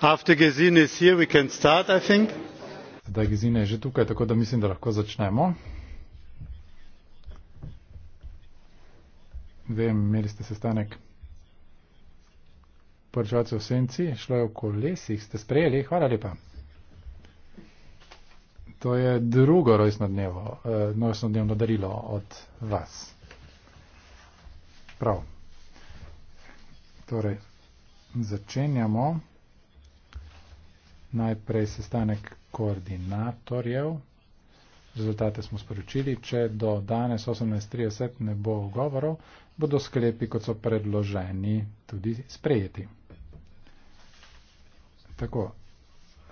After Gesine is here, we can start, I think. Zdaj Gesine je že tukaj, tako da mislim, da lahko začnemo. Vem, imeli ste sestanek poročevalcev v senci, šlo je okoli lesih, ste sprejeli, hvala lepa. To je drugo rojstno dnevo, eh, rojstno dnevno darilo od vas. Prav. Torej, začenjamo najprej sestanek koordinatorjev. Rezultate smo sporočili. Če do danes 18.30 ne bo govorov, bodo sklepi, kot so predloženi, tudi sprejeti. Tako,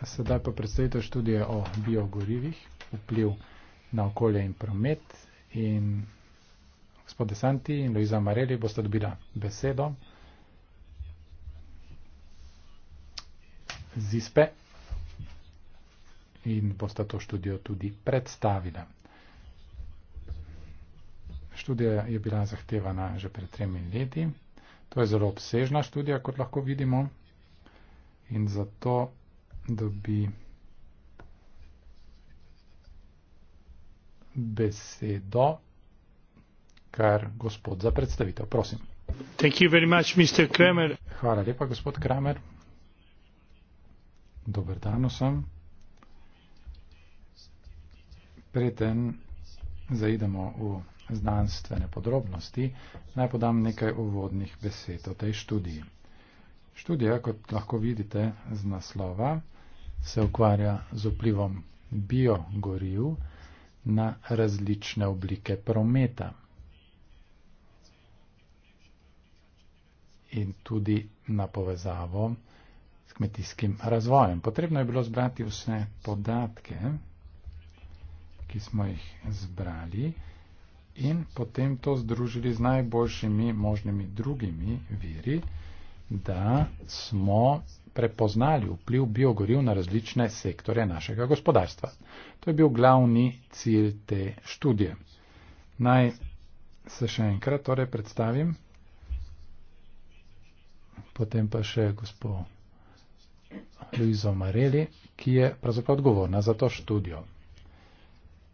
sedaj pa predstavite študije o biogorivih, vpliv na okolje in promet. In gospod Desanti in Luisa Mareli boste dobila besedo. Zispe in bosta to študijo tudi predstavila. Študija je bila zahtevana že pred tremi leti. To je zelo obsežna študija, kot lahko vidimo. In zato, da bi besedo, kar gospod za predstavitev. Prosim. Thank you very much, Mr. Kramer. Hvala lepa, gospod Kramer. Dober dan vsem preden zaidemo v znanstvene podrobnosti, naj podam nekaj uvodnih besed o tej študiji. Študija, kot lahko vidite z naslova, se ukvarja z vplivom biogoriv na različne oblike prometa in tudi na povezavo s kmetijskim razvojem. Potrebno je bilo zbrati vse podatke ki smo jih zbrali in potem to združili z najboljšimi možnimi drugimi viri, da smo prepoznali vpliv biogoriv na različne sektore našega gospodarstva. To je bil glavni cilj te študije. Naj se še enkrat torej predstavim, potem pa še gospod Luizo Mareli, ki je pravzaprav odgovorna za to študijo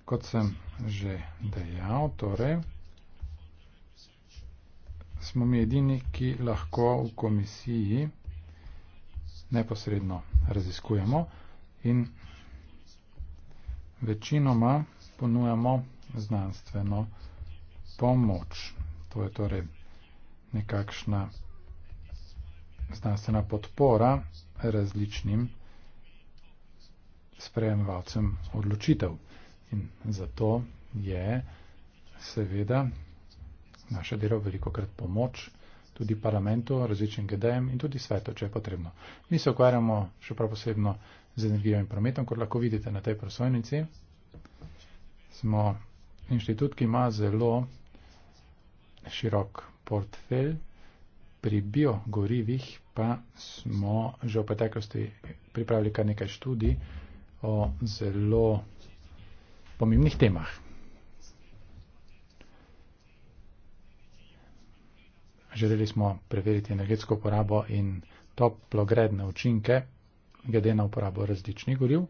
kot sem že dejal, torej smo mi edini, ki lahko v komisiji neposredno raziskujemo in večinoma ponujamo znanstveno pomoč. To je torej nekakšna znanstvena podpora različnim sprejemvalcem odločitev. In zato je seveda naše delo veliko krat pomoč tudi parlamentu, različnim GDM in tudi svetu, če je potrebno. Mi se ukvarjamo še prav posebno z energijo in prometom, kot lahko vidite na tej prosojnici. Smo inštitut, ki ima zelo širok portfelj. Pri biogorivih pa smo že v preteklosti pripravili kar nekaj študij o zelo pomembnih temah. Želeli smo preveriti energetsko uporabo in toplogredne učinke, glede na uporabo različnih goriv.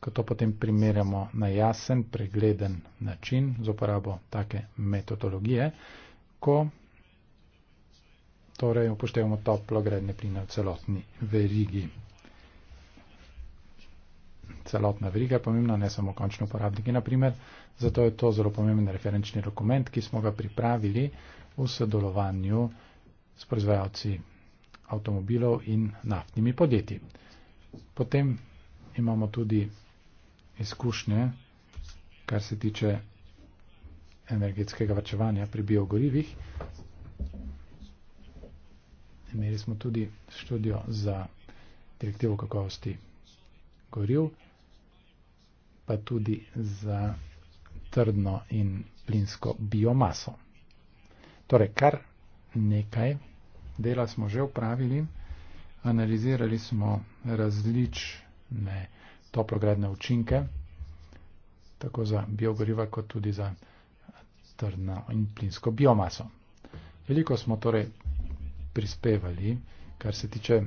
Ko to potem primerjamo na jasen, pregleden način z uporabo take metodologije, ko torej upoštevamo toplogredne pline v celotni verigi celotna veriga je pomembna, ne samo končno uporabniki. Naprimer, zato je to zelo pomemben referenčni dokument, ki smo ga pripravili v sodelovanju s proizvajalci avtomobilov in naftnimi podjetji. Potem imamo tudi izkušnje, kar se tiče energetskega vrčevanja pri biogorivih. Imeli smo tudi študijo za direktivo kakovosti goriv pa tudi za trdno in plinsko biomaso. Torej, kar nekaj dela smo že upravili, analizirali smo različne toplogradne učinke, tako za biogoriva, kot tudi za trdno in plinsko biomaso. Veliko smo torej prispevali, kar se tiče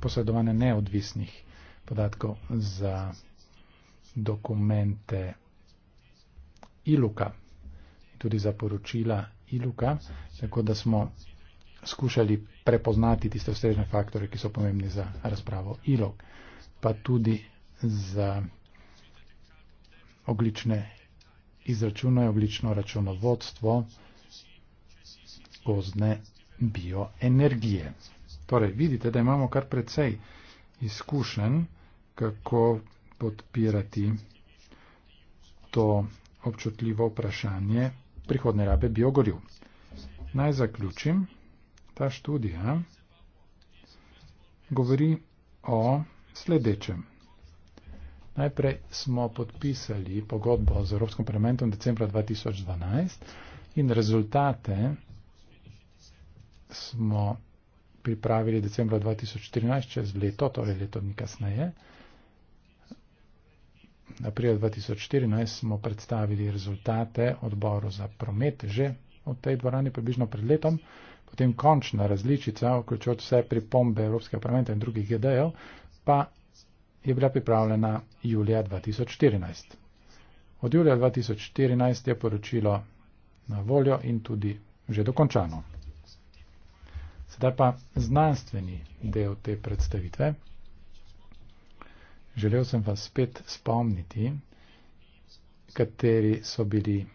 posredovanja neodvisnih podatkov za dokumente Iluka, tudi za poročila Iluka, tako da smo skušali prepoznati tiste ustrežne faktore, ki so pomembni za razpravo Ilok, pa tudi za oglične izračune, oglično računovodstvo gozdne bioenergije. Torej, vidite, da imamo kar precej izkušen, kako podpirati to občutljivo vprašanje prihodne rabe biogoriv. Naj zaključim, ta študija govori o sledečem. Najprej smo podpisali pogodbo z Evropskim parlamentom decembra 2012 in rezultate smo pripravili decembra 2014, čez leto, torej leto dni kasneje aprila 2014 smo predstavili rezultate odboru za promet, že v tej dvorani približno pred letom, potem končna različica, vključujoč vse pripombe Evropskega parlamenta in drugih GD-jev, pa je bila pripravljena julija 2014. Od julija 2014 je poročilo na voljo in tudi že dokončano. Sedaj pa znanstveni del te predstavitve. Želel sem vas spet spomniti, kateri so bili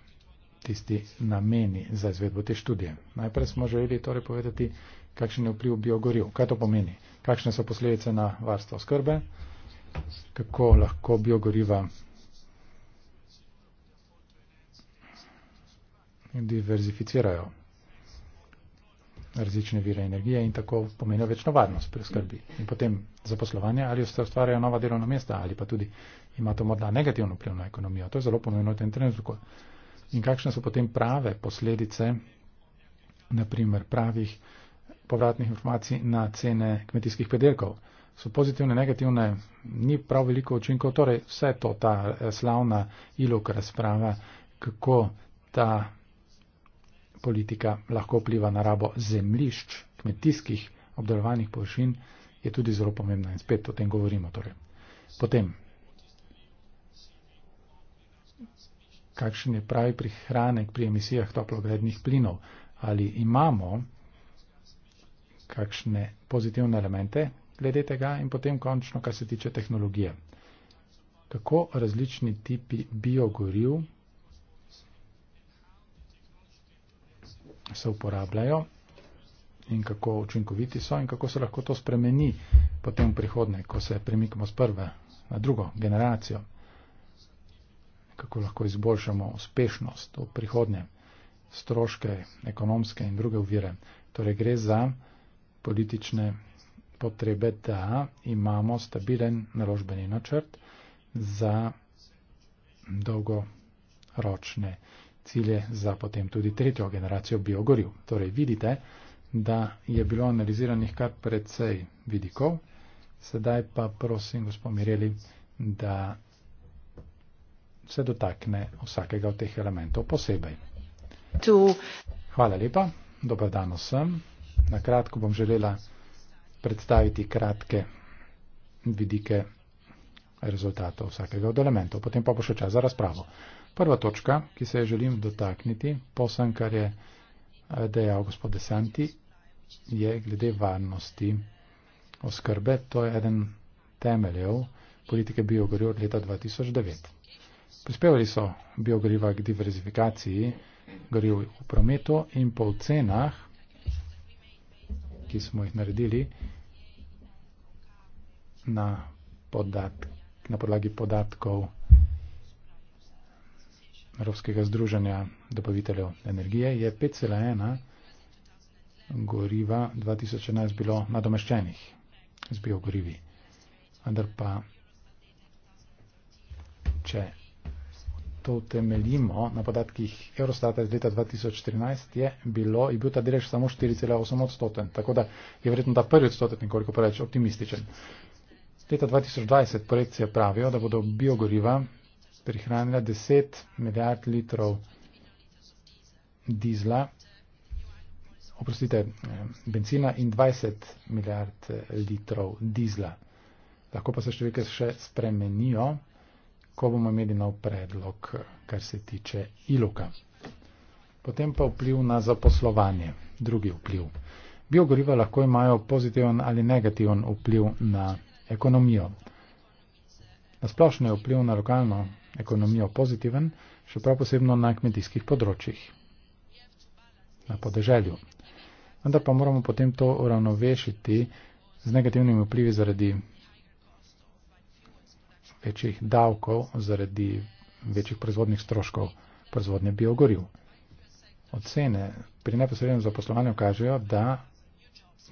tisti nameni za izvedbo te študije. Najprej smo želeli torej povedati, kakšen je vpliv biogoriv, kaj to pomeni, kakšne so posledice na varstvo skrbe, kako lahko biogoriva diverzificirajo različne vire energije in tako pomenijo večno varnost pri skrbi. In potem zaposlovanje ali ustvarjajo nova delovna mesta ali pa tudi ima to morda negativno vpliv na ekonomijo. To je zelo pomembno v tem trenutku. In kakšne so potem prave posledice, naprimer pravih povratnih informacij na cene kmetijskih predelkov. So pozitivne, negativne, ni prav veliko učinkov. Torej vse to, ta eh, slavna ilok razprava, kako ta politika lahko vpliva na rabo zemlišč, kmetijskih obdelovanih površin, je tudi zelo pomembna in spet o tem govorimo. Torej. Potem, kakšen je pravi prihranek pri emisijah toplogrednih plinov? Ali imamo kakšne pozitivne elemente glede tega in potem končno, kar se tiče tehnologije? Kako različni tipi biogoriv se uporabljajo in kako učinkoviti so in kako se lahko to spremeni potem v prihodne, ko se premikamo z prve na drugo generacijo, kako lahko izboljšamo uspešnost v prihodne stroške, ekonomske in druge uvire. Torej gre za politične potrebe, da imamo stabilen naložbeni načrt za dolgoročne cilje za potem tudi tretjo generacijo biogoriv. Torej vidite, da je bilo analiziranih kar precej vidikov. Sedaj pa prosim, gospod Mireli, da se dotakne vsakega od teh elementov posebej. Tu. Hvala lepa, dobro dan vsem. Na kratko bom želela predstaviti kratke vidike rezultatov vsakega od elementov, potem pa bo še čas za razpravo. Prva točka, ki se je želim dotakniti, posem, kar je eh, dejal gospod Desanti, je glede varnosti oskrbe. To je eden temeljev politike biogoriv od leta 2009. Prispevali so biogoriva k diverzifikaciji goriv v prometu in po cenah, ki smo jih naredili na, podat, na podlagi podatkov Evropskega združenja dobaviteljev energije je 5,1 goriva 2011 bilo nadomeščenih z biogorivi. Vendar pa, če to temeljimo na podatkih Eurostata iz leta 2014, je bilo, je bil ta delež samo 4,8 odstoten. Tako da je verjetno ta prvi odstotek nekoliko preveč optimističen. Leta 2020 projekcije pravijo, da bodo biogoriva prihranila 10 milijard litrov dizla, oprostite, eh, benzina in 20 milijard eh, litrov dizla. Lahko pa se številke še spremenijo, ko bomo imeli nov predlog, kar se tiče iluka. Potem pa vpliv na zaposlovanje, drugi vpliv. Biogoriva lahko imajo pozitiven ali negativen vpliv na ekonomijo. Na splošno je vpliv na lokalno ekonomijo pozitiven, še prav posebno na kmetijskih področjih, na podeželju. Vendar pa moramo potem to uravnovešiti z negativnimi vplivi zaradi večjih davkov, zaradi večjih proizvodnih stroškov proizvodnje biogoriv. Ocene pri neposrednem zaposlovanju kažejo, da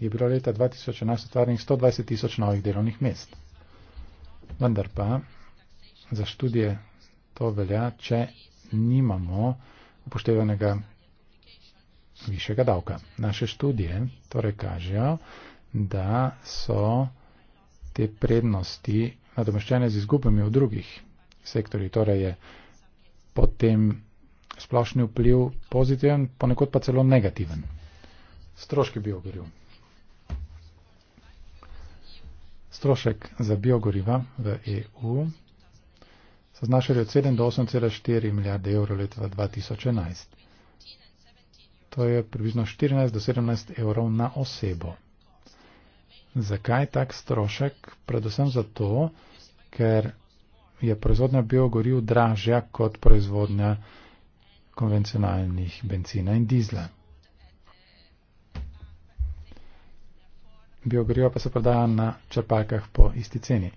je bilo leta 2011 ustvarjenih 120 tisoč novih delovnih mest. Vendar pa za študije To velja, če nimamo upoštevanega višjega davka. Naše študije torej kažejo, da so te prednosti nadomeščene z izgubami v drugih sektorjih. Torej je potem splošni vpliv pozitiven, ponekod pa celo negativen. Stroški biogoriv. Strošek za biogoriva v EU so znašali od 7 do 8,4 milijarde evrov leta 2011. To je približno 14 do 17 evrov na osebo. Zakaj tak strošek? Predvsem zato, ker je proizvodnja biogoriv dražja kot proizvodnja konvencionalnih benzina in dizla. Biogoriva pa se prodaja na črpalkah po isti ceni.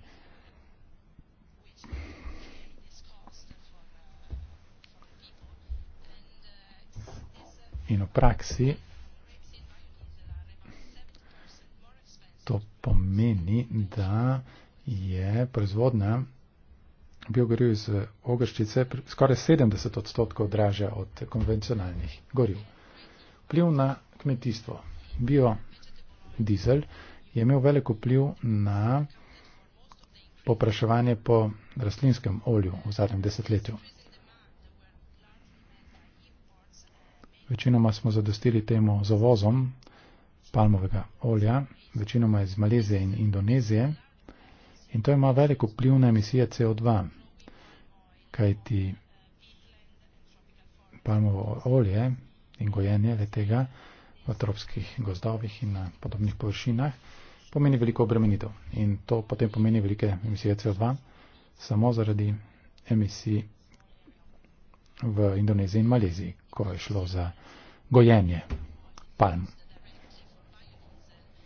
in v praksi to pomeni, da je proizvodna biogoriv iz ogrščice skoraj 70 odstotkov dražja od konvencionalnih goriv. Vpliv na kmetijstvo. Biodizel je imel veliko vpliv na popraševanje po rastlinskem olju v zadnjem desetletju. Večinoma smo zadostili temu zavozom palmovega olja, večinoma iz Malezije in Indonezije. In to ima velik vpliv na emisije CO2, kajti palmovo olje in gojenje le tega v tropskih gozdovih in na podobnih površinah pomeni veliko obremenitev. In to potem pomeni velike emisije CO2 samo zaradi emisij v Indoneziji in Maleziji, ko je šlo za gojenje palm.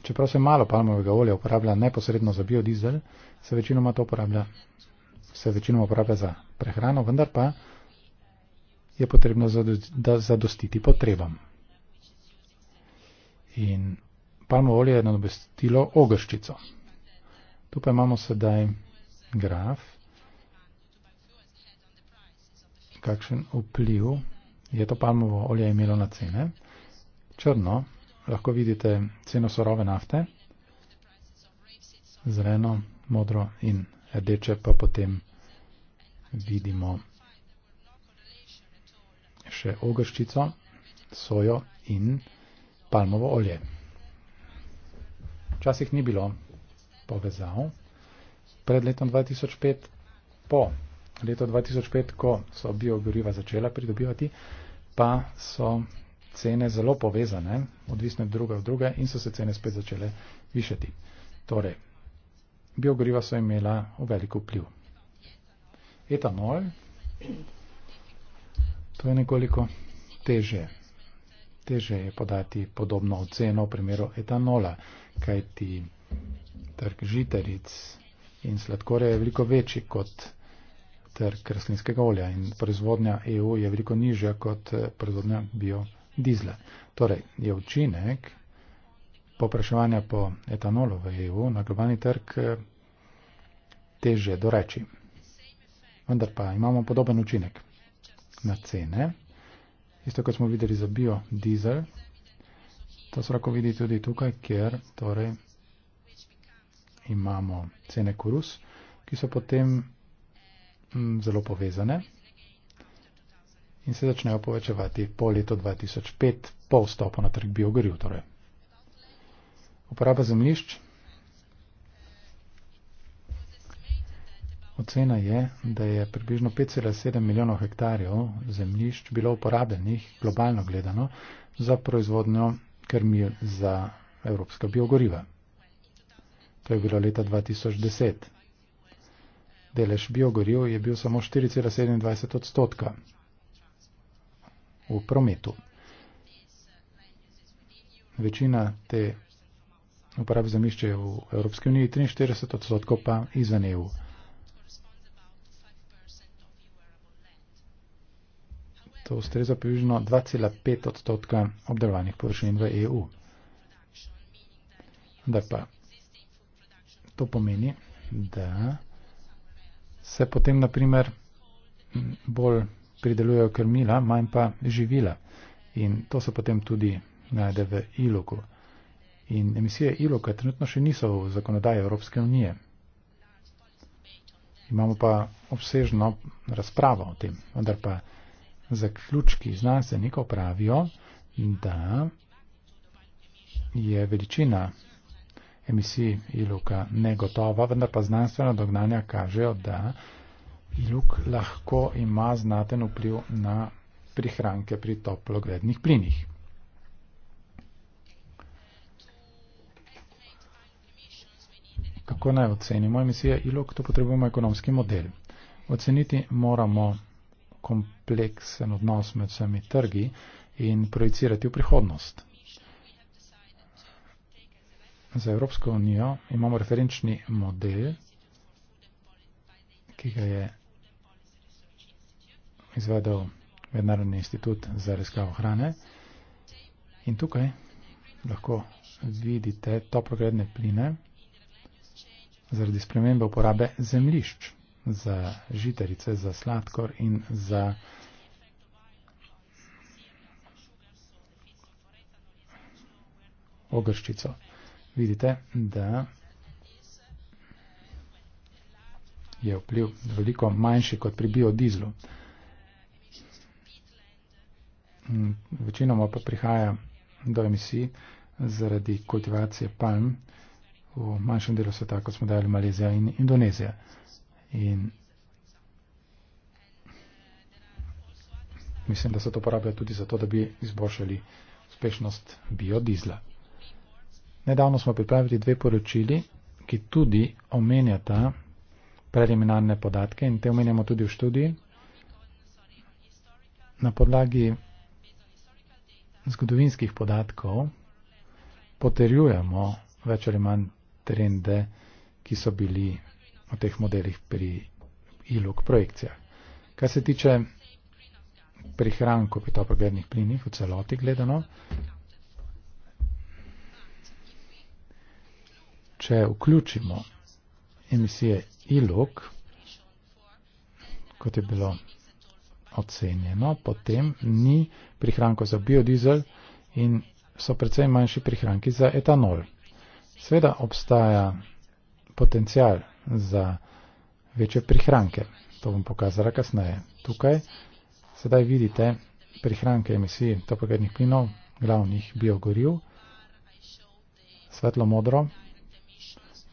Čeprav se malo palmovega olja uporablja neposredno za biodizel, se večinoma to uporablja, se večinoma uporablja za prehrano, vendar pa je potrebno zadostiti potrebam. In palmo olje je nadobestilo ogrščico. Tukaj imamo sedaj graf, kakšen vpliv je to palmovo olje imelo na cene. Črno, lahko vidite ceno sorove nafte, zeleno, modro in rdeče pa potem vidimo še ogrščico, sojo in palmovo olje. Včasih ni bilo povezav. Pred letom 2005 po leto 2005, ko so biogoriva začela pridobivati, pa so cene zelo povezane, odvisne druga od druge in so se cene spet začele višati. Torej, biogoriva so imela v veliko vpliv. Etanol, to je nekoliko teže. Teže je podati podobno oceno v primeru etanola, kajti trg žiteric in sladkorja je veliko večji kot etanol ter kreslinskega olja in proizvodnja EU je veliko nižja kot eh, proizvodnja biodizle. Torej je učinek popraševanja po etanolu v EU na globalni trg eh, teže doreči. Vendar pa imamo podoben učinek na cene. Isto kot smo videli za biodizel, to se lahko vidi tudi tukaj, kjer torej imamo cene kurus, ki so potem zelo povezane in se začnejo povečevati po letu 2005, po vstopu na trg biogoriv. Torej. Uporaba zemljišč. Ocena je, da je približno 5,7 milijonov hektarjev zemljišč bilo uporabljenih, globalno gledano, za proizvodnjo krmil za evropska biogoriva. To je bilo leta 2010 delež biogoriv je bil samo 4,27 odstotka v prometu. Večina te uporabe zemljišče je v Evropski uniji, 43 odstotkov pa izven EU. To ustreza približno 2,5 odstotka obdelovanih površin v EU. Da pa to pomeni, da se potem naprimer bolj pridelujejo krmila, manj pa živila. In to se potem tudi najde v ilogu. In emisije iloga trenutno še niso v zakonodaji Evropske unije. Imamo pa obsežno razpravo o tem, vendar pa zaključki znanstvenikov pravijo, da je veličina emisiji iluka negotova, vendar pa znanstvena dognanja kažejo, da iluk lahko ima znaten vpliv na prihranke pri toplogrednih plinih. Kako naj ocenimo emisije iluk? To potrebujemo ekonomski model. Oceniti moramo kompleksen odnos med vsemi trgi in projicirati v prihodnost za Evropsko unijo imamo referenčni model, ki ga je izvedel Mednarodni institut za raziskavo hrane. In tukaj lahko vidite toplogredne pline zaradi spremembe uporabe zemlišč za žitarice, za sladkor in za ogrščico vidite, da je vpliv veliko manjši kot pri biodizlu. Večinoma pa prihaja do emisij zaradi kultivacije palm v manjšem delu sveta, kot smo dali Malezija in Indonezija. In mislim, da se to porablja tudi zato, da bi izboljšali uspešnost biodizla. Nedavno smo pripravili dve poročili, ki tudi omenjata preliminarne podatke in te omenjamo tudi v študiji. Na podlagi zgodovinskih podatkov poterjujemo več ali manj trende, ki so bili v teh modelih pri ILUK projekcijah. Kar se tiče prihrankov pri toplogrednih plinih v celoti gledano, če vključimo emisije ILUK, kot je bilo ocenjeno, potem ni prihrankov za biodizel in so precej manjši prihranki za etanol. Sveda obstaja potencial za večje prihranke. To bom pokazala kasneje. Tukaj sedaj vidite prihranke emisij topogrednih plinov, glavnih biogoriv, svetlo modro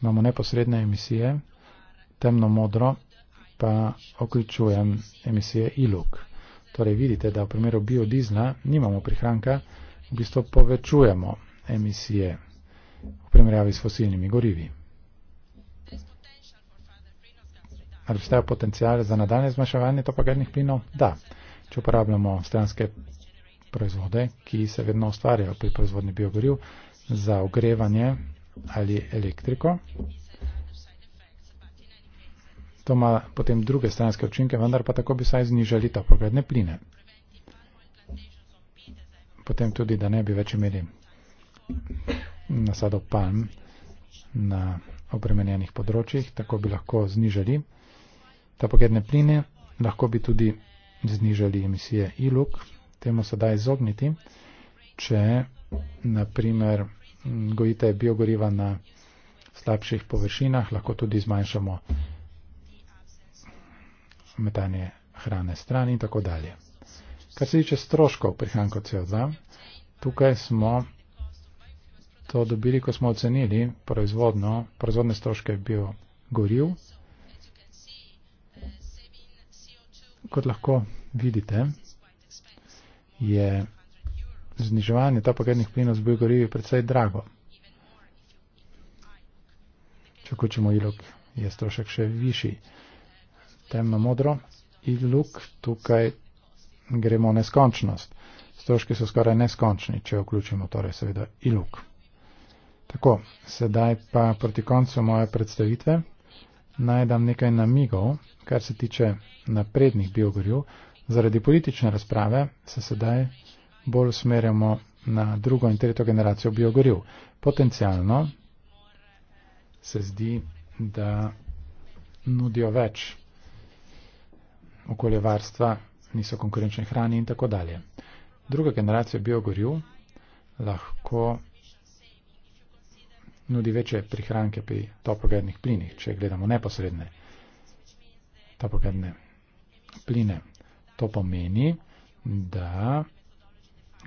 imamo neposredne emisije, temno modro pa vključujem emisije ILUK. Torej vidite, da v primeru biodizla nimamo prihranka, v bistvu povečujemo emisije v primerjavi s fosilnimi gorivi. Ali obstaja potencial za nadaljne zmanjševanje topogernih plinov? Da. Če uporabljamo stranske proizvode, ki se vedno ustvarjajo pri proizvodni biogoriv za ogrevanje ali elektriko. To ima potem druge stranske učinke, vendar pa tako bi saj znižali topogradne pline. Potem tudi, da ne bi več imeli nasadov palm na obremenjenih področjih, tako bi lahko znižali topogradne pline, lahko bi tudi znižali emisije ilug, temu se da izogniti, če na primer gojite biogoriva na slabših površinah, lahko tudi zmanjšamo metanje hrane stran in tako dalje. Kar se tiče stroškov prihranko CO2, tukaj smo to dobili, ko smo ocenili proizvodno, proizvodne stroške biogoriv. Kot lahko vidite, je zniževanje topogenih plinov z biogorivi predvsej drago. Če vključimo ilok, je strošek še višji. Temno modro ilok, tukaj gremo neskončnost. Stroški so skoraj neskončni, če vključimo torej seveda ilok. Tako, sedaj pa proti koncu moje predstavitve najdem nekaj namigov, kar se tiče naprednih biogorju. Zaradi politične razprave se sedaj bolj usmerjamo na drugo in tretjo generacijo biogoriv. Potencialno se zdi, da nudijo več okoljevarstva, niso konkurenčni hrani in tako dalje. Druga generacija biogoriv lahko nudi večje prihranke pri toplogrednih plinih, če gledamo neposredne toplogredne pline. To pomeni, da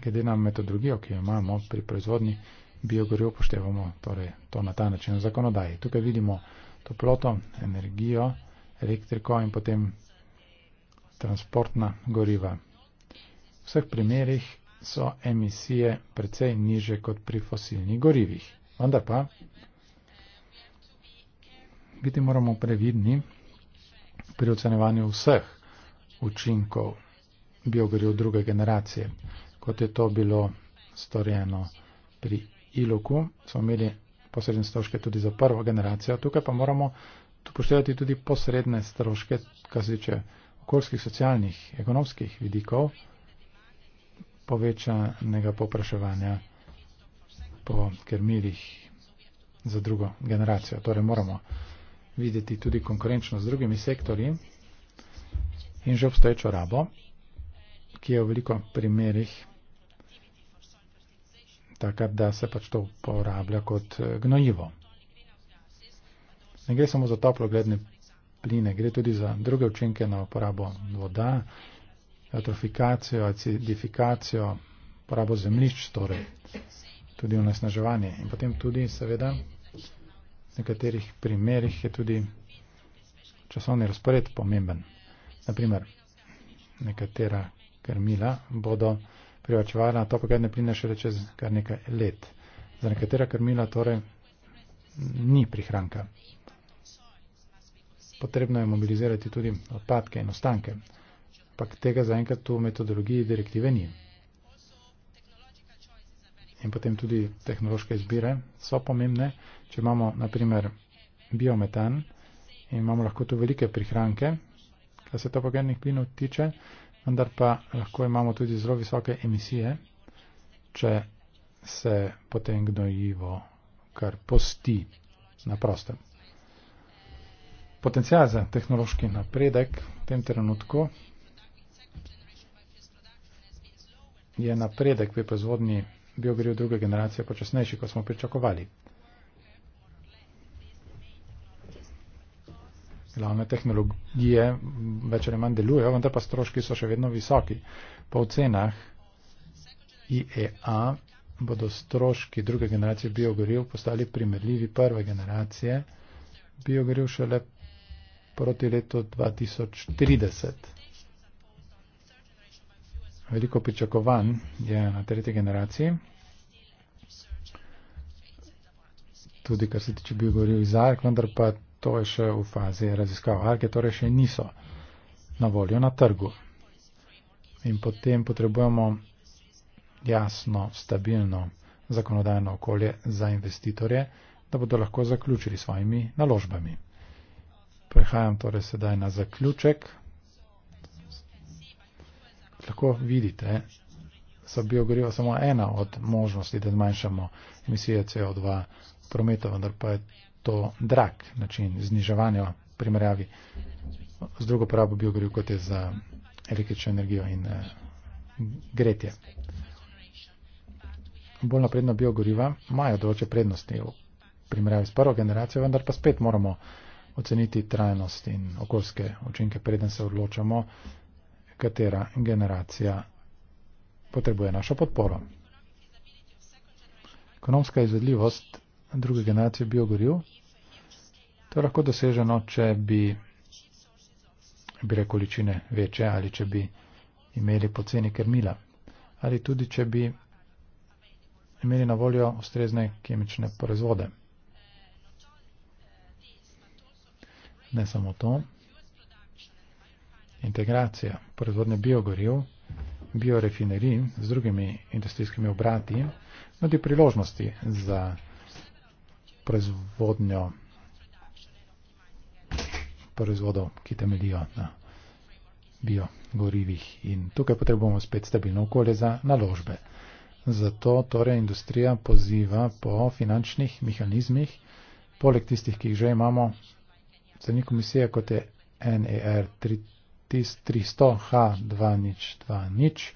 glede na metodologijo, ki jo imamo pri proizvodni biogorju, upoštevamo torej, to na ta način v zakonodaji. Tukaj vidimo toploto, energijo, elektriko in potem transportna goriva. V vseh primerjih so emisije precej niže kot pri fosilnih gorivih. Vendar pa biti moramo previdni pri ocenevanju vseh učinkov biogorjev druge generacije kot je to bilo storjeno pri Iluku. Smo imeli posredne stroške tudi za prvo generacijo. Tukaj pa moramo upoštevati tudi posredne stroške, kar se tiče okoljskih, socialnih, ekonomskih vidikov povečanega popraševanja po krmilih za drugo generacijo. Torej moramo videti tudi konkurenčno z drugimi sektorji in že obstoječo rabo, ki je v veliko primerih takrat, da se pač to porablja kot eh, gnojivo. Ne gre samo za toplogledne pline, gre tudi za druge učinke na uporabo voda, eutrofikacijo, acidifikacijo, uporabo zemlišč, torej tudi onesnaževanje. In potem tudi, seveda, v nekaterih primerjih je tudi časovni razpored pomemben. Naprimer, nekatera krmila bodo privačevala, to pogledne pline še čez kar nekaj let. Za nekatera krmila torej ni prihranka. Potrebno je mobilizirati tudi odpadke in ostanke. Pak tega zaenkrat v metodologiji direktive ni. In potem tudi tehnološke izbire so pomembne. Če imamo naprimer biometan, imamo lahko tu velike prihranke, kar se to pogrednih plinov tiče vendar pa lahko imamo tudi zelo visoke emisije, če se potem gnojivo kar posti na prostem. Potencijal za tehnološki napredek v tem trenutku je napredek v proizvodni biogoriv druge generacije počasnejši, kot smo pričakovali. glavne tehnologije več ali manj delujejo, vendar pa stroški so še vedno visoki. Po ocenah IEA bodo stroški druge generacije biogoriv postali primerljivi prve generacije biogoriv šele proti letu 2030. Veliko pričakovanj je na tretji generaciji. Tudi kar se tiče biogoriv iz ARK, vendar pa to je še v fazi raziskav. Alge torej še niso na voljo na trgu. In potem potrebujemo jasno, stabilno zakonodajno okolje za investitorje, da bodo lahko zaključili svojimi naložbami. Prehajam torej sedaj na zaključek. Lahko vidite, so biogoriva samo ena od možnosti, da zmanjšamo emisije CO2 prometa, vendar pa je to drag način zniževanja primerjavi z drugo porabo biogoriv, kot je za električno energijo in eh, gretje. Bolj napredna biogoriva imajo določe prednosti v primerjavi s prvo generacijo, vendar pa spet moramo oceniti trajnost in okoljske učinke, preden se odločamo, katera generacija potrebuje našo podporo. Ekonomska izvedljivost druge generacije biogoriv. To je lahko doseženo, če bi bile količine večje ali če bi imeli poceni krmila ali tudi, če bi imeli na voljo ustrezne kemične proizvode. Ne samo to. Integracija proizvodne biogoriv, biorefinerij z drugimi industrijskimi obrati, nudi priložnosti za proizvodnjo proizvodov, ki temelijo na biogorivih. In tukaj potrebujemo spet stabilno okolje za naložbe. Zato torej industrija poziva po finančnih mehanizmih, poleg tistih, ki jih že imamo, za ni komisije kot je NER 300H2020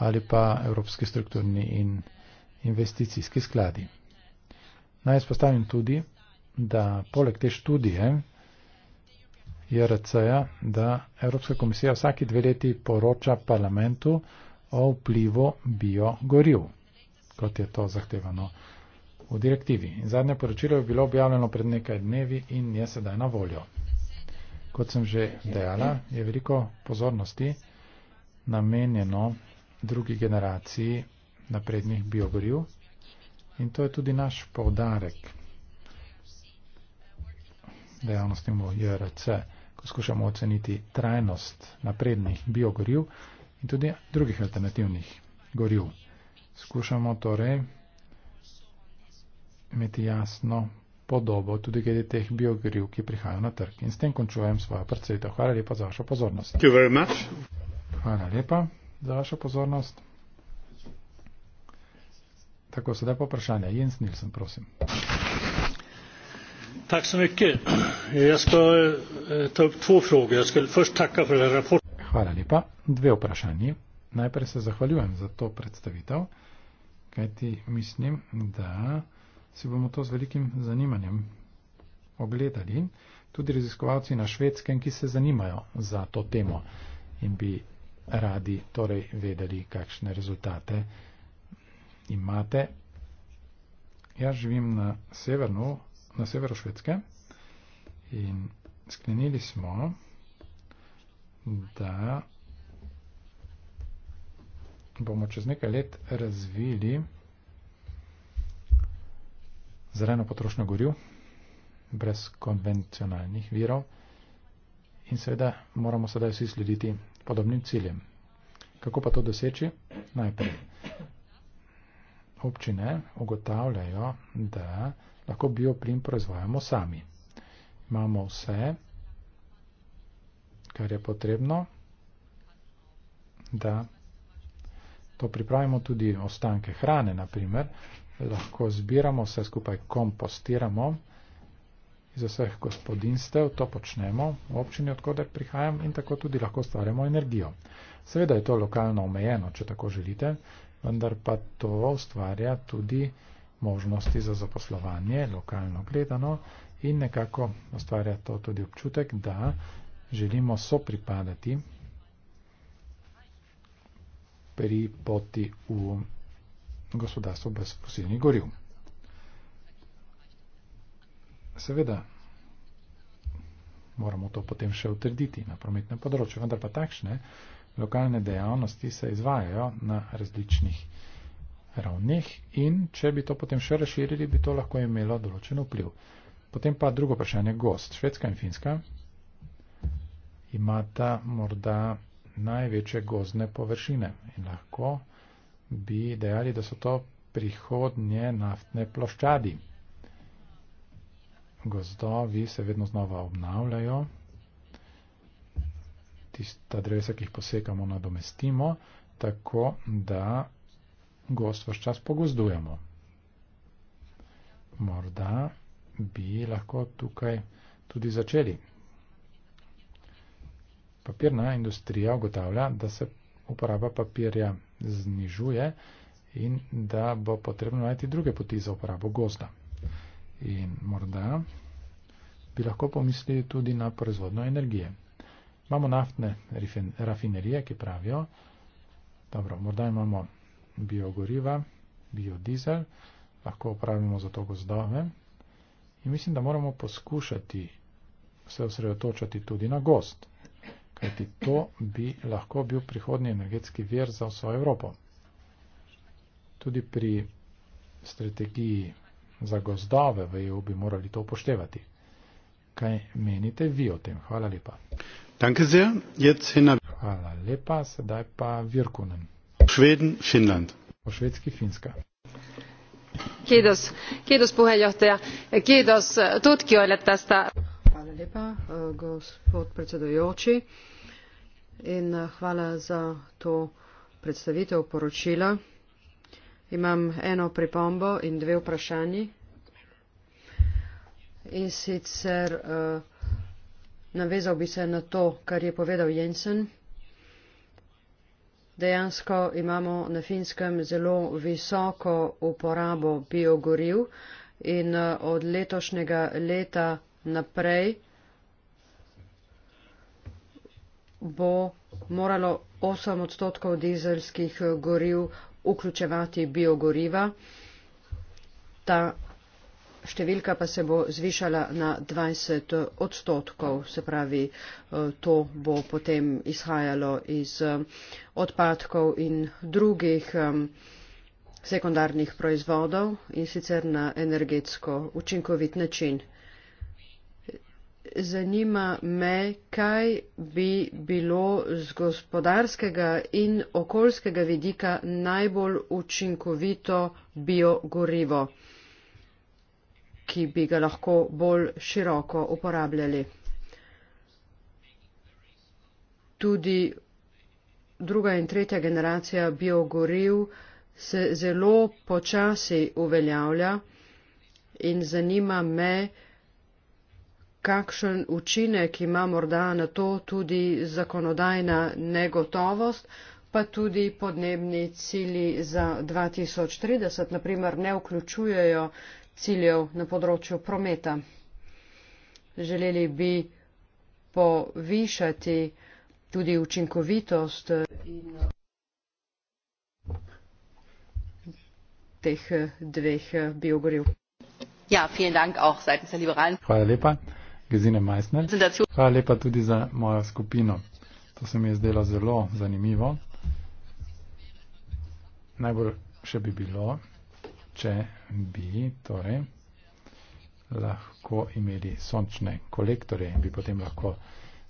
ali pa Evropski strukturni in investicijski skladi. Naj spostavim tudi, da poleg te študije IRC-ja, da Evropska komisija vsaki dve leti poroča parlamentu o vplivu biogoriv, kot je to zahtevano v direktivi. In zadnje poročilo je bilo objavljeno pred nekaj dnevi in je sedaj na voljo. Kot sem že dejala, je veliko pozornosti namenjeno drugi generaciji naprednih biogoriv. In to je tudi naš povdarek dejavnosti v JRC, ko skušamo oceniti trajnost naprednih biogoriv in tudi drugih alternativnih goriv. Skušamo torej imeti jasno podobo tudi glede teh biogoriv, ki prihajajo na trg. In s tem končujem svojo predsedo. Hvala lepa za vašo pozornost. Hvala lepa za vašo pozornost. Tako, sedaj pa vprašanje. Jens Nilsen, prosim. Tak så mycket. Jag ska øh, ta upp två frågor. Jag ska först tacka för den rapporten. Hvala lepa. Dve vprašanji. Najprej se zahvaljujem za to predstavitev, kaj ti mislim, da si bomo to z velikim zanimanjem ogledali. Tudi raziskovalci na švedskem, ki se zanimajo za to temo in bi radi torej vedeli, kakšne rezultate imajo imate ja živim na severu na severu Švedske in sklenili smo da bomo čez nekaj let razvili zeleno potrošno goril brez konvencionalnih virov in seveda moramo sedaj vsi slediti podobnim ciljem. Kako pa to doseči? Najprej občine ugotavljajo, da lahko bioplin proizvajamo sami. Imamo vse, kar je potrebno, da to pripravimo tudi ostanke hrane, naprimer. Lahko zbiramo vse skupaj, kompostiramo iz vseh gospodinstev, to počnemo v občini, odkuder prihajam in tako tudi lahko stvarjamo energijo. Seveda je to lokalno omejeno, če tako želite, vendar pa to ustvarja tudi možnosti za zaposlovanje, lokalno gledano, in nekako ustvarja to tudi občutek, da želimo sopripadati pri poti v gospodarstvo brez fosilnih goriv. Seveda moramo to potem še utrditi na prometnem področju, vendar pa takšne lokalne dejavnosti se izvajajo na različnih ravneh in če bi to potem še razširili, bi to lahko imelo določen vpliv. Potem pa drugo vprašanje, gost. Švedska in Finska imata morda največje gozdne površine in lahko bi dejali, da so to prihodnje naftne ploščadi. Gozdovi se vedno znova obnavljajo, tista drevesa, ki jih posekamo, nadomestimo, tako da gost vaš čas pogozdujemo. Morda bi lahko tukaj tudi začeli. Papirna industrija ugotavlja, da se uporaba papirja znižuje in da bo potrebno najti druge poti za uporabo gozda. In morda bi lahko pomislili tudi na proizvodno energije. Imamo naftne rafinerije, ki pravijo, dobro, morda imamo biogoriva, biodizel, lahko upravimo za to gozdove in mislim, da moramo poskušati se osredotočati tudi na gost, kajti to bi lahko bil prihodnji energetski vir za vso Evropo. Tudi pri strategiji za gozdove v EU bi morali to upoštevati. Kaj menite vi o tem? Hvala lepa. Hvala lepa, sedaj pa Virkunen. Šveden, Finland. Po švedski Finska. Kiitos, kiitos puheenjohtaja. Kiitos eh, tutkijoille tästä. Hvala lepa, eh, gospod predsedojoči. In eh, hvala za to predstavitev poročila. Imam eno pripombo in dve vprašanji. In sicer uh, Navezal bi se na to, kar je povedal Jensen. Dejansko imamo na finskem zelo visoko uporabo biogoriv in eh, od letošnjega leta naprej bo moralo 8 odstotkov dizelskih goriv vključevati biogoriva. Ta številka pa se bo zvišala na 20 odstotkov, se pravi, eh, to bo potem izhajalo iz eh, odpadkov in drugih eh, sekundarnih proizvodov in sicer na energetsko učinkovit način. Zanima me, kaj bi bilo z gospodarskega in okoljskega vidika najbolj učinkovito biogorivo ki bi ga lahko bolj široko uporabljali. Tudi druga in tretja generacija biogoriv se zelo počasi uveljavlja in zanima me, kakšen učinek ima morda na to tudi zakonodajna negotovost, pa tudi podnebni cili za 2030, naprimer ne vključujejo ciljev na področju prometa. Želeli bi povišati tudi učinkovitost in eh, teh eh, dveh eh, biogoriv. Ja, dank auch der Hvala lepa, Gesine Meissner. Hvala lepa tudi za mojo skupino. To se mi je zdelo zelo zanimivo. Najbolj še bi bilo, če bi torej, lahko imeli sončne kolektore in bi potem lahko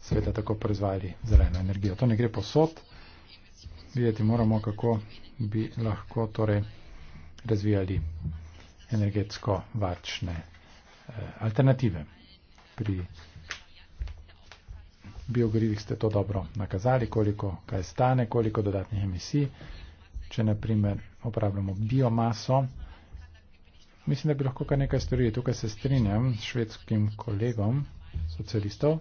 seveda tako proizvajali zeleno energijo. To ne gre posod. Videti moramo, kako bi lahko torej, razvijali energetsko varčne eh, alternative. Pri biogorivih ste to dobro nakazali, koliko kaj stane, koliko dodatnih emisij. Če naprimer uporabljamo biomaso, Mislim, da bi lahko kar nekaj storili. Tukaj se strinjam s švedskim kolegom socialistov.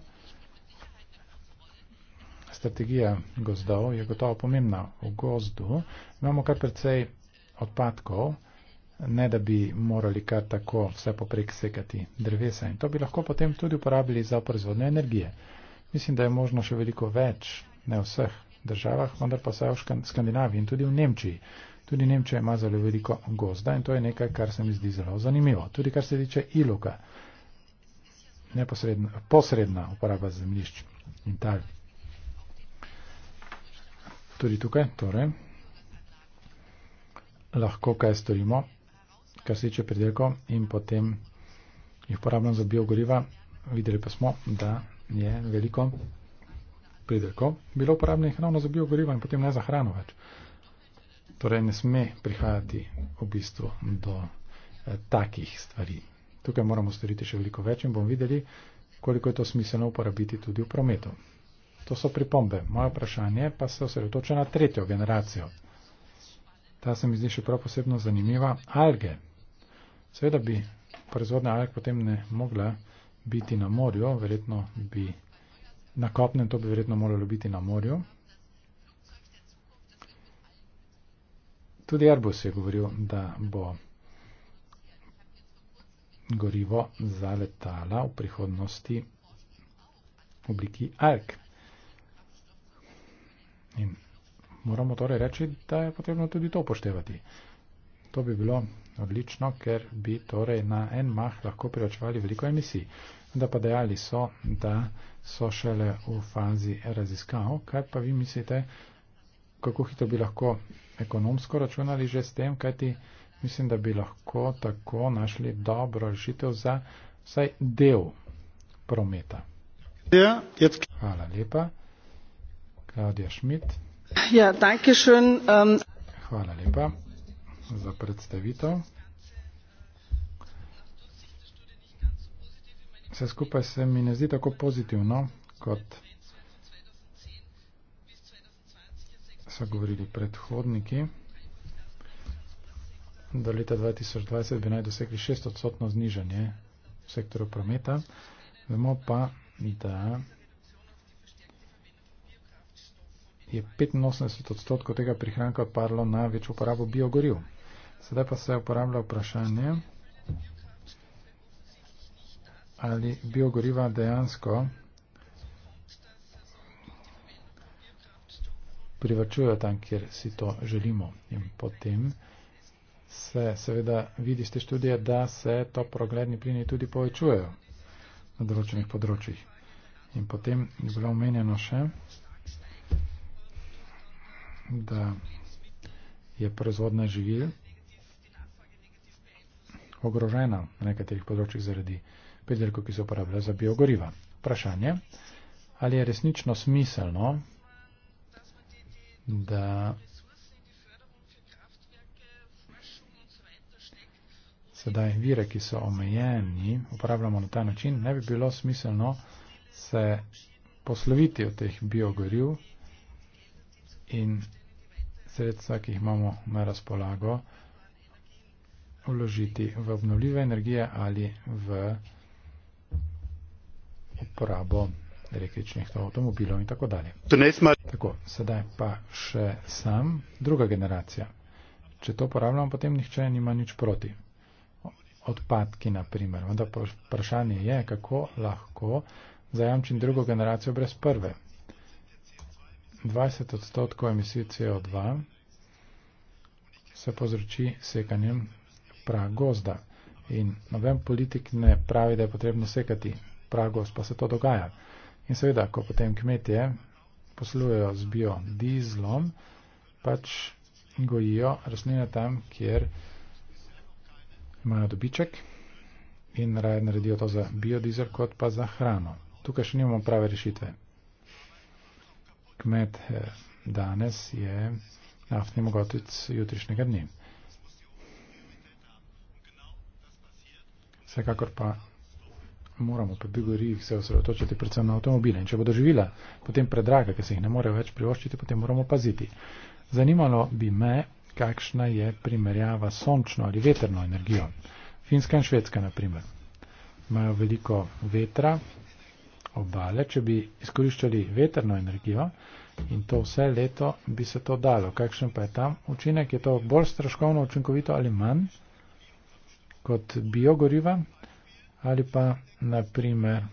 Strategija gozdov je gotovo pomembna. V gozdu imamo kar precej odpadkov, ne da bi morali kar tako vse poprek sekati drevesa. In to bi lahko potem tudi uporabili za proizvodnjo energije. Mislim, da je možno še veliko več, ne v vseh državah, vendar pa vsaj v Skandinaviji in tudi v Nemčiji. Tudi Nemčija ima zelo veliko gozda in to je nekaj, kar se mi zdi zelo zanimivo. Tudi kar se tiče iluka, posredna uporaba zemljišč in tal. Tudi tukaj, torej, lahko kaj storimo, kar se tiče predelkov in potem jih uporabljam za biogoriva. Videli pa smo, da je veliko predelkov bilo uporabljenih ravno za biogoriva in potem ne za hrano več torej ne sme prihajati v bistvu do eh, takih stvari. Tukaj moramo storiti še veliko več in bomo videli, koliko je to smiselno uporabiti tudi v prometu. To so pripombe. Moje vprašanje pa se osredotoča na tretjo generacijo. Ta se mi zdi še prav posebno zanimiva. Alge. Seveda bi proizvodnja alg potem ne mogla biti na morju, verjetno bi na kopnem to bi verjetno moralo biti na morju. Tudi Airbus je govoril, da bo gorivo za letala v prihodnosti v obliki ARK. In moramo torej reči, da je potrebno tudi to upoštevati. To bi bilo odlično, ker bi torej na en mah lahko preočevali veliko emisij. Da pa dejali so, da so šele v fazi raziskav. Kaj pa vi mislite, kako hitro bi lahko ekonomsko računali že s tem, kajti mislim, da bi lahko tako našli dobro rešitev za vsaj del prometa. Ja, Hvala lepa. Klaudija Šmit. Ja, danke schön. Um... Hvala lepa za predstavitev. Vse skupaj se mi ne zdi tako pozitivno kot. so govorili predhodniki, do leta 2020 bi naj dosegli 6 odstotno znižanje v sektoru prometa. Vemo pa, da je 85 odstotkov tega prihranka odparlo na več uporabo biogoriv. Sedaj pa se uporablja vprašanje, ali biogoriva dejansko privačujejo tam, kjer si to želimo. In potem se seveda vidi iz te študije, da se to progledni plini tudi povečujejo na določenih področjih. In potem je bilo omenjeno še, da je proizvodna živil ogrožena na nekaterih področjih zaradi pedelkov, ki se uporabljajo za biogoriva. Vprašanje, ali je resnično smiselno da sedaj vire, ki so omejeni, uporabljamo na ta način, ne bi bilo smiselno se posloviti od teh biogoriv in sredstva, ki jih imamo na razpolago, vložiti v obnovljive energije ali v uporabo električnih avtomobilov in tako dalje. Tako, sedaj pa še sam, druga generacija. Če to uporabljamo, potem nihče nima nič proti. Odpadki, na primer. Vendar vprašanje je, kako lahko zajamčim drugo generacijo brez prve. 20 odstotkov emisij CO2 se povzroči sekanjem pragozda. In noben politik ne pravi, da je potrebno sekati pragozd, pa se to dogaja. In seveda, ko potem kmetje poslujejo z biodizlom, pač gojijo rastline tam, kjer imajo dobiček in raje naredijo to za biodizel, kot pa za hrano. Tukaj še nimamo prave rešitve. Kmet eh, danes je naftni mogotec jutrišnjega dne. Vsekakor pa moramo pri bigorijih se osredotočiti predvsem na avtomobile. In če bodo živila potem predraga, ker se jih ne more več privoščiti, potem moramo paziti. Zanimalo bi me, kakšna je primerjava sončno ali veterno energijo. Finska in Švedska, na primer, imajo veliko vetra, obale. Če bi izkoriščali veterno energijo in to vse leto, bi se to dalo. Kakšen pa je tam učinek? Je to bolj stroškovno učinkovito ali manj kot biogoriva? ali pa naprimer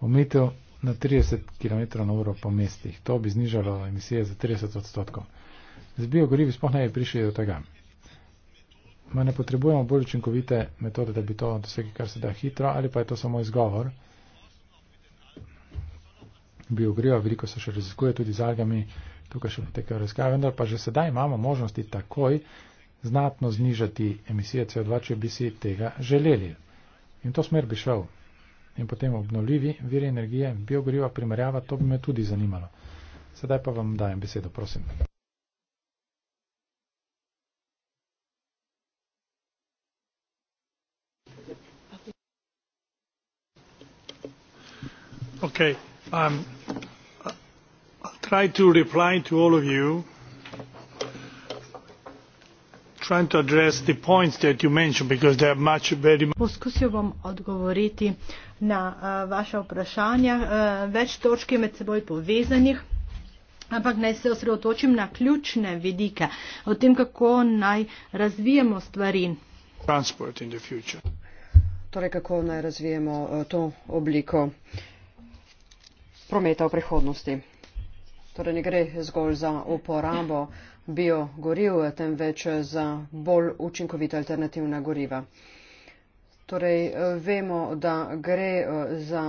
omitev na 30 km na uro po mestih. To bi znižalo emisije za 30 odstotkov. Z biogorivi sploh ne bi prišli do tega. Ma ne potrebujemo bolj učinkovite metode, da bi to dosegli kar se da hitro, ali pa je to samo izgovor. Biogoriva veliko se še raziskuje tudi z algami, tukaj še potekajo raziskave, vendar pa že sedaj imamo možnosti takoj znatno znižati emisije CO2, če bi si tega želeli. In to smer bi šel. In potem obnovljivi viri energije, biogoriva, primerjava, to bi me tudi zanimalo. Sedaj pa vam dajem besedo, prosim. Okay, um, I'll try to reply to all of you poskusil bom odgovoriti na uh, eh, vaše vprašanja. Uh, več točk je med seboj povezanih, ampak naj se osredotočim na ključne vidike o tem, kako naj razvijemo stvari. Torej, kako naj razvijemo uh, to obliko prometa v prihodnosti. Torej, ne gre zgolj za uporabo. Yeah biogoriv, temveč za bolj učinkovita alternativna goriva. Torej, vemo, da gre za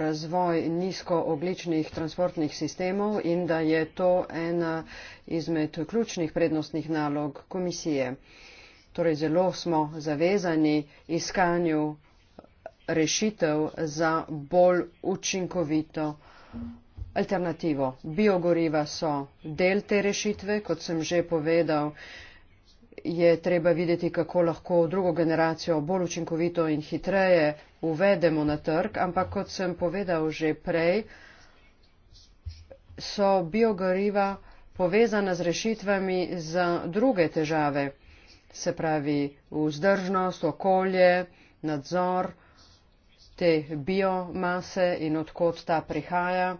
razvoj nizkoogličnih transportnih sistemov in da je to ena izmed ključnih prednostnih nalog komisije. Torej, zelo smo zavezani iskanju rešitev za bolj učinkovito alternativo. Biogoriva so del te rešitve, kot sem že povedal, je treba videti, kako lahko drugo generacijo bolj učinkovito in hitreje uvedemo na trg, ampak kot sem povedal že prej, so biogoriva povezana z rešitvami za druge težave, se pravi vzdržnost, okolje, nadzor te biomase in odkot ta prihaja.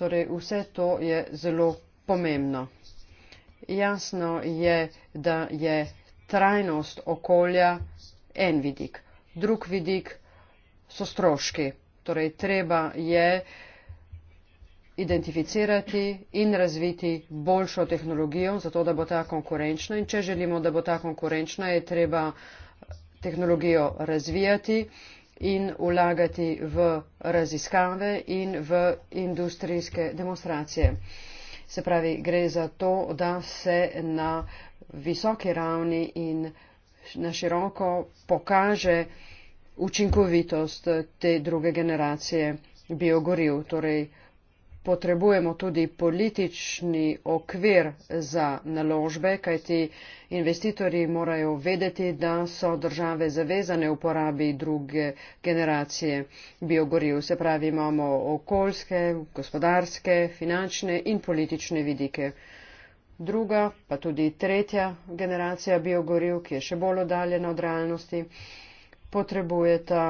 Torej, vse to je zelo pomembno. Jasno je, da je trajnost okolja en vidik. Drug vidik so stroški. Torej, treba je identificirati in razviti boljšo tehnologijo, zato da bo ta konkurenčna. In če želimo, da bo ta konkurenčna, je treba tehnologijo razvijati in vlagati v raziskave in v industrijske demonstracije. Se pravi, gre za to, da se na visoki ravni in na široko pokaže učinkovitost te druge generacije biogoriv, torej potrebujemo tudi politični okvir za naložbe, kajti investitorji morajo vedeti, da so države zavezane v porabi druge generacije biogoriv. Se pravi, imamo okoljske, gospodarske, finančne in politične vidike. Druga, pa tudi tretja generacija biogoriv, ki je še bolj oddaljena od realnosti, potrebujeta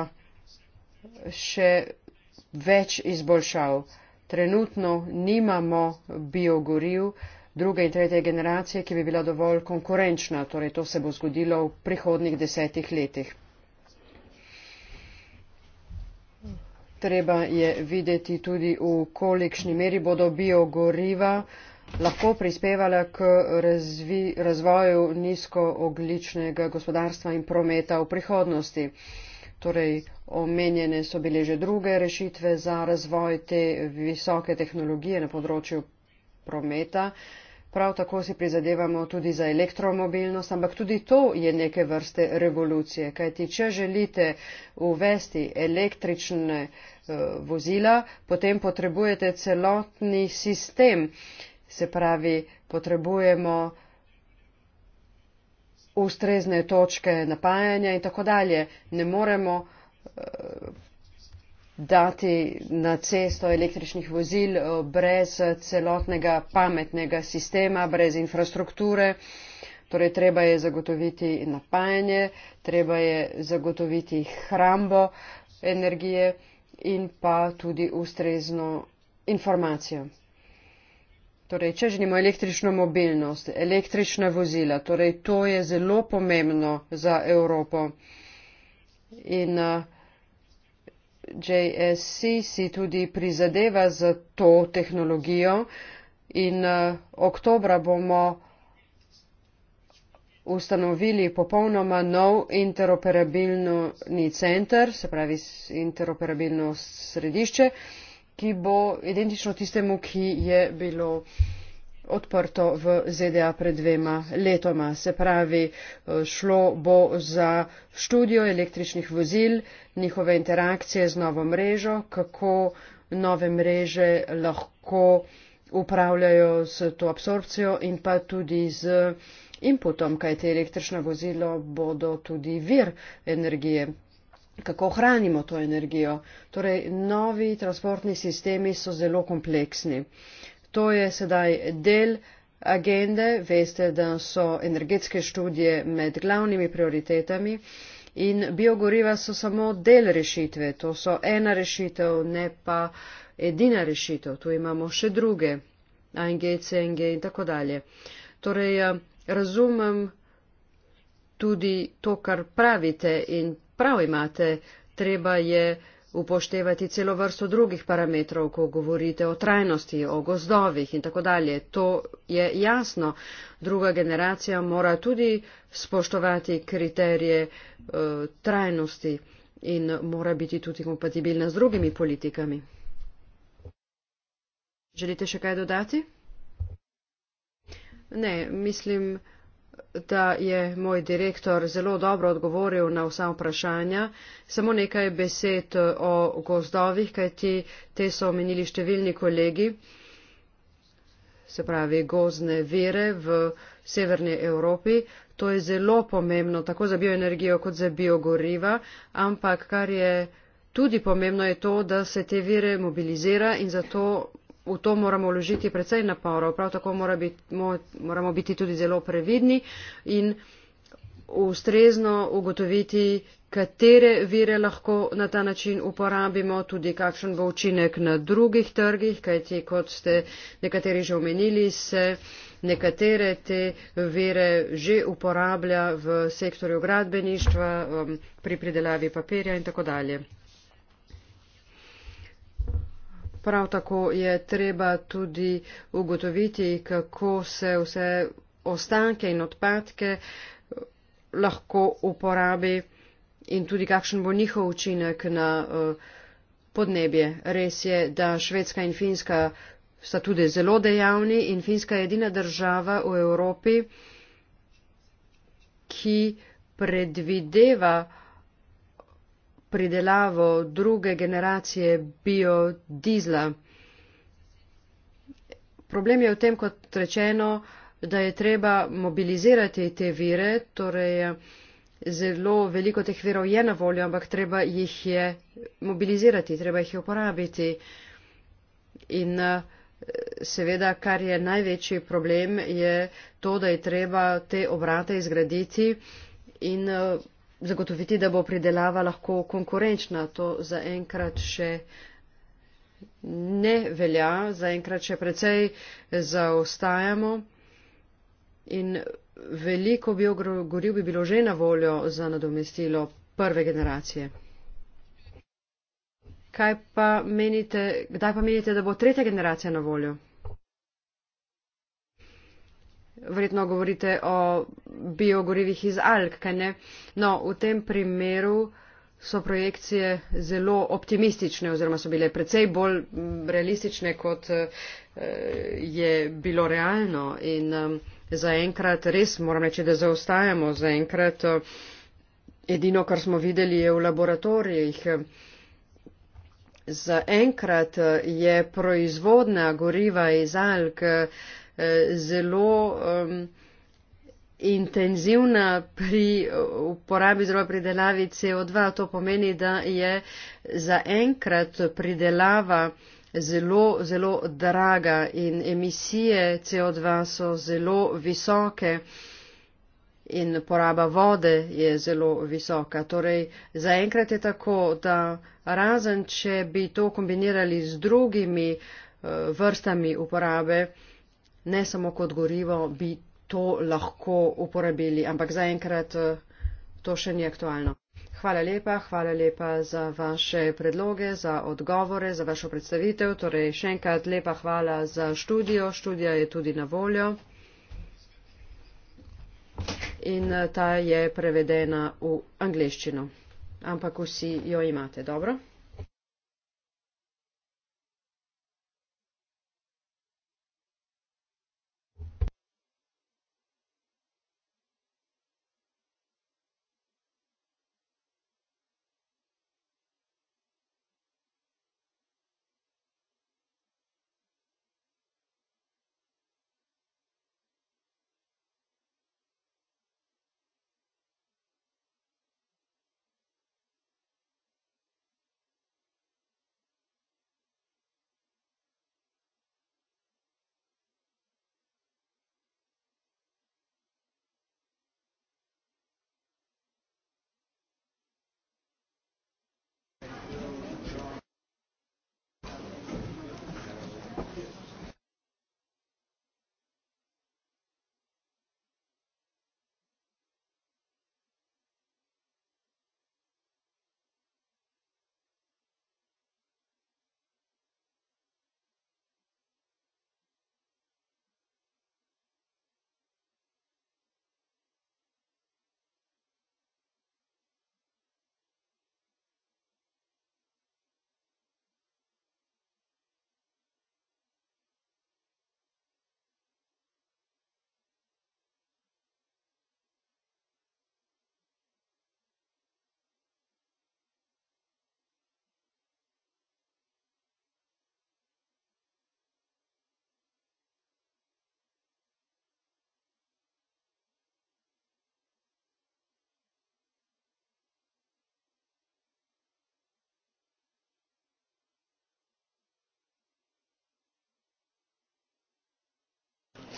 še več izboljšav trenutno nimamo biogoriv druge in tretje generacije, ki bi bila dovolj konkurenčna. Torej, to se bo zgodilo v prihodnih desetih letih. Treba je videti tudi, v kolikšni meri bodo biogoriva lahko prispevala k razvi, razvoju nizkoogličnega gospodarstva in prometa v prihodnosti. Torej, omenjene so bile že druge rešitve za razvoj te visoke tehnologije na področju prometa. Prav tako si prizadevamo tudi za elektromobilnost, ampak tudi to je neke vrste revolucije, kajti če želite uvesti električne uh, vozila, potem potrebujete celotni sistem. Se pravi, potrebujemo uh, ustrezne točke napajanja in tako dalje. Ne moremo eh, dati na cesto električnih vozil eh, brez celotnega pametnega sistema, brez infrastrukture. Torej, treba je zagotoviti napajanje, treba je zagotoviti hrambo energije in pa tudi ustrezno informacijo. Torej, če želimo električno mobilnost, električna vozila, torej to je zelo pomembno za Evropo. In uh, eh, JSC si tudi prizadeva za to tehnologijo in uh, oktobra bomo ustanovili popolnoma nov interoperabilni center, se pravi interoperabilno središče. Uh, ki bo identično tistemu, ki je bilo odprto v ZDA pred dvema letoma. Se pravi, eh, šlo bo za študijo električnih vozil, njihove interakcije z novo mrežo, kako nove mreže lahko upravljajo s to absorpcijo in pa tudi z inputom, kajte električno vozilo bodo tudi vir energije kako hranimo to energijo. Torej, novi transportni sistemi so zelo kompleksni. To je sedaj del agende, veste, da so energetske študije med glavnimi prioritetami in biogoriva so samo del rešitve, to so ena rešitev, ne pa edina rešitev, tu imamo še druge, ANG, CNG in tako dalje. Torej, eh, razumem tudi to, kar pravite in Prav imate, treba je upoštevati celo vrsto drugih parametrov, ko govorite o trajnosti, o gozdovih in tako dalje. To je jasno. Druga generacija mora tudi spoštovati kriterije uh, trajnosti in mora biti tudi kompatibilna z drugimi politikami. Želite še kaj dodati? Ne, mislim, da je moj direktor zelo dobro odgovoril na vsa vprašanja. Samo nekaj besed o gozdovih, kajti te so omenili številni kolegi, se pravi gozne vire v severni Evropi. To je zelo pomembno, tako za bioenergijo kot za biogoriva, ampak kar je. Tudi pomembno je to, da se te vire mobilizira in zato v to moramo vložiti precej naporov prav tako mora bit, mo, moramo biti tudi zelo previdni in ustrezno ugotoviti, katere vire lahko na ta način uporabimo, tudi kakšen bo učinek na drugih trgih, kajti kot ste nekateri že omenili, se nekatere te vire že uporablja v sektorju gradbeništva, um, pri pridelavi papirja in tako dalje. Prav tako je treba tudi ugotoviti, kako se vse ostanke in odpadke lahko uporabi in tudi kakšen bo njihov učinek na eh, podnebje. Res je, da Švedska in Finska sta tudi zelo dejavni in Finska je edina država v Evropi, ki predvideva pridelavo druge generacije biodizla. Problem je v tem, kot rečeno, da je treba mobilizirati te vire, torej zelo veliko teh virov je na voljo, ampak treba jih je mobilizirati, treba jih je uporabiti. In seveda, kar je največji problem, je to, da je treba te obrate izgraditi in zagotoviti, da bo pridelava lahko konkurenčna. To zaenkrat še ne velja, zaenkrat še precej zaostajamo in veliko biogoriv bi bilo že na voljo za nadomestilo prve generacije. Kaj pa menite, kdaj pa menite, da bo tretja generacija na voljo? verjetno govorite o biogorivih iz Alk, kaj ne? No, v tem primeru so projekcije zelo optimistične oziroma so bile precej bolj mm, realistične, kot eh, je bilo realno in zaenkrat res moram reči, da zaostajamo. Zaenkrat eh, edino, kar smo videli, je v laboratorijih. Zaenkrat eh, je proizvodna goriva iz Alk Eh, zelo um, intenzivna pri uporabi oziroma pridelavi CO2. To pomeni, da je zaenkrat pridelava zelo, zelo draga in emisije CO2 so zelo visoke in poraba vode je zelo visoka. Torej, zaenkrat je tako, da razen, če bi to kombinirali z drugimi eh, vrstami uporabe, ne samo kot gorivo, bi to lahko uporabili, ampak zaenkrat eh, to še ni aktualno. Hvala lepa, hvala lepa za vaše predloge, za odgovore, za vašo predstavitev. Torej, še enkrat lepa hvala za študijo. Študija je tudi na voljo in eh, ta je prevedena v angleščino. Ampak vsi jo imate, dobro?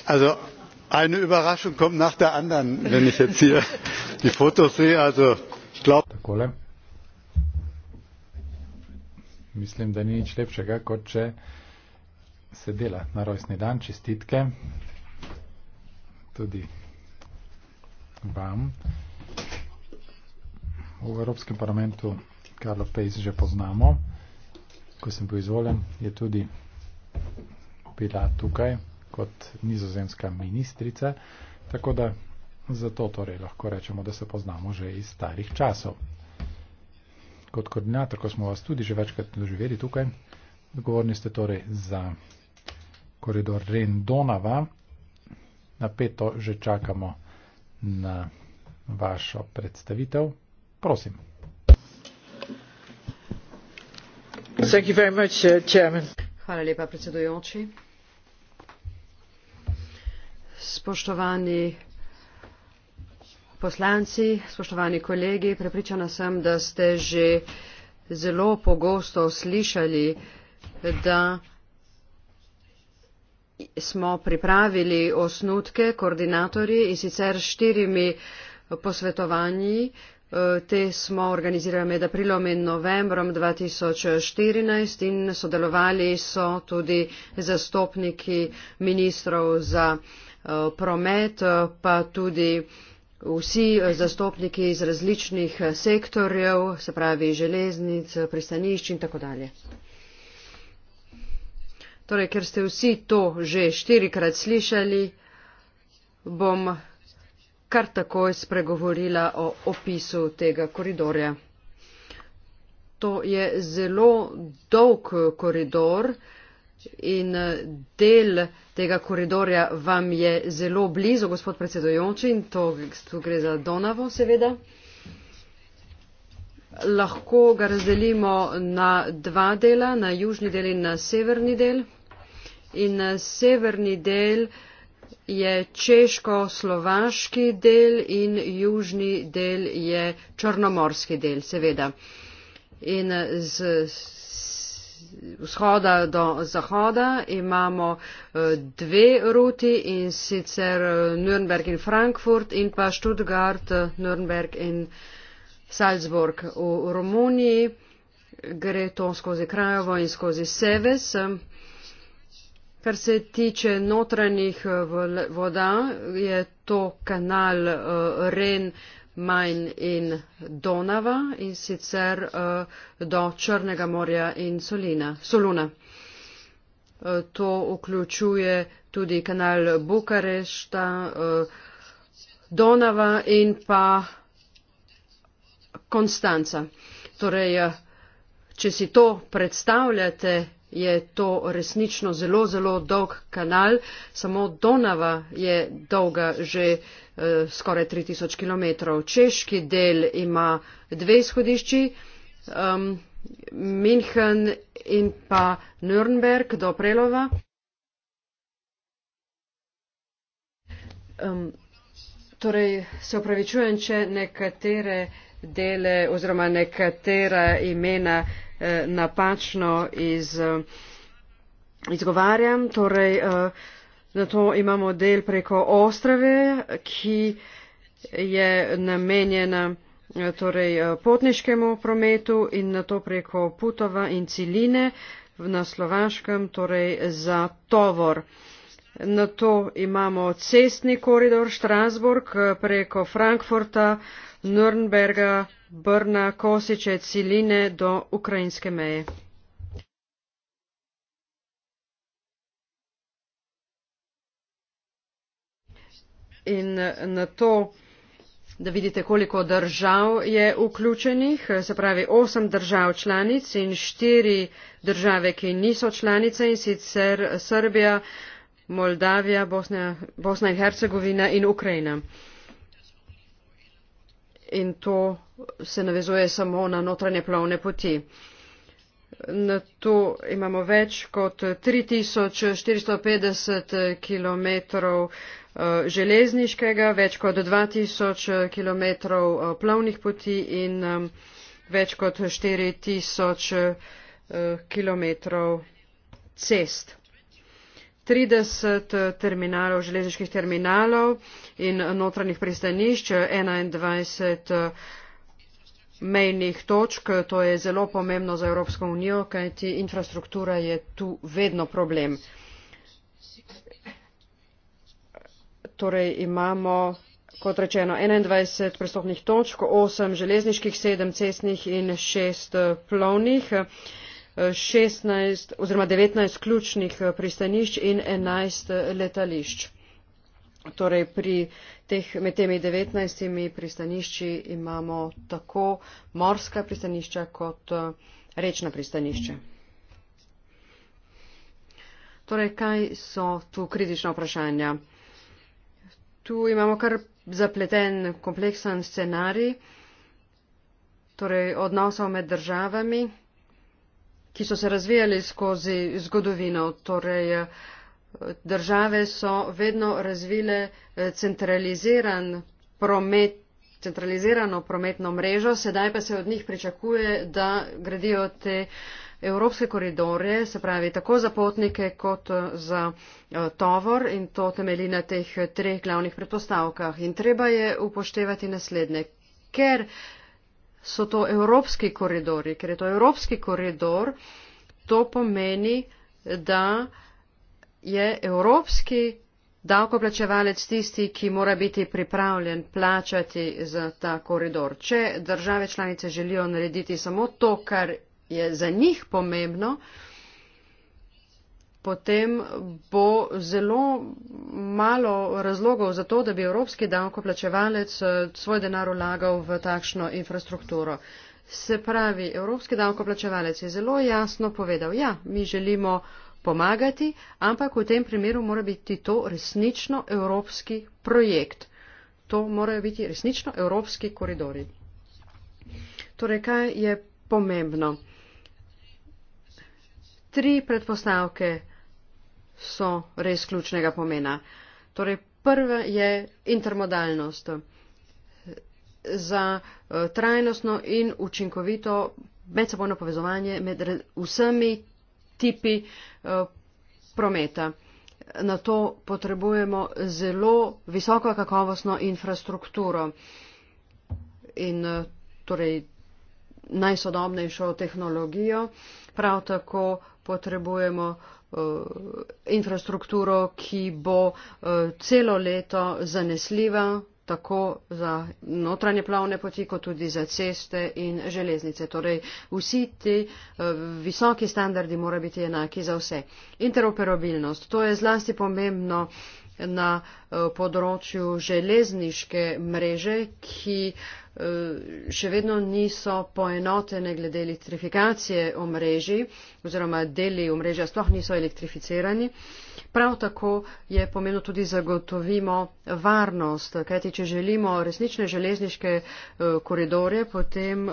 also eine überraschung kommt nach der anderen wenn ich jetzt hier die fotos sehe. also ich glaube. Mislim, da ni nič lepšega, kot če se dela na rojstni dan. Čestitke tudi vam. V Evropskem parlamentu Karlo Pejs že poznamo. Ko sem bil izvoljen, je tudi bila tukaj kot nizozemska ministrica, tako da zato torej lahko rečemo, da se poznamo že iz starih časov. Kot koordinator, ko smo vas tudi že večkrat doživeli tukaj, odgovorni ste torej za koridor Rendonava, napeto že čakamo na vašo predstavitev. Prosim. Uh, Hvala lepa, predsedujoči spoštovani poslanci, spoštovani kolegi, prepričana sem, da ste že zelo pogosto slišali, da smo pripravili osnutke, koordinatorji in sicer štirimi posvetovanji. Te smo organizirali med aprilom in novembrom 2014 in sodelovali so tudi zastopniki ministrov za Eh, promet, eh, pa tudi vsi zastopniki iz različnih eh, sektorjev, se pravi železnic, pristanišč in tako dalje. Torej, ker ste vsi to že štirikrat slišali, bom kar takoj spregovorila o opisu tega koridorja. To je zelo dolg koridor, in eh, del tega koridorja vam je zelo blizu, gospod predsedujoči, in to, to gre za Donavo, seveda. Lahko ga razdelimo na dva dela, na južni del in na severni del. In na eh, severni del je češko-slovaški del in južni del je črnomorski del, seveda. In eh, z, vzhoda do zahoda imamo eh, dve ruti in sicer eh, Nürnberg in Frankfurt in pa Stuttgart, eh, Nürnberg in Salzburg. V Romuniji gre to skozi Krajovo in skozi Seves. Kar se tiče notranjih voda, je to kanal Ren Majn in Donava in sicer uh, do Črnega morja in Solina, Soluna. Uh, to vključuje tudi kanal Bukarešta, uh, Donava in pa Konstanca. Torej, če si to predstavljate, je to resnično zelo, zelo dolg kanal. Samo Donava je dolga že uh, Eh, skoraj 3000 km. Češki del ima dve izhodišči, um, München in pa Nürnberg do Prelova. Um, torej se upravičujem, če nekatere dele oziroma nekatera imena eh, napačno iz, eh, izgovarjam. Torej, eh, Zato imamo del preko Ostrave, ki je namenjena eh, torej, eh, potniškemu prometu in na to preko Putova in Ciline na slovaškem, torej za tovor. Na to imamo cestni koridor Štrasburg eh, preko Frankfurta, Nürnberga, Brna, Kosiče, Ciline do ukrajinske meje. in eh, na to, da vidite, koliko držav je vključenih, eh, se pravi osem držav članic in štiri države, ki niso članice in sicer Srbija, Moldavija, Bosna, Bosna in Hercegovina in Ukrajina. In to se navezuje samo na notranje plovne poti. Na to imamo več kot 3450 km Eh, železniškega, več kot 2000 eh, km eh, plovnih poti in več kot 4000 km cest. 30 terminalov, železniških terminalov in notranjih pristanišč, 21 mejnih točk, to je zelo pomembno za Evropsko unijo, kajti infrastruktura je tu vedno problem. torej imamo kot rečeno 21 prestopnih točk, 8 železniških, 7 cestnih in 6 eh, plovnih, 16 eh, oziroma 19 ključnih eh, pristanišč in 11 letališč. Torej pri teh, med temi 19 pristanišči imamo tako morska pristanišča kot rečna pristanišča. Torej, kaj so tu kritična vprašanja? tu imamo kar zapleten, kompleksen scenarij, torej odnosov med državami, ki so se razvijali skozi zgodovino. Torej, eh, države so vedno razvile eh, centraliziran promet, centralizirano prometno mrežo, sedaj pa se od njih pričakuje, da gradijo te uh, evropske koridore, se pravi tako za potnike kot eh, za eh, tovor in to temelji na teh eh, treh glavnih predpostavkah. In treba je upoštevati naslednje. Ker so to evropski koridori, ker je to evropski koridor, to pomeni, da je evropski davkoplačevalec tisti, ki mora biti pripravljen plačati za ta koridor. Če države članice želijo narediti samo to, kar je za njih pomembno, potem bo zelo malo razlogov za to, da bi evropski davkoplačevalec eh, svoj denar vlagal v takšno infrastrukturo. Se pravi, evropski davkoplačevalec je zelo jasno povedal, ja, mi želimo pomagati, ampak v tem primeru mora biti to resnično evropski projekt. To morajo biti resnično evropski koridori. Torej, kaj je pomembno? tri predpostavke so res ključnega pomena. Torej, prva je intermodalnost. Za eh, trajnostno in učinkovito medsebojno povezovanje med vsemi tipi eh, prometa. Na to potrebujemo zelo visoko kakovostno infrastrukturo in eh, torej najsodobnejšo tehnologijo, prav tako uh, potrebujemo eh, infrastrukturo, ki bo eh, celo leto zanesljiva tako za notranje plavne poti, kot tudi za ceste in železnice. Torej, vsi ti eh, visoki standardi morajo biti enaki za vse. Interoperabilnost, to je zlasti pomembno na eh, področju železniške mreže, ki eh, še vedno niso poenotene glede elektrifikacije omrežij oziroma deli omrežja sploh niso elektrificirani. Prav tako je pomembno tudi zagotovimo varnost, kajti če želimo resnične železniške eh, koridorje, potem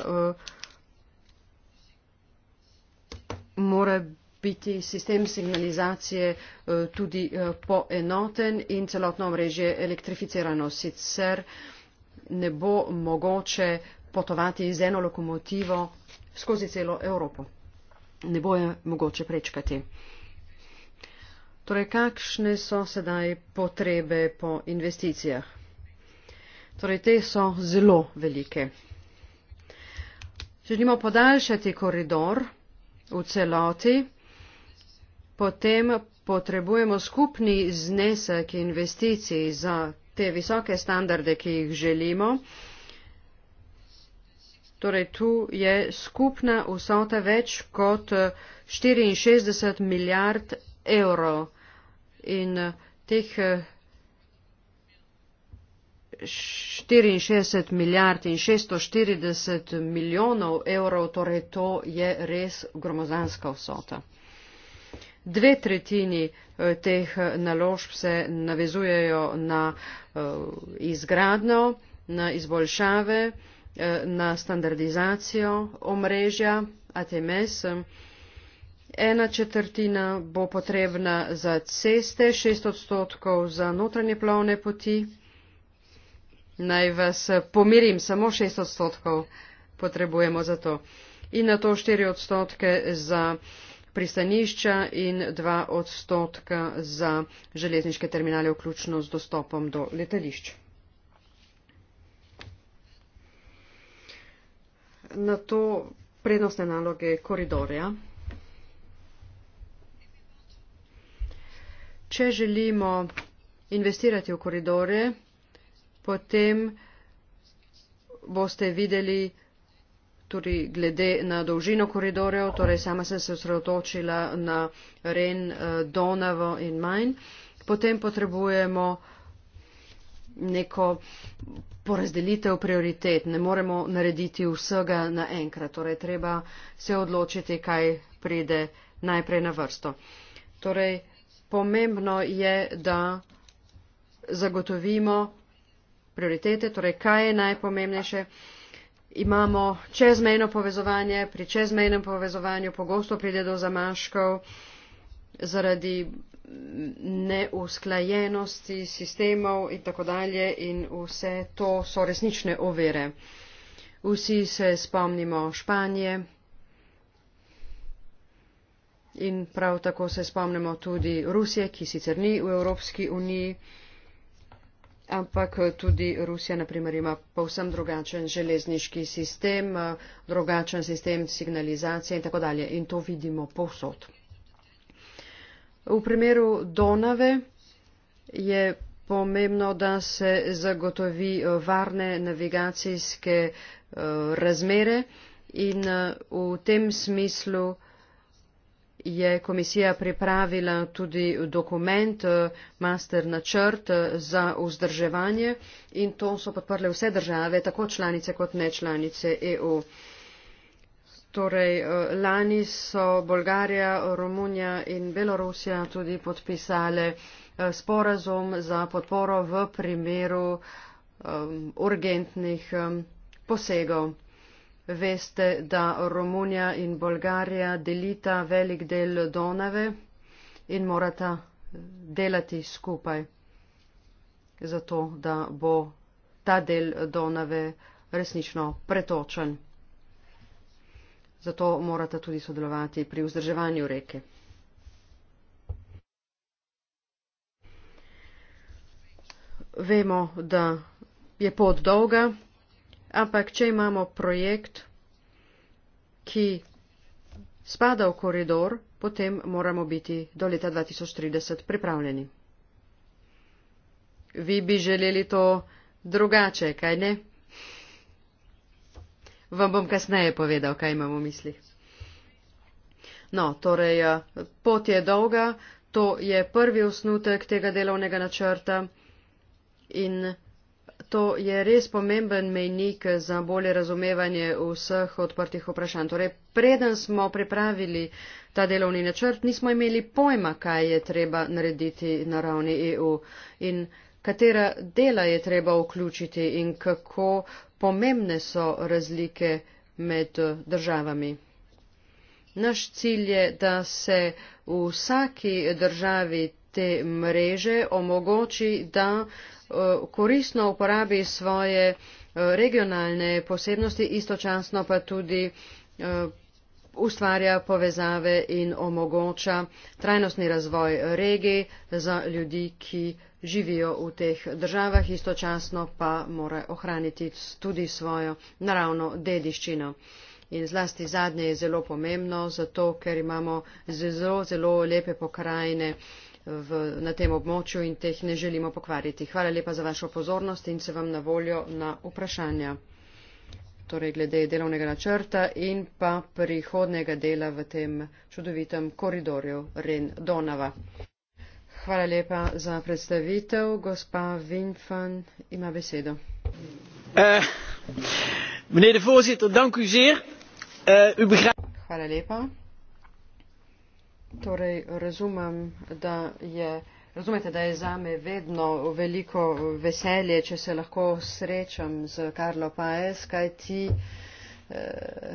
mora biti sistem signalizacije eh, tudi eh, poenoten in celotno omrežje elektrificirano. Sicer ne bo mogoče potovati z eno lokomotivo skozi celo Evropo. Ne bo je mogoče prečkati. Torej, kakšne so sedaj potrebe po investicijah? Torej, te so zelo velike. Želimo podaljšati koridor v celoti potem potrebujemo skupni znesek investicij za te visoke standarde, ki jih želimo. Torej, tu je skupna vsota več kot 64 milijard evrov in teh 64 eh, milijard in 640 milijonov evrov, torej to je res gromozanska vsota dve tretjini eh, teh eh, naložb se navezujejo na eh, izgradno na izboljšave na standardizacijo omrežja ATMS. Ena četrtina bo potrebna za ceste, šest odstotkov za notranje plovne poti. Naj vas pomirim, samo šest odstotkov potrebujemo za to. In na to štiri odstotke za uh, pristanišča in 2 odstotka za železniške terminale, vključno z dostopom do letališč. Na to prednostne naloge koridorja. Če želimo investirati v koridore, potem boste videli, Tudi glede na dolžino koridorjev, torej sama sem se osredotočila na Ren, eh, Donavo in Main. Potem potrebujemo neko porazdelitev prioritet. Ne moremo narediti vsega naenkrat, torej treba se odločiti, kaj pride najprej na vrsto. Torej, pomembno je, da zagotovimo prioritete, torej kaj je najpomembnejše imamo čezmejno povezovanje pri čezmejnem povezovanju pogosto pride do zamaškov zaradi neusklajenosti sistemov in tako dalje in vse to so resnične ovire. Vsi se spomnimo Španije in prav tako se spomnimo tudi Rusije, ki sicer ni v Evropski uniji ampak eh, tudi Rusija, naprimer, ima povsem drugačen železniški sistem, eh, drugačen sistem signalizacije in tako dalje. In to vidimo povsod. V primeru Donave je pomembno, da se zagotovi eh, varne navigacijske razmere in v tem smislu je komisija pripravila tudi dokument eh, master načrt eh, za vzdrževanje in to so podprle vse države tako članice kot nečlanice EU. Torej, eh, lani so Bolgarija, Romunija in Belorusija tudi podpisale sporazum za podporo v primeru urgentnih posegov. Veste, da Romunija in Bolgarija delita velik del Donave in morata delati skupaj, zato da bo ta del Donave resnično pretočen. Zato morata tudi sodelovati pri vzdrževanju reke. Vemo, da je pot dolga. Ampak, če imamo projekt, ki spada v koridor, potem moramo biti do leta 2030 pripravljeni. Vi bi želeli to drugače, kaj ne? Vam bom kasneje povedal, kaj imamo v mislih. No, torej, eh, pot je dolga, to je prvi osnutek tega delovnega načrta in to je res pomemben mejnik za bolje razumevanje vseh odprtih vprašanj. Torej, preden smo pripravili ta delovni načrt, nismo imeli pojma, kaj je treba narediti na ravni EU in katera dela je treba vključiti in kako pomembne so razlike med državami. Naš cilj je, da se v vsaki državi te mreže omogoči, da e, koristno uporabi svoje e, regionalne posebnosti, istočasno pa tudi e, ustvarja povezave in omogoča trajnostni razvoj regij za ljudi, ki živijo v teh državah, istočasno pa mora ohraniti tudi svojo naravno dediščino. In zlasti zadnje je zelo pomembno, zato ker imamo zelo, zelo lepe pokrajine, v, na tem območju in teh ne želimo pokvariti. Hvala lepa za vašo pozornost in se vam na voljo na vprašanja. Torej, glede delovnega načrta in pa prihodnega dela v tem čudovitem koridorju Ren-Donava. Hvala lepa za predstavitev. Gospa Winfan ima besedo. Uh, meneer de voorzitter, dank u zeer. Uh, u begrijpt. Hvala lepa. Torej, razumem, da je, razumete, da je zame vedno veliko veselje, če se lahko srečam z Karlo Paez, kaj ti eh,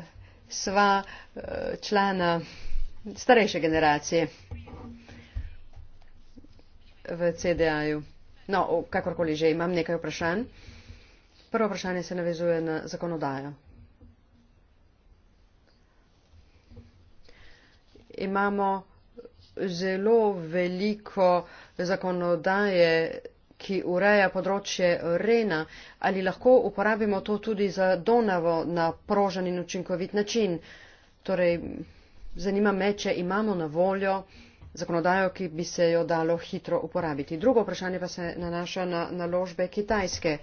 sva eh, člana starejše generacije v CDA-ju. No, kakorkoli že, imam nekaj vprašanj. Prvo vprašanje se navezuje na zakonodajo. imamo zelo veliko zakonodaje, ki ureja področje Rena, ali lahko uporabimo to tudi za Donavo na prožen in učinkovit način. Torej, zanima me, če imamo na voljo zakonodajo, ki bi se jo dalo hitro uporabiti. Drugo vprašanje pa se nanaša na naložbe kitajske.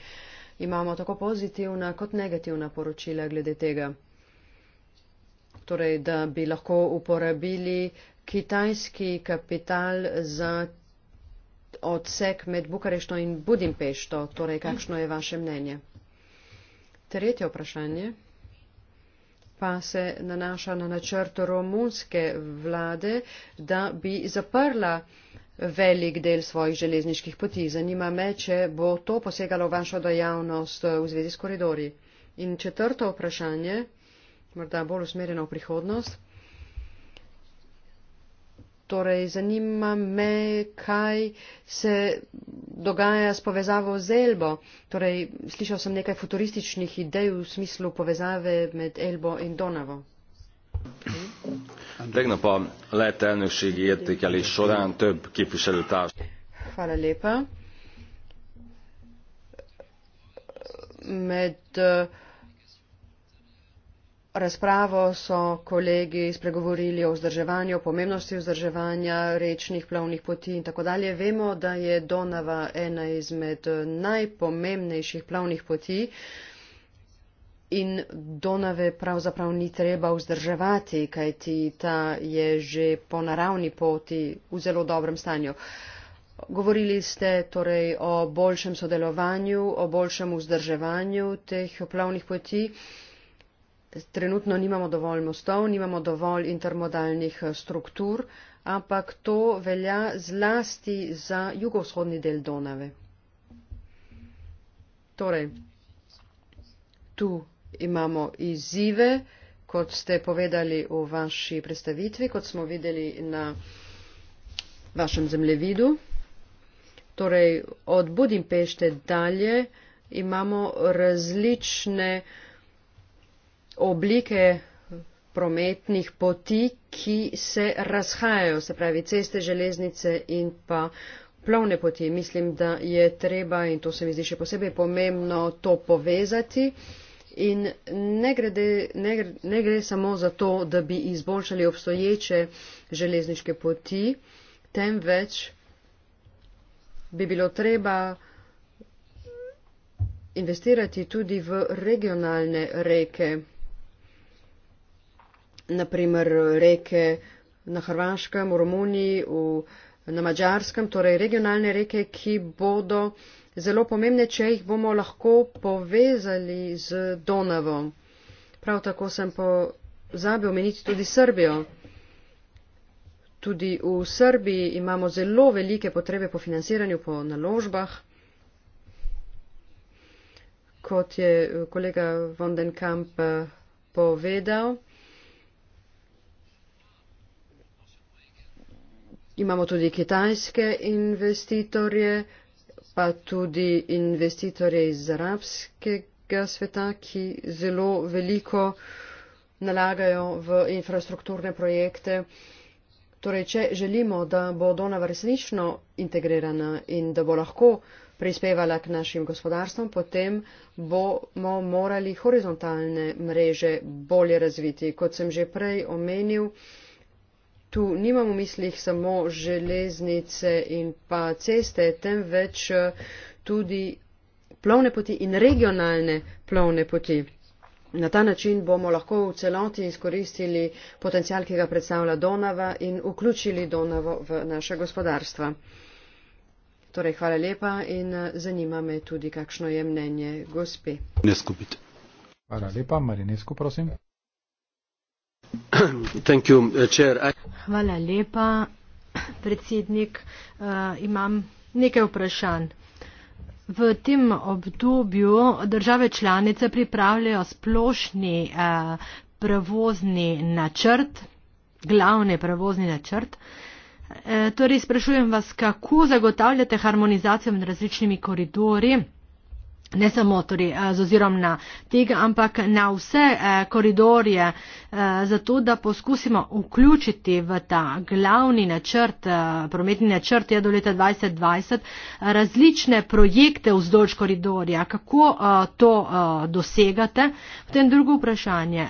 Imamo tako pozitivna kot negativna poročila glede tega torej da bi lahko uporabili kitajski kapital za odsek med Bukarešto in Budimpešto. Torej, kakšno je vaše mnenje? Tretje vprašanje pa se nanaša na načrt romunske vlade, da bi zaprla velik del svojih železniških poti. Zanima me, če bo to posegalo vašo dejavnost v zvezi s koridori. In četrto vprašanje morda bolj usmerjena v prihodnost. Torej, zanima me, kaj se dogaja s povezavo z Elbo. Torej, slišal sem nekaj futurističnih idej v smislu povezave med Elbo in Donavo. Tegnap a lett elnökségi értékelés során több képviselőtárs. Hvala lépa. Med uh, razpravo so kolegi spregovorili o vzdrževanju, o pomembnosti vzdrževanja rečnih plovnih poti in tako dalje. Vemo, da je Donava ena izmed najpomembnejših plovnih poti in Donave pravzaprav ni treba vzdrževati, kajti ta je že po naravni poti v zelo dobrem stanju. Govorili ste torej o boljšem sodelovanju, o boljšem vzdrževanju teh plavnih poti trenutno nimamo dovolj mostov, nimamo dovolj intermodalnih eh, struktur, ampak to velja zlasti za jugovzhodni del Donave. Torej, tu imamo izzive, kot ste povedali v vaši predstavitvi, kot smo videli na vašem zemljevidu. Torej, od Budimpešte dalje imamo različne uh, oblike prometnih poti, ki se razhajajo, se pravi ceste, železnice in pa plovne poti. Mislim, da je treba, in to se mi zdi še posebej pomembno, to povezati. In ne gre, ne, gre, ne gre samo za to, da bi izboljšali obstoječe železniške poti, temveč bi bilo treba investirati tudi v regionalne reke naprimer reke na Hrvaškem, v Romuniji, v, na Mačarskem, torej regionalne reke, ki bodo zelo pomembne, če jih bomo lahko povezali z Donavo. Prav tako sem pozabil omeniti tudi Srbijo. Tudi v Srbiji imamo zelo velike potrebe po financiranju, po naložbah. Kot je kolega Vondenkamp eh, povedal, Imamo tudi kitajske investitorje, pa tudi investitorje iz arabskega sveta, ki zelo veliko nalagajo v infrastrukturne projekte. Torej, če želimo, da bo Donava resnično integrirana in da bo lahko prispevala k našim gospodarstvom, potem bomo morali horizontalne mreže bolje razviti. Kot sem že prej omenil, Tu nimam v mislih samo železnice in pa ceste, temveč eh, tudi plovne poti in regionalne plovne poti. Na ta način bomo lahko v celoti izkoristili potencial, ki ga predstavlja Donava in vključili Donavo v naše gospodarstva. Torej, hvala lepa in eh, zanima me tudi, kakšno je mnenje gospe. Neskupite. Hvala lepa, Marinesko, prosim. Uh, Hvala lepa, predsednik. Uh, imam nekaj vprašanj. V tem obdobju države članice pripravljajo splošni uh, prevozni načrt, glavni prevozni načrt. E, torej, sprašujem vas, kako zagotavljate harmonizacijo med različnimi koridori? ne samo torej, eh, z ozirom na tega, ampak na vse eh, koridorje, eh, zato da poskusimo vključiti v ta glavni načrt, prometni načrt je do leta 2020, različne projekte vzdolž koridorja. Kako to dosegate? Potem drugo vprašanje.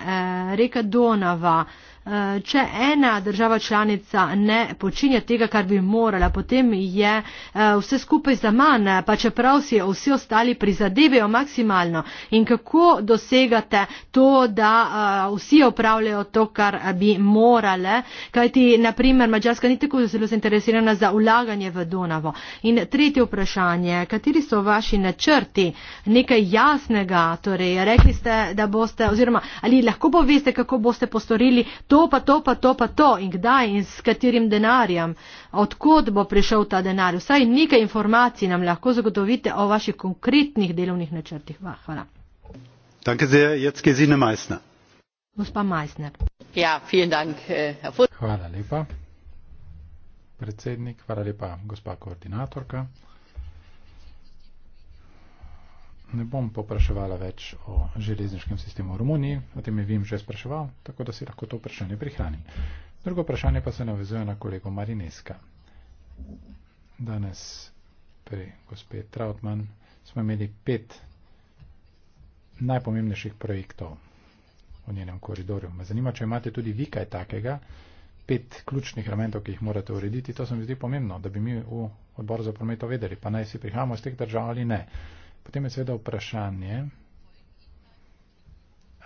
Reka Donava. Eh, če ena država članica ne počinja tega, kar bi morala, potem je eh, vse skupaj za manj, pa čeprav si vsi ostali prizadevajo maksimalno. In kako dosegate to, da eh, vsi opravljajo to, kar bi morale, kajti naprimer Mačarska ni tako zelo zainteresirana za ulaganje v Donavo. In tretje vprašanje, kateri so vaši načrti, nekaj jasnega, torej rekli ste, da boste, oziroma ali lahko poveste, kako boste postorili, to, pa to, pa to, pa to in kdaj in s katerim denarjem, odkot bo prišel ta denar. Vsaj nekaj informacij nam lahko zagotovite o vaših konkretnih delovnih načrtih. Hvala. Ja, eh, hvala lepa, predsednik, hvala lepa, gospa koordinatorka ne bom popraševala več o železniškem sistemu v Romuniji, o tem je Vim že spraševal, tako da si lahko to vprašanje prihrani. Drugo vprašanje pa se navezuje na kolego Marineska. Danes pri gospe Trautmann smo imeli pet najpomembnejših projektov v njenem koridorju. Me zanima, če imate tudi vi kaj takega, pet ključnih elementov, ki jih morate urediti, to se mi zdi pomembno, da bi mi v odboru za prometo vedeli, pa naj si prihajamo iz teh držav ali ne. Potem je seveda vprašanje,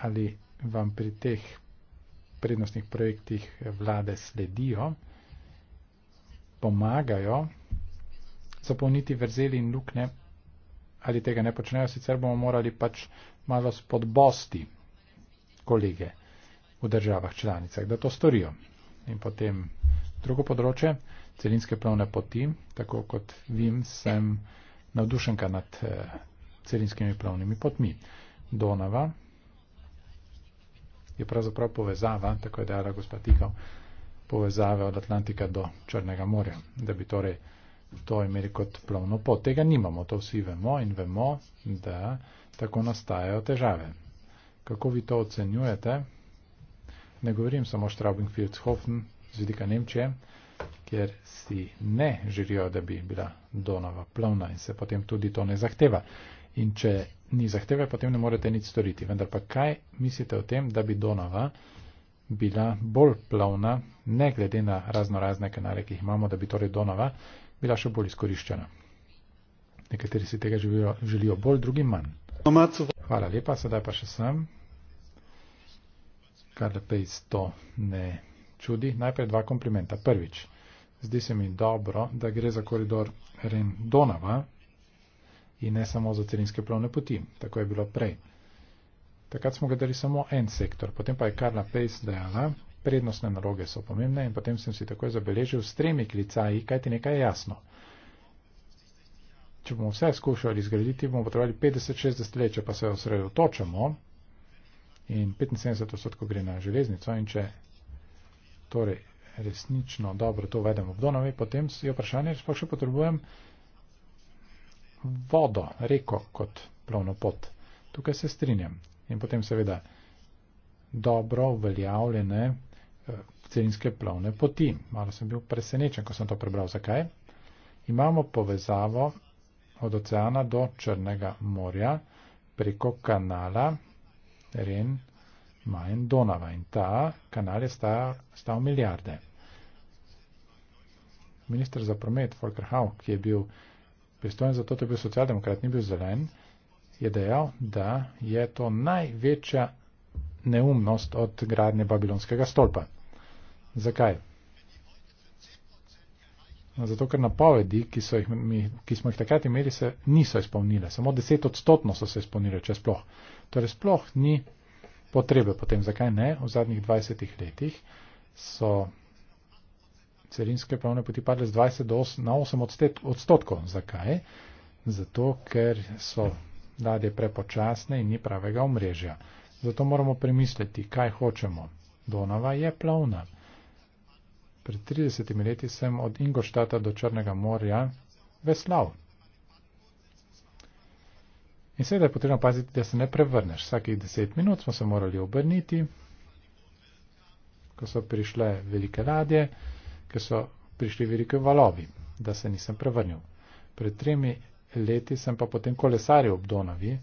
ali vam pri teh prednostnih projektih vlade sledijo, pomagajo zapolniti verzeli in lukne, ali tega ne počnejo, sicer bomo morali pač malo spodbosti kolege v državah članicah, da to storijo. In potem drugo področje, celinske plovne poti, tako kot vim, sem. Ja navdušenka nad eh, celinskimi plovnimi potmi. Donava je pravzaprav povezava, tako je dejala gospod Tikal, povezave od Atlantika do Črnega morja, da bi torej to imeli kot plovno pot. Tega nimamo, to vsi vemo in vemo, da tako nastajajo težave. Kako vi to ocenjujete? Ne govorim samo o Straubing-Fieldshofen z vidika Nemčije, kjer si ne želijo, da bi bila donova plovna in se potem tudi to ne zahteva. In če ni zahteve, potem ne morete nič storiti. Vendar pa kaj mislite o tem, da bi donova bila bolj plovna, ne glede na razno razne kanale, ki jih imamo, da bi torej donova bila še bolj izkoriščena? Nekateri si tega želijo, želijo bolj, drugi manj. Hvala lepa, sedaj pa še sam. Kar da pejs to ne čudi. Najprej dva komplimenta. Prvič zdi se mi dobro, da gre za koridor Ren-Donava in ne samo za celinske plovne poti, tako je bilo prej. Takrat smo gledali samo en sektor, potem pa je Karla Pace dejala, prednostne naloge so pomembne in potem sem si takoj zabeležil s tremi klicaji, kaj ti nekaj je jasno. Če bomo vse skušali izgraditi, bomo potrebovali 50-60 let, če pa se osredotočamo in 75% gre na železnico in če torej resnično dobro to uvedemo v Donavi, potem je vprašanje, če pa še potrebujem vodo, reko kot plovno pot. Tukaj se strinjam. In potem seveda dobro uveljavljene eh, celinske plovne poti. Malo sem bil presenečen, ko sem to prebral. Zakaj? Imamo povezavo od oceana do Črnega morja preko kanala Ren manj Donava in ta kanal je stajal, stal milijarde. Ministr za promet Volker Hauk, ki je bil pristojen za to, da je bil socialdemokrat, ni bil zelen, je dejal, da je to največja neumnost od gradnje babilonskega stolpa. Zakaj? No, zato, ker napovedi, ki, so jih, mi, ki smo jih takrat imeli, se niso izpolnile. Samo deset odstotno so se izpolnile, če sploh. Torej sploh ni potrebe potem, zakaj ne, v zadnjih 20 letih so celinske plovne poti padle z 20 na 8 odstotkov. Zakaj? Zato, ker so ladje prepočasne in ni pravega omrežja. Zato moramo premisliti, kaj hočemo. Donava je plovna. Pred 30 leti sem od Ingoštata do Črnega morja veslal. In seveda je potrebno paziti, da se ne prevrneš. Vsakih deset minut smo se morali obrniti, ko so prišle velike ladje, ker so prišli velike valovi, da se nisem prevrnil. Pred tremi leti sem pa potem kolesaril ob Donavi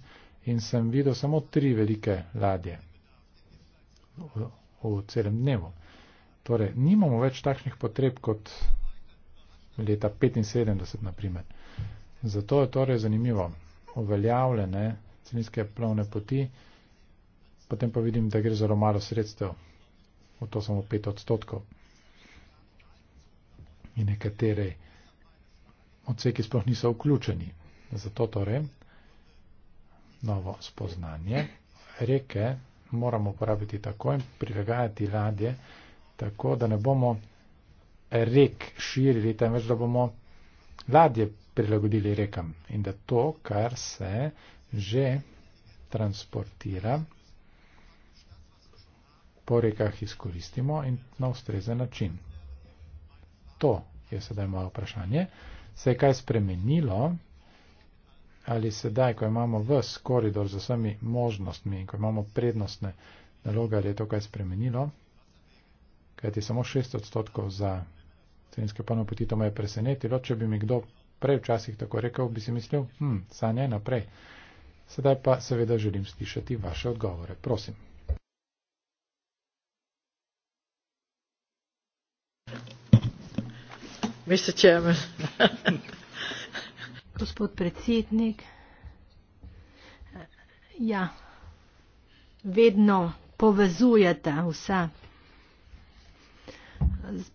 in sem videl samo tri velike ladje v, v celem dnevu. Torej, nimamo več takšnih potreb kot leta 75, naprimer. Zato je torej zanimivo uveljavljene celinske plovne poti, potem pa vidim, da gre za romalo sredstev, v to samo 5 odstotkov. In nekatere odseki sploh niso vključeni. Zato torej novo spoznanje. Reke moramo uporabiti tako in prilagajati ladje, tako da ne bomo rek širili, temveč da bomo ladje prilagodili rekam in da to, kar se že transportira, po rekah izkoristimo in na ustrezen način. To je sedaj moje vprašanje. Se je kaj spremenilo ali sedaj, ko imamo ves koridor z vsemi možnostmi in ko imamo prednostne naloge, ali je to kaj spremenilo? Kajti samo 6 odstotkov za Celinske polno poti to me je presenetilo, če bi mi kdo prej včasih tako rekel, bi si mislil, hm, sanje naprej. Sedaj pa seveda želim slišati vaše odgovore, prosim. Veste, če me. Gospod predsednik, ja, vedno povezujete vsa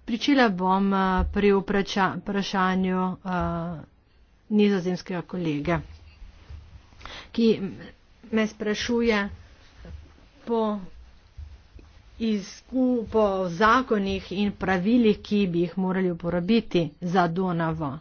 pričela bom eh, pri vpraša, vprašanju uh, nizozemskega kolege, ki me sprašuje po izku, po zakonih in pravilih, ki bi jih morali uporabiti za Donavo.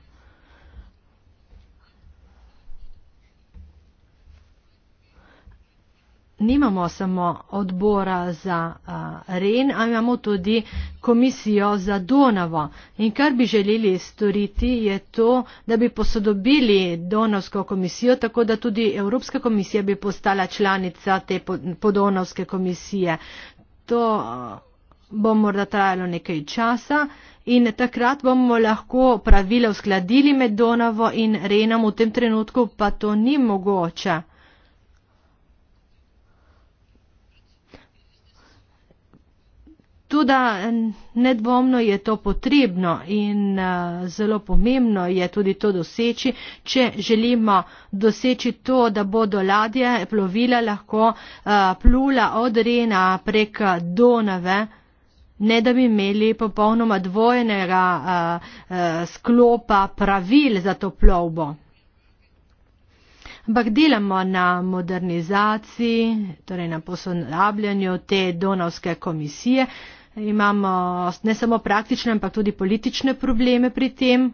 nimamo samo odbora za uh, REN, ampak imamo tudi komisijo za Donavo. In kar bi želeli storiti, je to, da bi posodobili Donavsko komisijo, tako da tudi Evropska komisija bi postala članica te podonavske komisije. To bo morda trajalo nekaj časa in takrat bomo lahko pravila uskladili med Donavo in Renom, v tem trenutku pa to ni mogoče. Tudi nedvomno je to potrebno in eh, zelo pomembno je tudi to doseči, če želimo doseči to, da bodo ladje plovila lahko eh, plula od Rena prek Donave, ne da bi imeli popolnoma dvojnega eh, sklopa pravil za to plovbo ampak delamo na modernizaciji, torej na posodabljanju te donovske komisije. Imamo ne samo praktične, ampak tudi politične probleme pri tem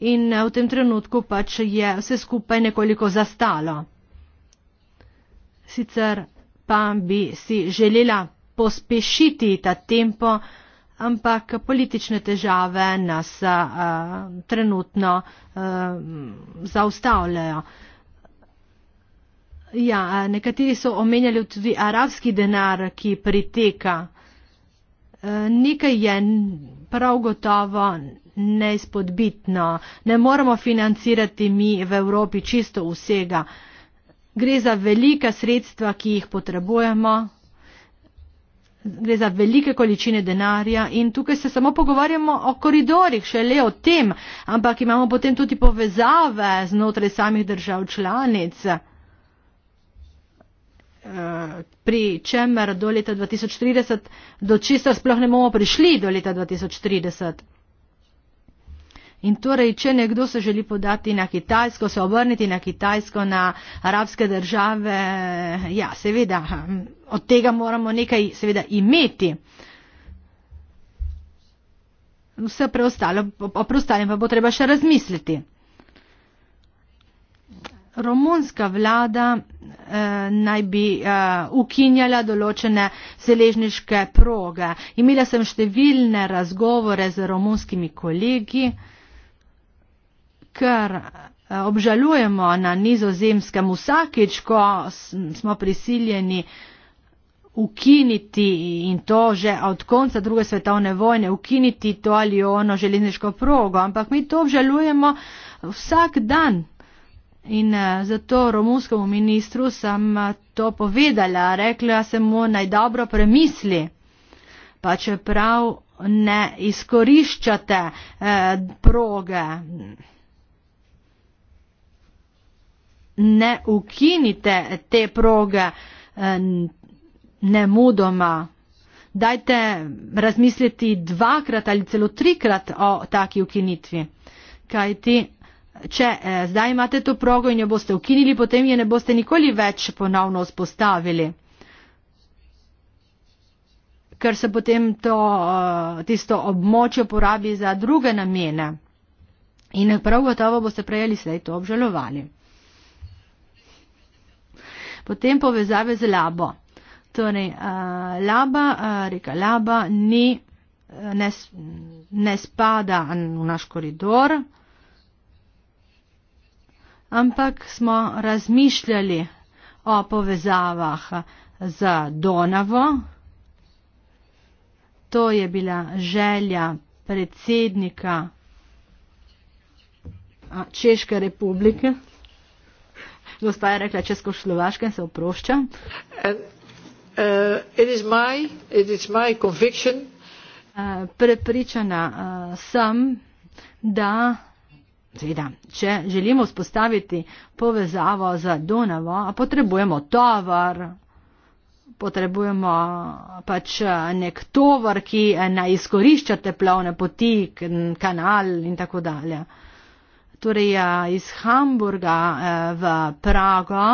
in eh, v tem trenutku pač je vse skupaj nekoliko zastalo. Sicer pa bi si želela pospešiti ta tempo, ampak politične težave nas uh, trenutno uh, zaustavljajo. Uh, Ja, nekateri so omenjali tudi arabski denar, ki priteka. E, nekaj je prav gotovo neizpodbitno. Ne moremo financirati mi v Evropi čisto vsega. Gre za velika sredstva, ki jih potrebujemo. Gre za velike količine denarja in tukaj se samo pogovarjamo o koridorjih, še le o tem, ampak imamo potem tudi povezave znotraj samih držav članic. Eh, pri čemer do leta 2030, do česar sploh ne bomo prišli do leta 2030. In torej, če nekdo se želi podati na Kitajsko, se obrniti na Kitajsko, na arabske države, ja, seveda, hm, od tega moramo nekaj, seveda, imeti. Vse preostalo, o preostalem pa bo treba še razmisliti. Romunska vlada eh, naj bi eh, ukinjala določene seležniške proge. Imela sem številne razgovore z romunskimi kolegi, ker eh, obžalujemo na nizozemskem vsakeč, ko smo prisiljeni ukiniti in to že od konca druge svetovne vojne, ukiniti to ali ono železniško progo, ampak mi to obžalujemo vsak dan. In eh, zato romunskemu ministru sem eh, to povedala, rekla sem mu naj dobro premisli, pa čeprav ne izkoriščate eh, proge, ne ukinite te proge eh, nemudoma. Dajte razmisliti dvakrat ali celo trikrat o taki ukinitvi, kajti Če eh, zdaj imate to progo in jo boste ukinili, potem je ne boste nikoli več ponovno vzpostavili, ker se potem to, eh, tisto območje uporabi za druge namene. In prav gotovo boste prejeli sedaj to obžalovali. Potem povezave z labo. Torej, uh, laba, uh, reka laba, ni, ne, ne spada v naš koridor ampak smo razmišljali o povezavah z Donavo. To je bila želja predsednika Češke republike. Gospa je rekla Česko-Slovaške, se oprošča. Uh, uh, prepričana uh, sem, da Seveda, če želimo spostaviti povezavo z Donavo, potrebujemo tovar, potrebujemo pač eh, nek tovar, ki eh, na izkorišča te plavne poti, kanal in tako dalje. Torej, eh, iz Hamburga v Prago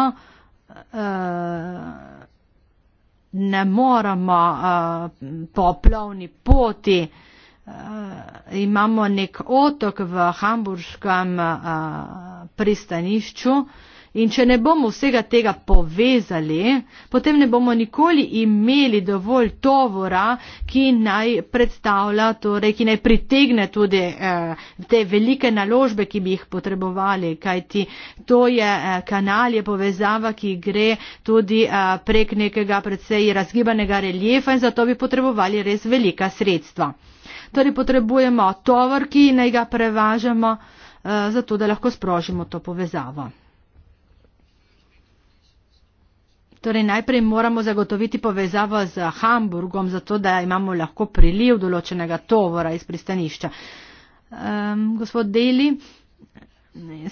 ne moramo po plavni poti. Eh, imamo nek otok v hamburškem uh, pristanišču in če ne bomo vsega tega povezali, potem ne bomo nikoli imeli dovolj tovora, ki naj predstavlja, torej, ki naj pritegne tudi uh, te velike naložbe, ki bi jih potrebovali, kajti to je uh, kanal, je povezava, ki gre tudi uh, prek nekega predvsej razgibanega reljefa in zato bi potrebovali res velika sredstva torej potrebujemo tovor, ki naj ga prevažamo, eh, zato da lahko sprožimo to povezavo. Torej, najprej moramo zagotoviti povezavo z Hamburgom, zato da imamo lahko priliv določenega tovora iz pristanišča. Um, gospod Deli,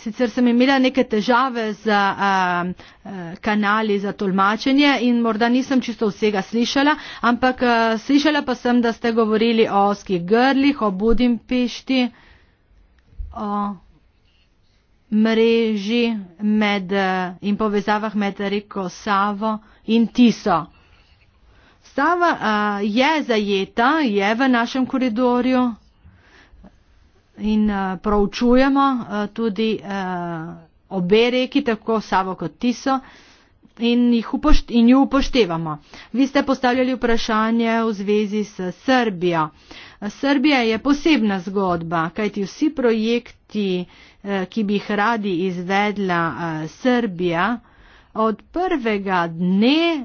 Sicer sem imela neke težave z a, a, kanali za tolmačenje in morda nisem čisto vsega slišala, ampak a, slišala pa sem, da ste govorili o oskih grlih, o Budimpešti, o mreži med, in povezavah med reko Savo in Tiso. Sava a, je zajeta, je v našem koridorju in eh, proučujemo eh, tudi eh, obe reki, tako Savo kot Tiso. In, upošt in jo upoštevamo. Vi ste postavljali vprašanje v zvezi s Srbijo. Srbija je posebna zgodba, kajti vsi projekti, ki bi jih radi izvedla Srbija, od prvega dne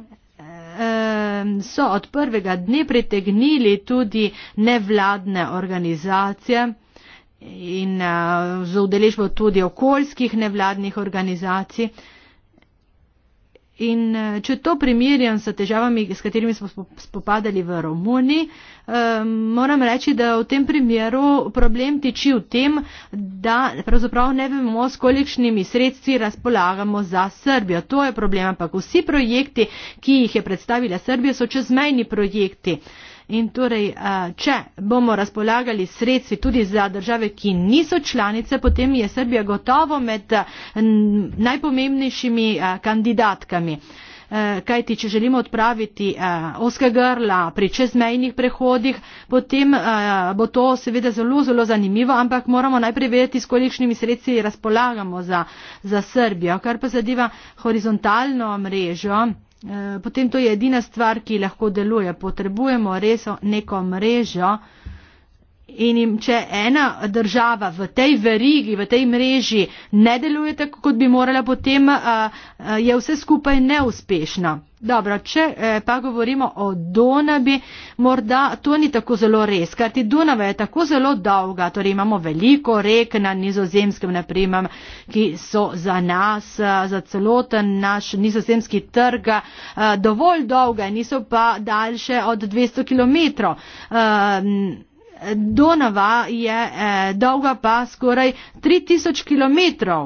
so od prvega dne pritegnili tudi nevladne organizacije in z udeležbo tudi okoljskih nevladnih organizacij. In če to primerjam s težavami, s katerimi smo spopadali v Romuniji, moram reči, da v tem primeru problem tiči v tem, da pravzaprav ne vemo, s kolikšnimi sredstvi razpolagamo za Srbijo. To je problem, ampak vsi projekti, ki jih je predstavila Srbija, so čezmejni projekti. In torej, če bomo razpolagali sredstvi tudi za države, ki niso članice, potem je Srbija gotovo med najpomembnejšimi kandidatkami. Kajti, če želimo odpraviti oska grla pri čezmejnih prehodih, potem bo to seveda zelo, zelo zanimivo, ampak moramo najprej vedeti, s kolikšnimi sredstvi razpolagamo za, za Srbijo. Kar pa zadeva horizontalno mrežo. Eh, potem to je edina stvar, ki lahko deluje. Potrebujemo res neko mrežo in jim, če ena država v tej verigi, v tej mreži ne deluje tako, kot bi morala, potem eh, eh, je vse skupaj neuspešno. Dobro, če eh, pa govorimo o Donavi, morda to ni tako zelo res, ker ti Donava je tako zelo dolga, torej imamo veliko rek na nizozemskem, naprimer, ki so za nas, eh, za celoten naš nizozemski trg, eh, dovolj dolge, niso pa daljše od 200 km. Donava je dolga pa skoraj 3000 km.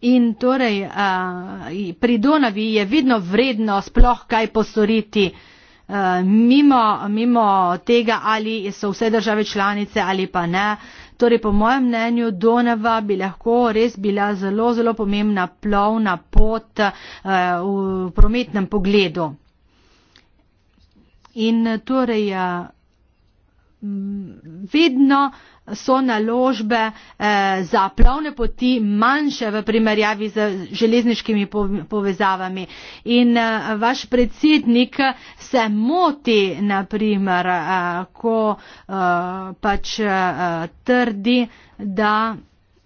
In torej uh, pri Donavi je vedno vredno sploh kaj posoriti uh, mimo, mimo tega, ali so vse države članice ali pa ne. Torej, po mojem mnenju, Donava bi lahko res bila zelo, zelo pomembna plovna pot uh, v prometnem pogledu. In torej, uh, vedno uh, so naložbe eh, za plovne poti manjše v primerjavi z železniškimi povezavami. In eh, vaš predsednik se moti, naprimer, eh, ko pač trdi, da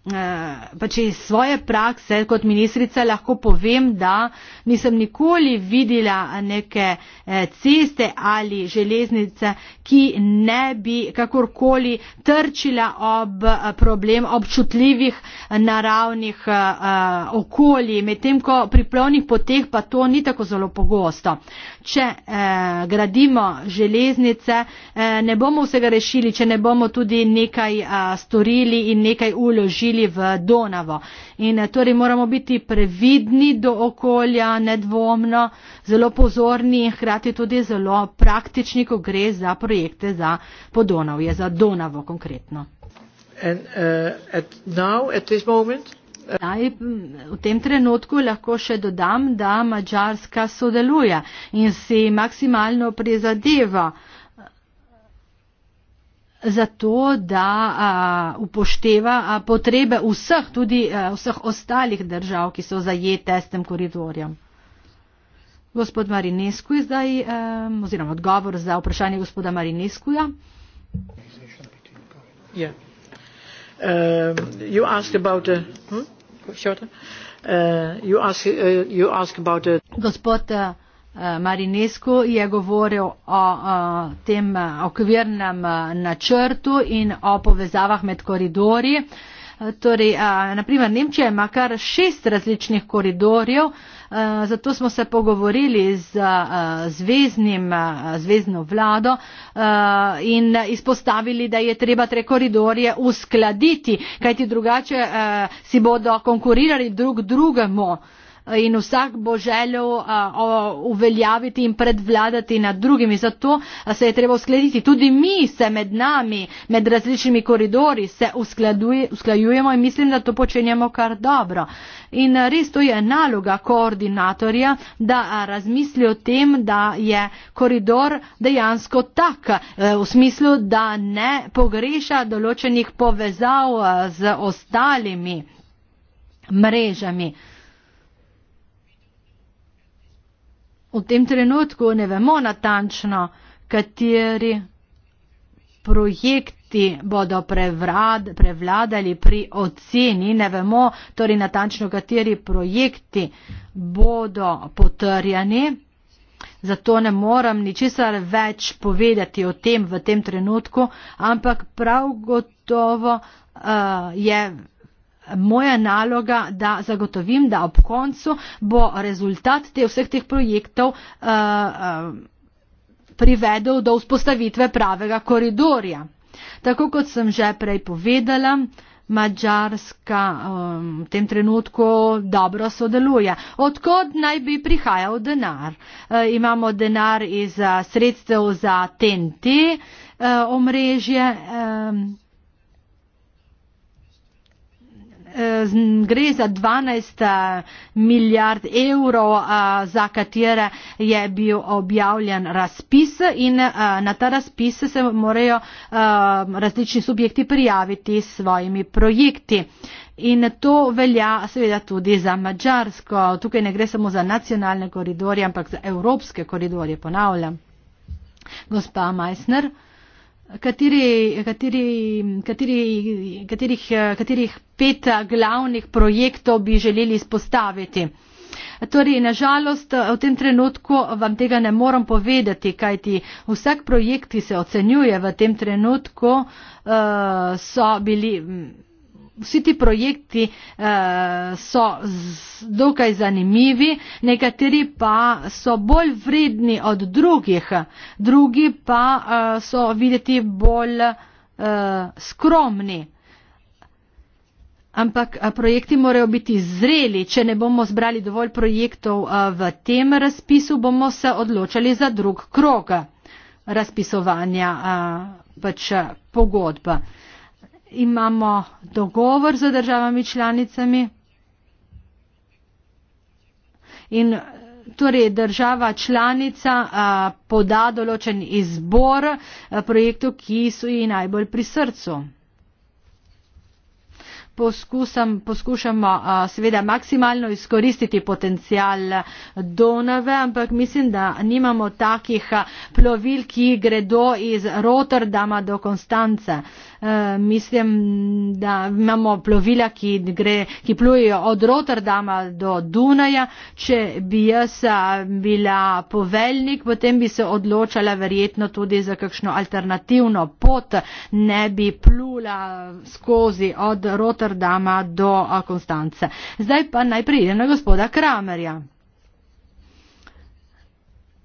Eh, pač iz svoje prakse kot ministrica lahko povem, da nisem nikoli videla neke eh, ceste ali železnice, ki ne bi kakorkoli trčila ob eh, problem občutljivih naravnih okolij, medtem ko pri plovnih poteh pa to ni tako zelo pogosto če eh, gradimo železnice, eh, ne bomo vsega rešili, če ne bomo tudi nekaj eh, storili in nekaj uložili v Donavo. In eh, torej moramo biti previdni do okolja, nedvomno, zelo pozorni in hkrati tudi zelo praktični, ko gre za projekte za podonavje, za Donavo konkretno. And, uh, at now, at Naj v tem trenutku lahko še dodam, da Mačarska sodeluje in si maksimalno prizadeva za to, da a, upošteva a, potrebe vseh, tudi a, vseh ostalih držav, ki so zajete s tem koridorjem. Gospod Marinescu je zdaj, a, oziroma odgovor za vprašanje gospoda Marinescuja. Yeah. Ja. Um, you asked about the hm? Uh, you ask, uh, you ask about the Gospod uh, uh Marinescu je govoril o uh, tem uh, okvirnem uh, načrtu in o povezavah med koridori. Uh, torej, uh, naprimer, Nemčija ima kar šest različnih koridorjev, uh, Eh, zato smo se pogovorili z eh, zveznim, eh, zvezdno vlado in izpostavili, da je treba tre koridorje uskladiti, kajti drugače si bodo konkurirali drug drugemu in vsak bo želel uveljaviti in predvladati nad drugimi. Zato se je treba uskladiti. Tudi mi se med nami, med različnimi koridori se usklajujemo in mislim, da to počenjamo kar dobro. In res to je naloga koordinatorja, da razmisli o tem, da je koridor dejansko tak, v smislu, da ne pogreša določenih povezav z ostalimi mrežami. v tem trenutku ne vemo natančno, kateri projekti bodo prevrad, prevladali pri oceni, ne vemo torej natančno, kateri projekti bodo potrjeni, zato ne moram ničesar več povedati o tem v tem trenutku, ampak prav gotovo uh, je moja naloga, da zagotovim, da ob koncu bo rezultat te, vseh teh projektov uh, uh, privedel do vzpostavitve pravega koridorja. Tako kot sem že prej povedala, Mačarska um, v tem trenutku dobro sodeluje. Odkud naj bi prihajal denar? E, imamo denar iz uh, sredstev za TNT e, uh, omrežje. E, Eh, gre za 12 eh, milijard evrov, eh, za katere je bil objavljen razpis in na ta razpis se morajo različni subjekti prijaviti s svojimi projekti. In to velja seveda tudi za Mačarsko. Tukaj ne gre samo za nacionalne koridorje, ampak za evropske koridorje, ponavljam. Gospa Meissner, katerih, katerih, katerih, katerih pet eh, glavnih projektov bi želeli izpostaviti. Torej, na žalost eh, v tem trenutku vam tega ne moram povedati, kajti vsak projekt, ki se ocenjuje v tem trenutku, eh, so bili. Vsi ti projekti eh, so z, dokaj zanimivi, nekateri pa so bolj vredni od drugih, drugi pa eh, so videti bolj eh, skromni. Ampak projekti morajo biti zreli. Če ne bomo zbrali dovolj projektov v tem razpisu, bomo se odločali za drug krog razpisovanja pač pogodba. Imamo dogovor z državami članicami. In torej država članica a, poda določen izbor a, projektov, ki so ji najbolj pri srcu poskusam, poskušamo seveda maksimalno izkoristiti potencial Donave, ampak mislim, da nimamo takih plovil, ki gredo iz Rotterdama do Konstance. Uh, Eh, mislim, da imamo plovila, ki, gre, ki plujejo od Rotterdama do Dunaja. Če bi jaz eh, bila poveljnik, potem bi se odločala verjetno tudi za kakšno alternativno pot, ne bi plula skozi od Rotterdama do eh, Konstance. Zdaj pa najprej na gospoda Kramerja.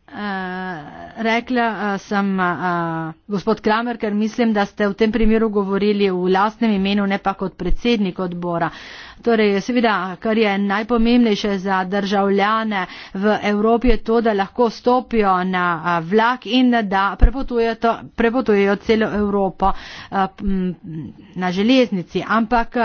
Eh, rekla eh, sem eh, gospod Kramer, ker mislim, da ste v tem primeru govorili v lastnem imenu, ne pa kot predsednik odbora. Torej, seveda, kar je najpomembnejše za državljane v Evropi, je to, da lahko stopijo na vlak in da prepotujejo celo Evropo na železnici. Ampak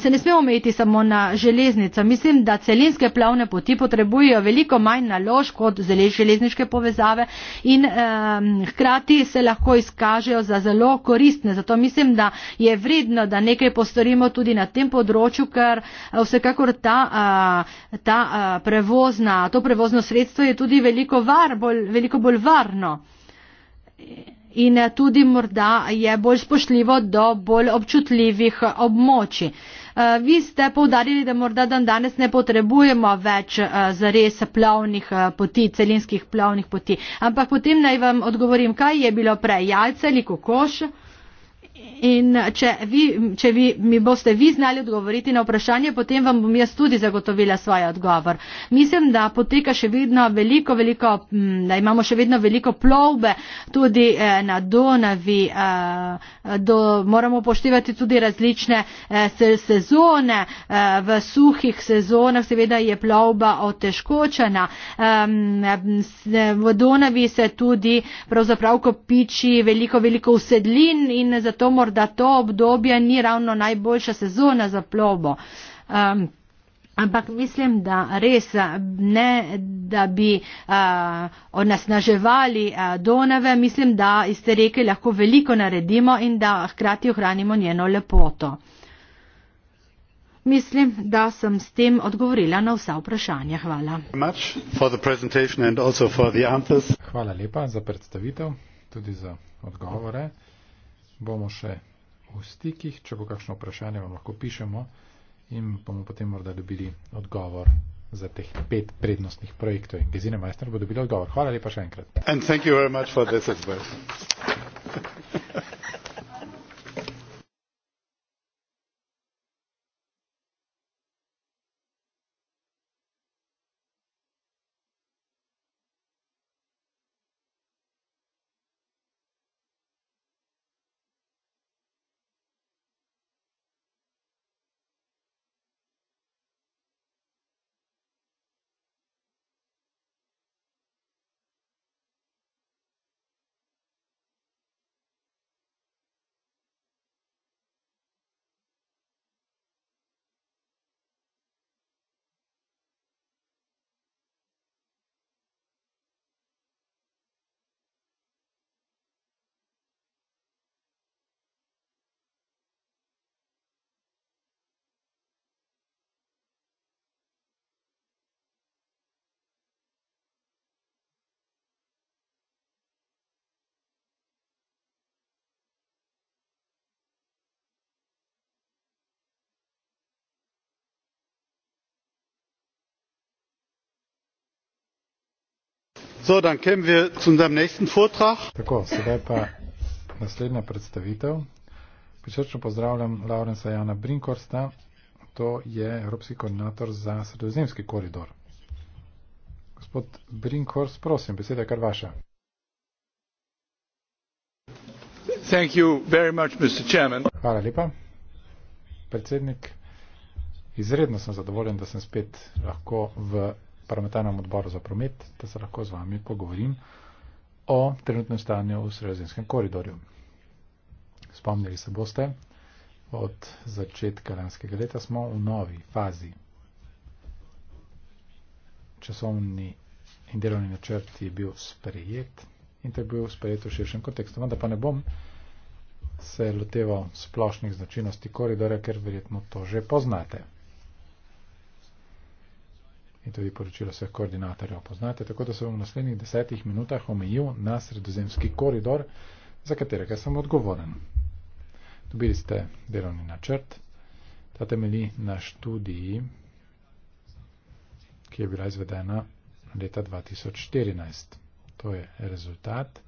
se ne smemo omejiti samo na železnico. Mislim, da celinske plavne poti potrebujejo veliko manj nalož kot železniške povezave in um, hkrati se lahko izkažejo za zelo koristne. Zato mislim, da je vredno, da nekaj postorimo tudi na tem področju, ker eh, vsekakor ta, uh, ta uh, prevozna, to prevozno sredstvo je tudi veliko, var, bolj, veliko bolj varno. In tudi morda je bolj spošljivo do bolj občutljivih območij. Eh, vi ste povdarili, da morda dan danes ne potrebujemo več eh, zares plovnih eh, poti, celinskih plovnih poti. Ampak potem naj vam odgovorim, kaj je bilo prej, jajce ali kokoš? in če, vi, če vi, mi boste vi znali odgovoriti na vprašanje, potem vam bom jaz tudi zagotovila svoj odgovor. Mislim, da poteka še vedno veliko, veliko, mm, da imamo še vedno veliko plovbe tudi eh, na Donavi, eh, do, moramo poštevati tudi različne eh, sezone, v suhih sezonah seveda je plovba otežkočena. V Donavi se tudi pravzaprav kopiči veliko, veliko usedlin in zato moramo morda to obdobje ni ravno najboljša sezona za plovbo. Um, ampak mislim, da res ne, da bi uh, onasnaževali uh, Donave, mislim, da iz te reke lahko veliko naredimo in da hkrati ohranimo njeno lepoto. Mislim, da sem s tem odgovorila na vsa vprašanja. Hvala. Hvala lepa za predstavitev, tudi za odgovore bomo še v stikih, če bo kakšno vprašanje, vam lahko pišemo in bomo potem morda dobili odgovor za teh pet prednostnih projektov. In Gezine Majster bo dobil odgovor. Hvala lepa še enkrat. And thank you very much for this as well. So, dann kämen wir zu unserem nächsten Vortrag. Tako, sedaj pa naslednja predstavitev. Prisrčno pozdravljam Laurensa Jana Brinkorsta. To je Evropski koordinator za sredozemski koridor. Gospod Brinkors, prosim, beseda je kar vaša. Thank you very much, Mr. Chairman. Hvala lepa. Predsednik, izredno sem zadovoljen, da sem spet lahko v parlamentarnem odboru za promet, da se lahko z vami pogovorim o trenutnem stanju v Sredozemskem koridorju. Spomnili se boste, od začetka lanskega leta smo v novi fazi. Časovni in delovni načrt je bil sprejet in to je bil sprejet v širšem kontekstu. Vendar pa ne bom se loteval splošnih značilnosti koridorja, ker verjetno to že poznate in tudi poročilo vseh koordinatorjev poznate. Tako da se bom v naslednjih desetih minutah omejil na sredozemski koridor, za katerega sem odgovoren. Dobili ste delovni načrt. Ta temelji na študiji, ki je bila izvedena leta 2014. To je rezultat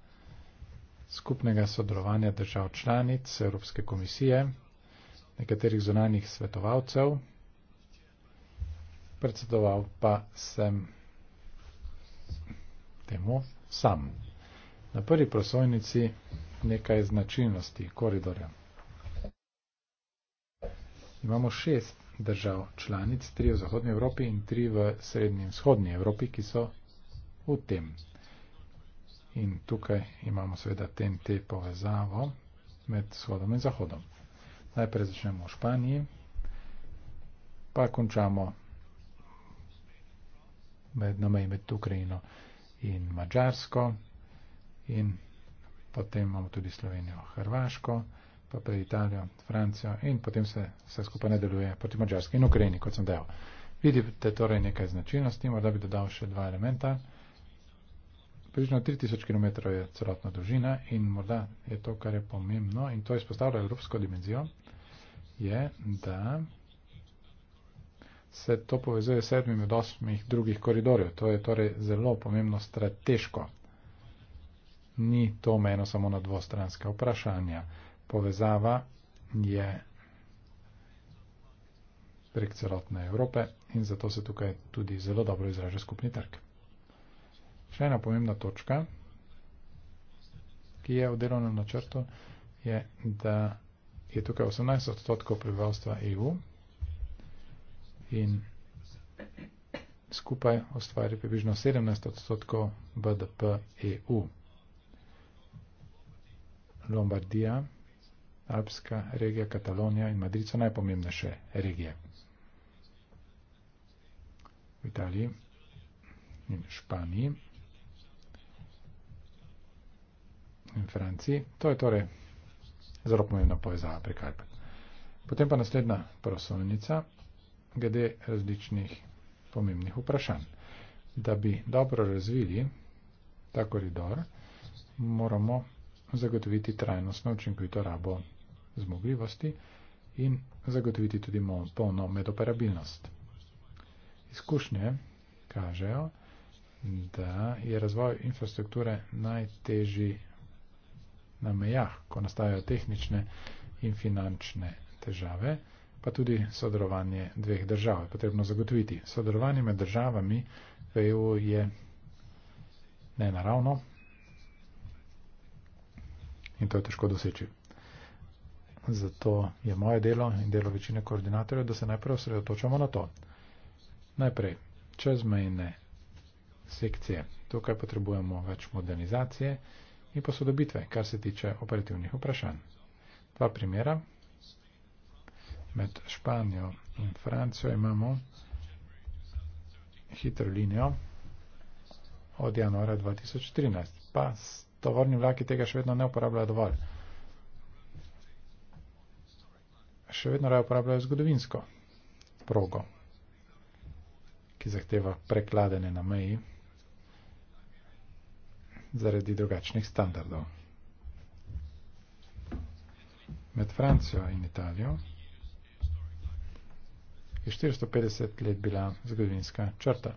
skupnega sodelovanja držav članic Evropske komisije, nekaterih zunanjih svetovalcev predsedoval pa sem temu sam. Na prvi prosojnici nekaj značilnosti koridorja. Imamo šest držav članic, tri v Zahodnji Evropi in tri v Srednji in Vzhodnji Evropi, ki so v tem. In tukaj imamo seveda TNT povezavo med Vzhodom in Zahodom. Najprej začnemo v Španiji, pa končamo med, na meji med Ukrajino in Mačarsko in potem imamo tudi Slovenijo, Hrvaško, pa pa Italijo, Francijo in potem se vse skupaj nadaljuje proti Mačarski in Ukrajini, kot sem dejal. Vidite torej nekaj značilnosti, morda bi dodal še dva elementa. Približno 3000 km je celotna dolžina in morda je to, kar je pomembno in to izpostavlja evropsko dimenzijo, je, da se to povezuje s sedmimi od osmih drugih koridorjev. To je torej zelo pomembno strateško. Ni to meno samo na dvostranska vprašanja. Povezava je prek celotne Evrope in zato se tukaj tudi zelo dobro izraža skupni trg. Še ena pomembna točka, ki je v delovnem načrtu, je, da je tukaj 18 odstotkov prebivalstva EU in skupaj ustvari približno 17 odstotkov BDP EU. Lombardija, Alpska regija, Katalonija in Madrid so najpomembnejše regije. V Italiji in Španiji in Franciji. To je torej zelo pomembna povezava prek Alp. Potem pa naslednja prosovnica, glede različnih pomembnih vprašanj. Da bi dobro razvili ta koridor, moramo zagotoviti trajnostno učinkovito rabo zmogljivosti in zagotoviti tudi polno medoperabilnost. Izkušnje kažejo, da je razvoj infrastrukture najtežji na mejah, ko nastajajo tehnične in finančne težave pa tudi sodelovanje dveh držav. Potrebno zagotoviti. Sodelovanje med državami v EU je nenaravno in to je težko doseči. Zato je moje delo in delo večine koordinatorjev, da se najprej osredotočamo na to. Najprej čezmejne sekcije. Tukaj potrebujemo več modernizacije in posodobitve, kar se tiče operativnih vprašanj. Dva primera med Španijo in Francijo imamo hitro linijo od januarja 2013. Pa tovorni vlaki tega še vedno ne uporabljajo dovolj. Še vedno raje uporabljajo zgodovinsko progo, ki zahteva prekladene na meji zaradi drugačnih standardov. Med Francijo in Italijo je 450 let bila zgodovinska črta.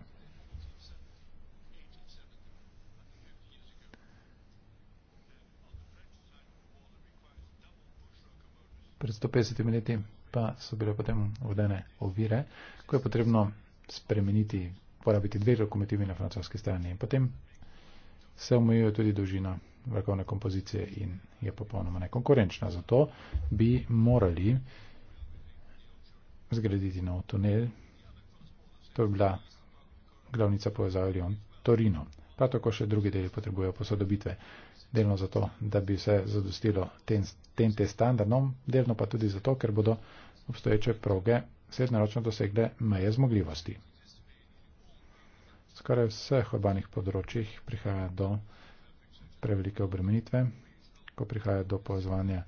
Pred 150 leti pa so bile potem vodene ovire, ko je potrebno spremeniti, porabiti dve lokomotivi na francoski strani. Potem se omejuje tudi dolžina vrkovne kompozicije in je popolnoma nekonkurenčna. Zato bi morali zgraditi nov tunel. To je bila glavnica povezave Lyon-Torino. Prav tako še drugi deli potrebujejo posodobitve. Delno zato, da bi se zadostilo ten, ten te standardom, delno pa tudi zato, ker bodo obstoječe proge srednjeročno dosegle meje zmogljivosti. Skoraj vseh urbanih področjih prihaja do prevelike obremenitve, ko prihaja do povezovanja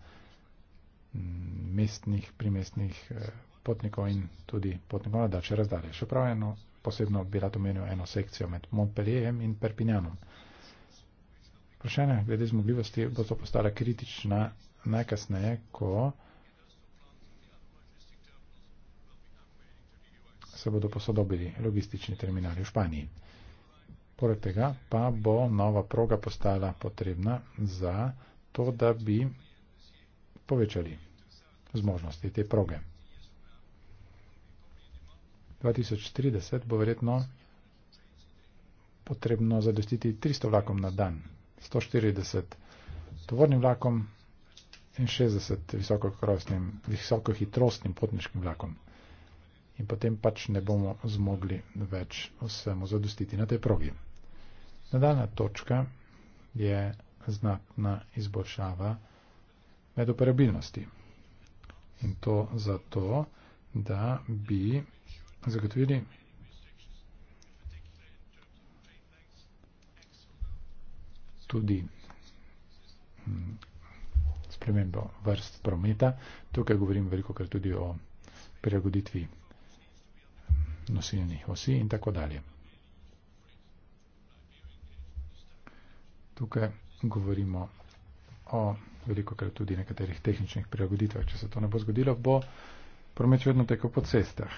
mestnih, primestnih eh, potnikov in tudi potnikov na daljše razdalje. Še prav eno, posebno bi rad omenil eno sekcijo med Montpellierjem in Perpignanom. Vprašanje glede zmogljivosti bo to postala kritična najkasneje, ko se bodo posodobili logistični terminali v Španiji. Poleg tega pa bo nova proga postala potrebna za to, da bi povečali zmožnosti te proge. 2030 bo verjetno potrebno zadostiti 300 vlakom na dan, 140 tovornim vlakom in 60 visokohitrostnim visoko potniškim vlakom. In potem pač ne bomo zmogli več vsemu zadostiti na tej progi. Nadaljna točka je znatna izboljšava med uporabilnosti. In to zato, da bi zagotovili. Tudi hm, spremembo vrst prometa. Tukaj govorim veliko krat tudi o prilagoditvi hm, nosilnih osi in tako dalje. Tukaj govorimo o veliko krat tudi nekaterih tehničnih prilagoditvah. Če se to ne bo zgodilo, bo promet vedno tekel po cestah.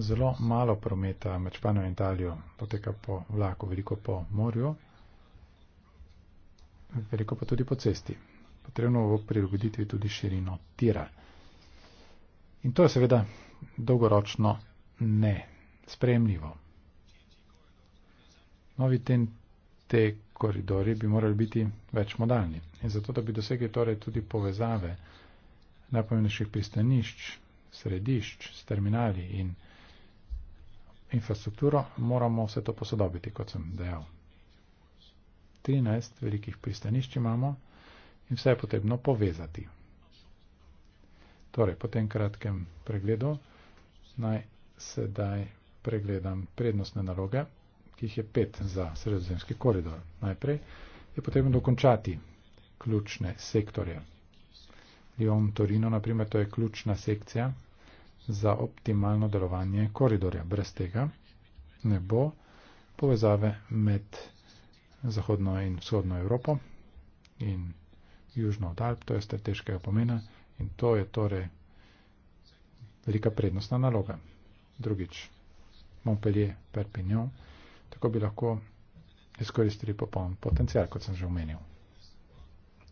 zelo malo prometa med Španijo in Italijo, poteka po vlaku, veliko po morju, veliko pa tudi po cesti. Potrebno bo prilagoditi tudi širino tira. In to je seveda dolgoročno ne spremljivo. Novi ten te koridori bi morali biti več modalni. In zato, da bi dosegli torej tudi povezave najpomembnejših pristanišč, središč, s terminali in infrastrukturo, moramo vse to posodobiti, kot sem dejal. 13 velikih pristanišč imamo in vse je potrebno povezati. Torej, po tem kratkem pregledu naj sedaj pregledam prednostne naloge, ki jih je pet za sredozemski koridor. Najprej je potrebno dokončati ključne sektorje. Lyon-Torino, naprimer, to je ključna sekcija, za optimalno delovanje koridorja. Brez tega ne bo povezave med Zahodno in Vzhodno Evropo in Južno od Alp, to je strateškega pomena in to je torej velika prednostna naloga. Drugič, Montpellier, Perpignan, tako bi lahko izkoristili popoln potencial, kot sem že omenil.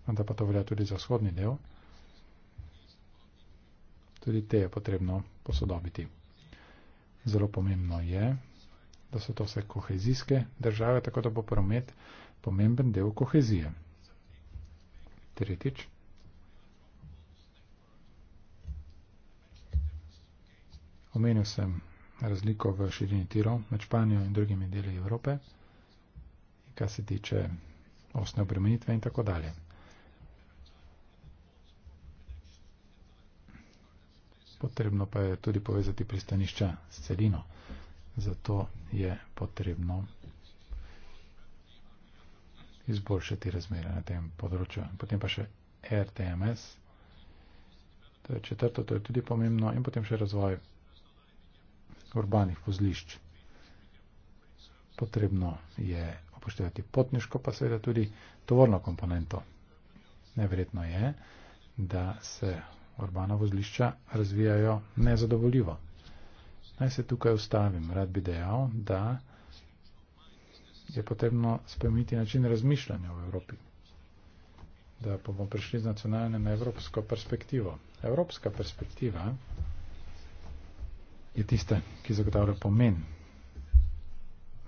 Vendar pa to velja tudi za vzhodni del tudi te je potrebno posodobiti. Zelo pomembno je, da so to vse kohezijske države, tako da bo promet pomemben del kohezije. Tretjič. Omenil sem razliko v širini tirov med Španijo in drugimi deli Evrope, kar se tiče osne obremenitve in tako dalje. potrebno pa je tudi povezati pristanišča s celino. Zato je potrebno izboljšati razmere na tem področju. Potem pa še RTMS, to je četrto, to je tudi pomembno, in potem še razvoj urbanih vozlišč. Potrebno je upoštevati potniško, pa seveda tudi tovorno komponento. Neverjetno je, da se Orbana vozlišča razvijajo nezadovoljivo. Naj se tukaj ustavim. Rad bi dejal, da je potrebno spremeniti način razmišljanja v Evropi. Da bomo prišli z nacionalne na evropsko perspektivo. Evropska perspektiva je tista, ki zagotavlja pomen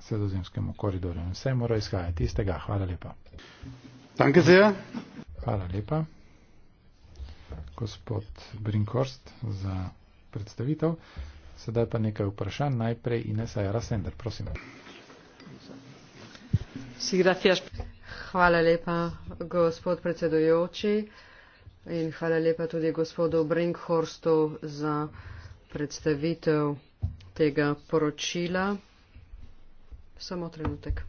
sredozemskemu koridorju. Vse mora izhajati iz tega. Hvala lepa. Danke sehr. Hvala lepa gospod Brinkhorst za predstavitev. Sedaj pa nekaj vprašanj. Najprej Inesa Jarasender, prosim. Hvala lepa, gospod predsedujoči in hvala lepa tudi gospodu Brinkhorstu za predstavitev tega poročila. Samo trenutek.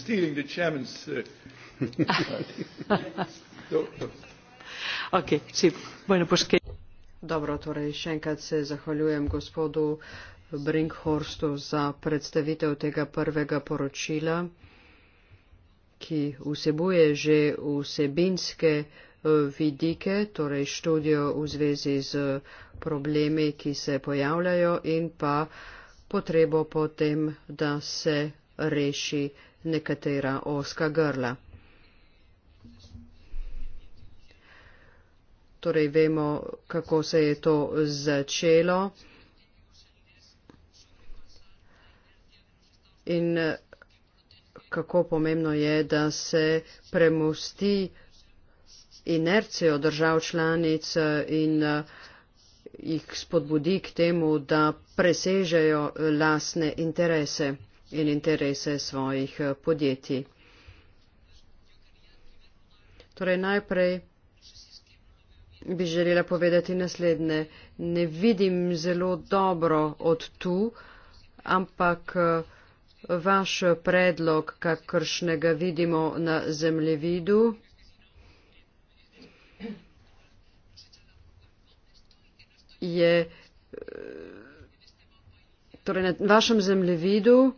Stealing the chairman's. Uh, no, no dobro torej še enkrat se zahvaljujem gospodu Brinkhorstu za predstavitev tega prvega poročila, ki vsebuje že vsebinske eh, vidike, torej študijo v zvezi z eh, problemi, ki se pojavljajo in pa potrebo potem, da se reši nekatera oska grla. torej vemo, kako se je to začelo. In eh, kako pomembno je, da se premusti inercijo držav članic eh, in eh, jih spodbudi k temu, da presežejo lasne interese in interese svojih podjetij. Torej najprej bi želela povedati naslednje. Ne vidim zelo dobro od tu, ampak eh, vaš predlog, kakršnega vidimo na zemljevidu, je eh, torej na vašem zemljevidu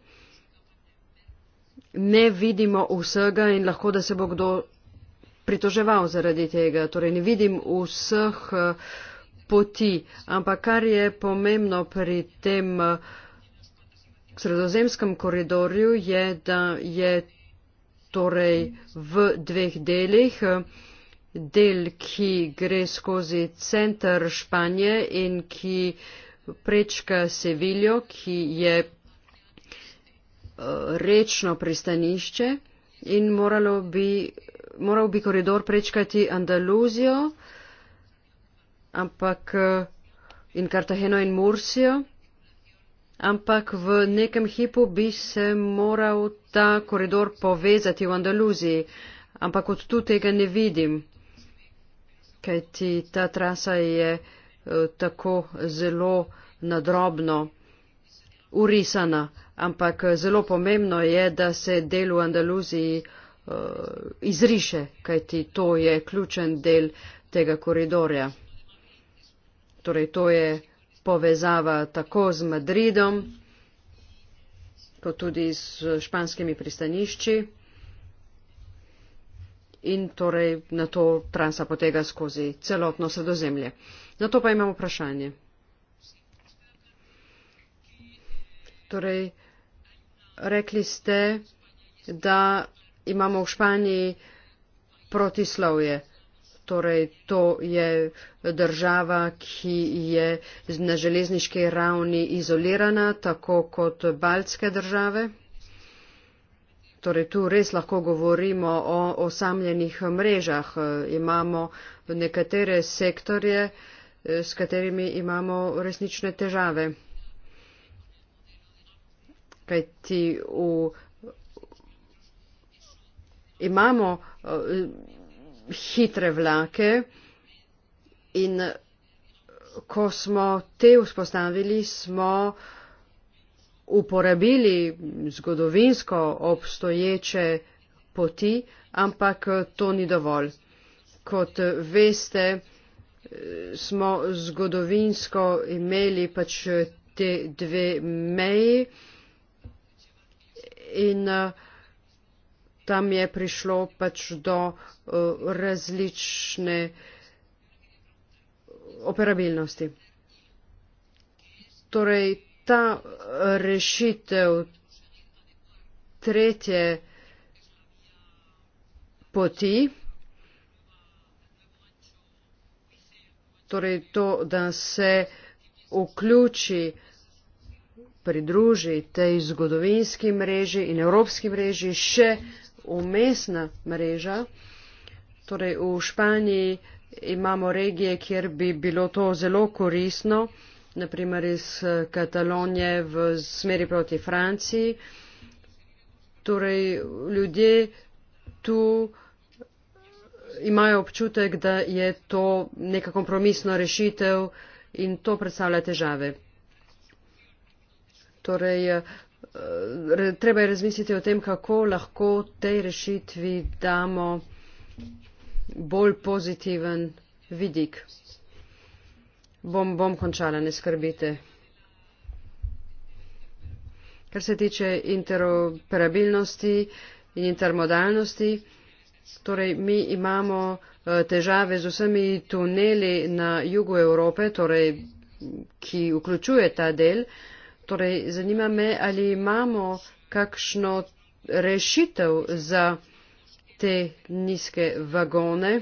ne vidimo vsega in lahko, da se bo kdo pritoževal zaradi tega. Torej ne vidim vseh eh, poti, ampak kar je pomembno pri tem eh, sredozemskem koridorju je, da je torej v dveh delih del, ki gre skozi centr Španije in ki prečka Sevilijo, ki je eh, rečno pristanišče in moralo bi moral bi koridor prečkati Andaluzijo ampak, eh, in Kartaheno in Mursijo, ampak v nekem hipu bi se moral ta koridor povezati v Andaluziji. Ampak od tu tega ne vidim, kajti ta trasa je eh, tako zelo nadrobno urisana. Ampak eh, zelo pomembno je, da se del v Andaluziji Eh, izriše, kajti to je ključen del tega koridorja. Torej, to je povezava tako z Madridom, kot tudi s španskimi pristanišči in torej na to transa potega skozi celotno sredozemlje. Na to pa imamo vprašanje. Torej, rekli ste, da imamo v Španiji protislovje. Torej, to je država, ki je na železniški ravni izolirana, tako kot baltske države. Torej, tu res lahko govorimo o osamljenih mrežah. Imamo nekatere sektorje, s katerimi imamo resnične težave. Kajti v imamo uh, hitre vlake in eh, ko smo te vzpostavili, smo uporabili zgodovinsko obstoječe poti, ampak eh, to ni dovolj. Kot veste, smo zgodovinsko imeli pač te dve meji in uh, tam je prišlo pač do eh, različne eh, operabilnosti. Torej, ta eh, rešitev tretje poti, torej to, da se vključi, pridruži tej zgodovinski mreži in evropski mreži še umestna mreža. Torej v Španiji imamo regije, kjer bi bilo to zelo korisno, naprimer iz eh, Katalonije v smeri proti Franciji. Torej ljudje tu imajo občutek, da je to neka kompromisna rešitev in to predstavlja težave. Torej, Eh, treba je razmisliti o tem, kako lahko tej rešitvi damo bolj pozitiven vidik. Bom, bom končala, ne skrbite. Kar se tiče interoperabilnosti in intermodalnosti, torej mi imamo eh, težave z vsemi tuneli na jugu Evrope, torej, ki vključuje ta del. Uh, Torej, zanima me, ali imamo kakšno rešitev za te nizke vagone.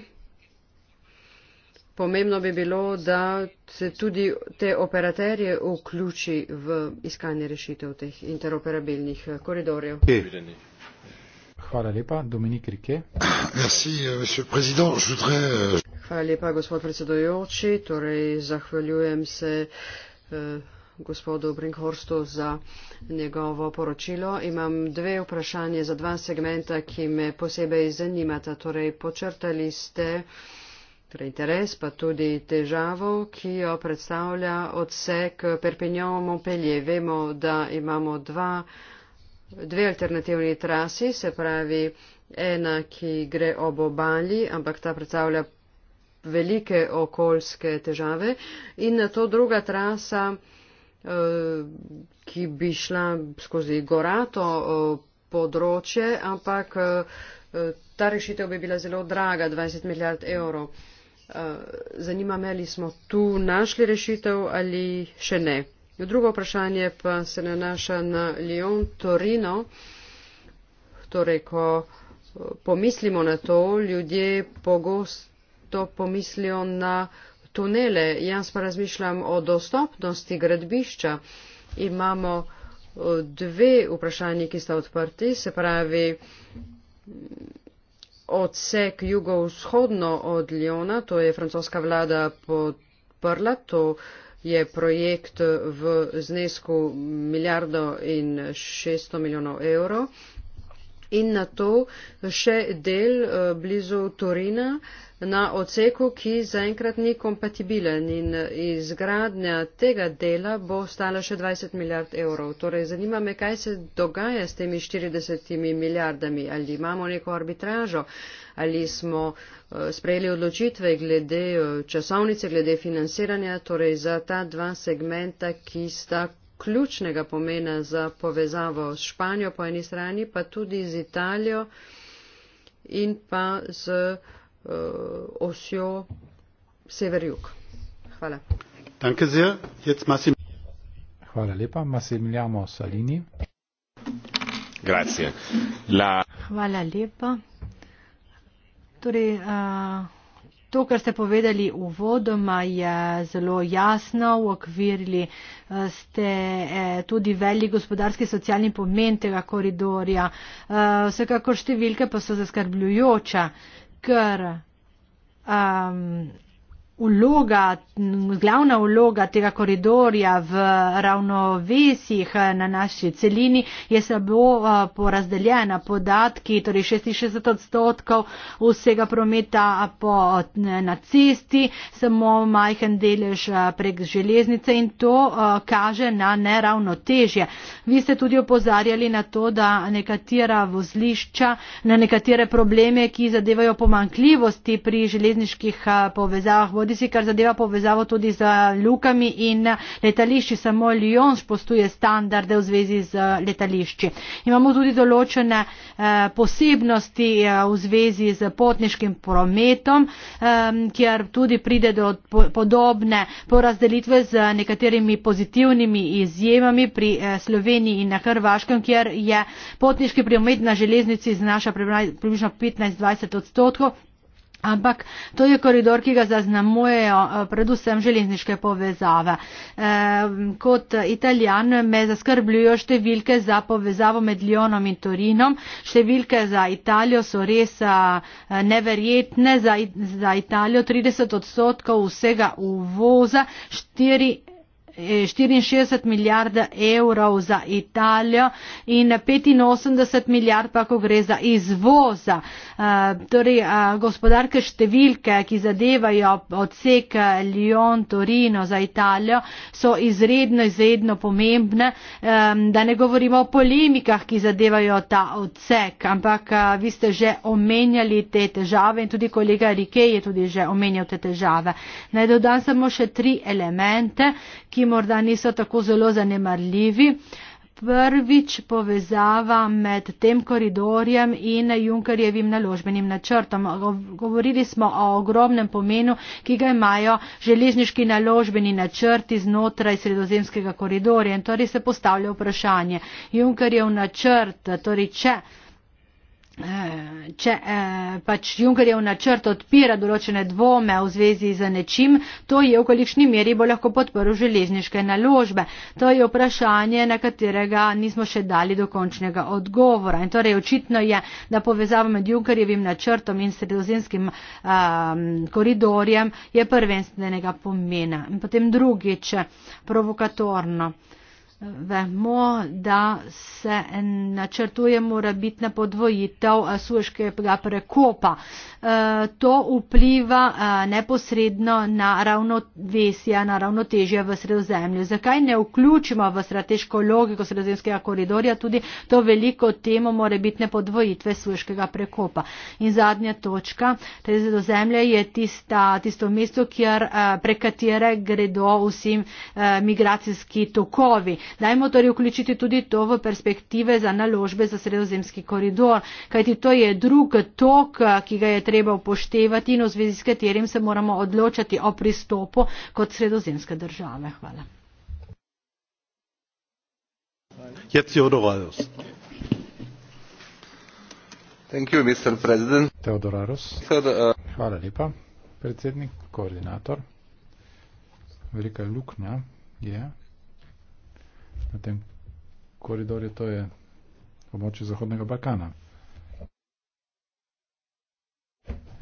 Pomembno bi bilo, da se tudi te operaterje vključi v iskanje rešitev teh interoperabilnih eh, koridorjev. Hvala lepa, Dominik Rike. Euh, euh, Hvala lepa, gospod predsedojoči. Torej, zahvaljujem se. Uh, gospodu Brinkhorstu za njegovo poročilo. Imam dve vprašanje za dva segmenta, ki me posebej zanimata. Torej, počrtali ste torej interes, pa tudi težavo, ki jo predstavlja odsek Perpignan-Montpellier. Vemo, da imamo dva, dve alternativni trasi, se pravi ena, ki gre ob obali, ampak ta predstavlja velike okoljske težave in na to druga trasa Eh, ki bi šla skozi gorato eh, področje, ampak eh, ta rešitev bi bila zelo draga, 20 milijard evrov. Zanima me, ali smo tu našli rešitev ali še ne. Drugo vprašanje pa se nanaša na Lyon Torino. Torej, ko pomislimo na to, ljudje pogosto pomislijo na tunele. Jaz pa razmišljam o dostopnosti gradbišča. Imamo eh, dve vprašanje, ki sta odprti, se pravi odsek jugovzhodno od Ljona, to je francoska vlada podprla, to je projekt v znesku milijardo in 600 milijonov evrov. In na to še del eh, blizu Torina, na odseku, ki zaenkrat ni kompatibilen in izgradnja tega dela bo stala še 20 milijard evrov. Torej, zanima me, kaj se dogaja s temi 40 milijardami. Ali imamo neko arbitražo, ali smo eh, sprejeli odločitve glede eh, časovnice, glede financiranja, torej za ta dva segmenta, ki sta ključnega pomena za povezavo s Španijo po eni strani, pa tudi z Italijo in pa z. Uh, uh, osjo sever-jug. Hvala. Danke sehr. Jetzt Massim. Hvala lepa. Massimiliano Salini. Grazie. La... Hvala lepa. Torej, uh, To, kar ste povedali v vodoma, je zelo jasno. V okvirli eh, ste tudi velik gospodarski socialni pomen tega koridorja. Vsekakor številke pa so zaskrbljujoča kar um, vloga, glavna vloga tega koridorja v ravnovesjih na naši celini je slabo eh, porazdeljena. Podatki, torej 66 odstotkov vsega prometa po, eh, na cesti, samo majhen delež eh, prek železnice in to kaže na neravnotežje. Vi ste tudi opozarjali na to, da nekatera vozlišča, na nekatere probleme, ki zadevajo pomankljivosti pri železniških povezavah, bodi si kar zadeva povezavo tudi z lukami in letališči, samo Lyon spoštuje standarde v zvezi z eh, letališči. Imamo tudi določene eh, posebnosti eh, v zvezi z potniškim prometom, eh, kjer tudi pride do podobne porazdelitve z nekaterimi pozitivnimi izjemami pri eh, Sloveniji in na Hrvaškem, kjer je potniški promet na železnici znaša približno 15-20 odstotkov. Ampak to je koridor, ki ga zaznamujejo eh, predvsem železniške povezave. E, kot italijan me zaskrbljujo številke za povezavo med Lionom in Torinom. Številke za Italijo so res eh, neverjetne. Za, za Italijo 30 odstotkov vsega uvoza, 4 odstotkov. 64 milijard evrov za Italijo in 85 milijard pa, ko gre za izvoza. Eh, torej, eh, gospodarke številke, ki zadevajo odsek eh, Lyon-Torino za Italijo, so izredno, izredno pomembne, da ne govorimo o polemikah, ki zadevajo ta odsek, ampak vi ste že omenjali te težave in tudi kolega Rike je tudi že omenjal te težave. Naj dodam samo še tri elemente, ki morda niso tako zelo zanemarljivi. Prvič povezava med tem koridorjem in Junkerjevim naložbenim načrtom. Govorili smo o ogromnem pomenu, ki ga imajo železniški naložbeni načrti znotraj sredozemskega koridorja. In torej se postavlja vprašanje, Junkerjev načrt, torej če Eh, če eh, pač Junkerjev načrt odpira določene dvome v zvezi z nečim, to je v kolikšni meri bo lahko podporil železniške naložbe. To je vprašanje, na katerega nismo še dali dokončnega odgovora. In torej očitno je, da povezava med Junkerjevim načrtom in sredozemskim um, koridorjem je prvenstvenega pomena. In potem drugič, provokatorno. Uh, Vemo, da se načrtuje mora biti na podvojitev suškega prekopa. Eh, to vpliva eh, neposredno na ravnovesja, na ravnotežje v sredozemlju. Zakaj ne vključimo v strateško logiko sredozemskega koridorja tudi to veliko temo morebitne podvojitve Sueškega prekopa? In zadnja točka, torej sredozemlje je tista, tisto mesto, kjer, eh, prek katere gredo vsi migracijski tokovi. Dajmo torej vključiti tudi to v perspektive za naložbe za sredozemski koridor, kajti to je drug tok, ki ga je treba upoštevati in v zvezi s katerim se moramo odločati o pristopu kot sredozemske države. Hvala. Teodoraros. Uh, Hvala lepa, predsednik, koordinator. Velika luknja je na tem koridorju, to je območje Zahodnega Balkana.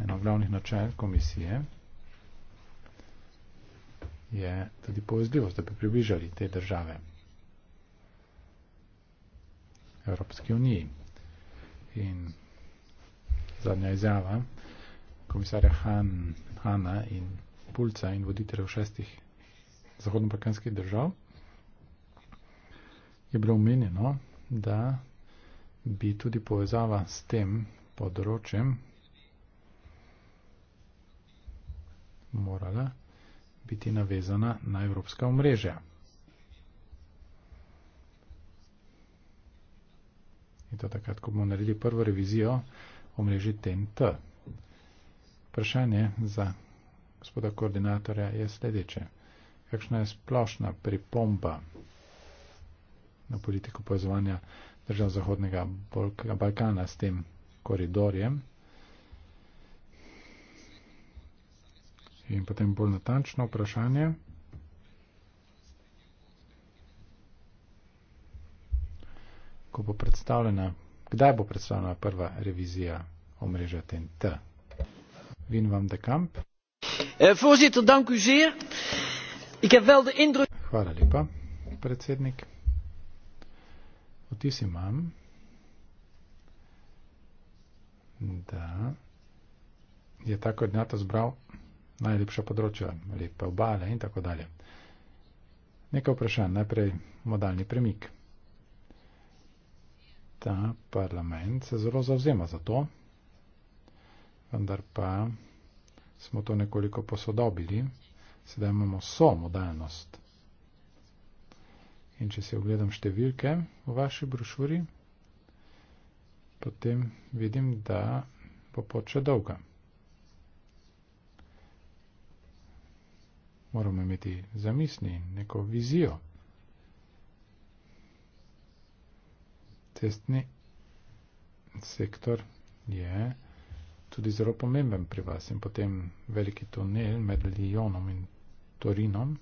eno glavnih načel komisije je tudi povezljivost, da bi približali te države Evropski uniji. In zadnja izjava komisarja Han, Hana in Pulca in voditelja v šestih zahodnobalkanskih držav je bilo omenjeno, da bi tudi povezava s tem področjem, morala biti navezana na evropska omrežja. In to takrat, ko bomo naredili prvo revizijo omrežji TNT. Vprašanje za gospoda koordinatorja je sledeče. Kakšna je splošna pripomba na politiko povezovanja držav Zahodnega Balkana s tem koridorjem? In potem bolj natančno vprašanje. Ko bo predstavljena, kdaj bo predstavljena prva revizija omrežja TNT? Vin vam de kamp. Eh, voorzitter, dank u zeer. Ik heb wel de indruk... Hvala lepa, predsednik. Vtis imam, da je ta koordinator zbral najlepša področja, lepe obale in tako dalje. Nekaj vprašanj. Najprej modalni premik. Ta parlament se zelo zavzema za to, vendar pa smo to nekoliko posodobili. Sedaj imamo so modalnost. In če se ogledam številke v vaši brošuri, potem vidim, da bo pot še dolga. moramo imeti zamisli, neko vizijo. Cestni sektor je tudi zelo pomemben pri vas in potem veliki tunel med Lijonom in Torinom.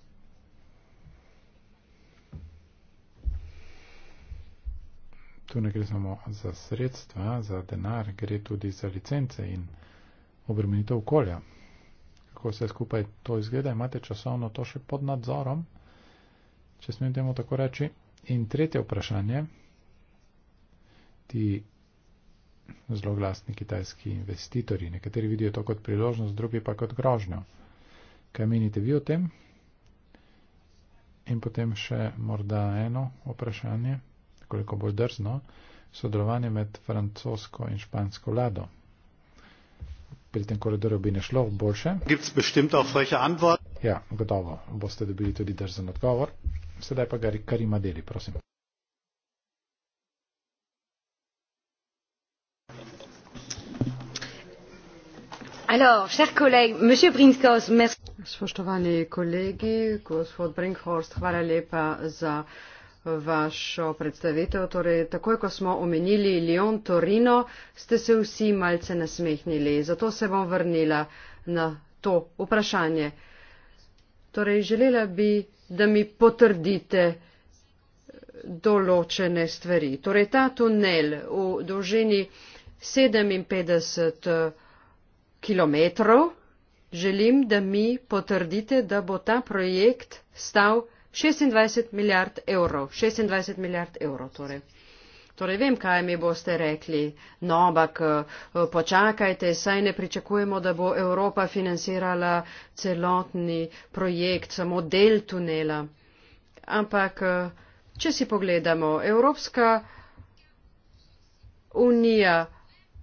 Tu ne gre samo za sredstva, za denar, gre tudi za licence in obremenitev okolja kako vse skupaj to izgleda, imate časovno to še pod nadzorom, če smem temu tako reči. In tretje vprašanje, ti zelo glasni kitajski investitorji, nekateri vidijo to kot priložnost, drugi pa kot grožnjo. Kaj menite vi o tem? In potem še morda eno vprašanje, koliko bolj drzno, sodelovanje med francosko in špansko vlado pri tem koridorju bi ne šlo boljše. Ja, gotovo boste dobili tudi drzen odgovor. Sedaj pa gari Karima Deli, prosim. Alors, collègue, merci... Spoštovani kolegi, gospod Brinkhorst, hvala lepa za vašo predstavitev. Torej, takoj, ko smo omenili Lyon, Torino, ste se vsi malce nasmehnili. Zato se bom vrnila na to vprašanje. Torej, želela bi, da mi potrdite določene stvari. Torej, ta tunel v dolžini 57 km. Želim, da mi potrdite, da bo ta projekt stal šestindvajset milijard evrov šestindvajset milijard evrov torej Torej, vem, kaj mi boste rekli, no, ampak eh, počakajte, saj ne pričakujemo, da bo Evropa financirala celotni projekt, samo del tunela. Ampak, eh, če si pogledamo, Evropska unija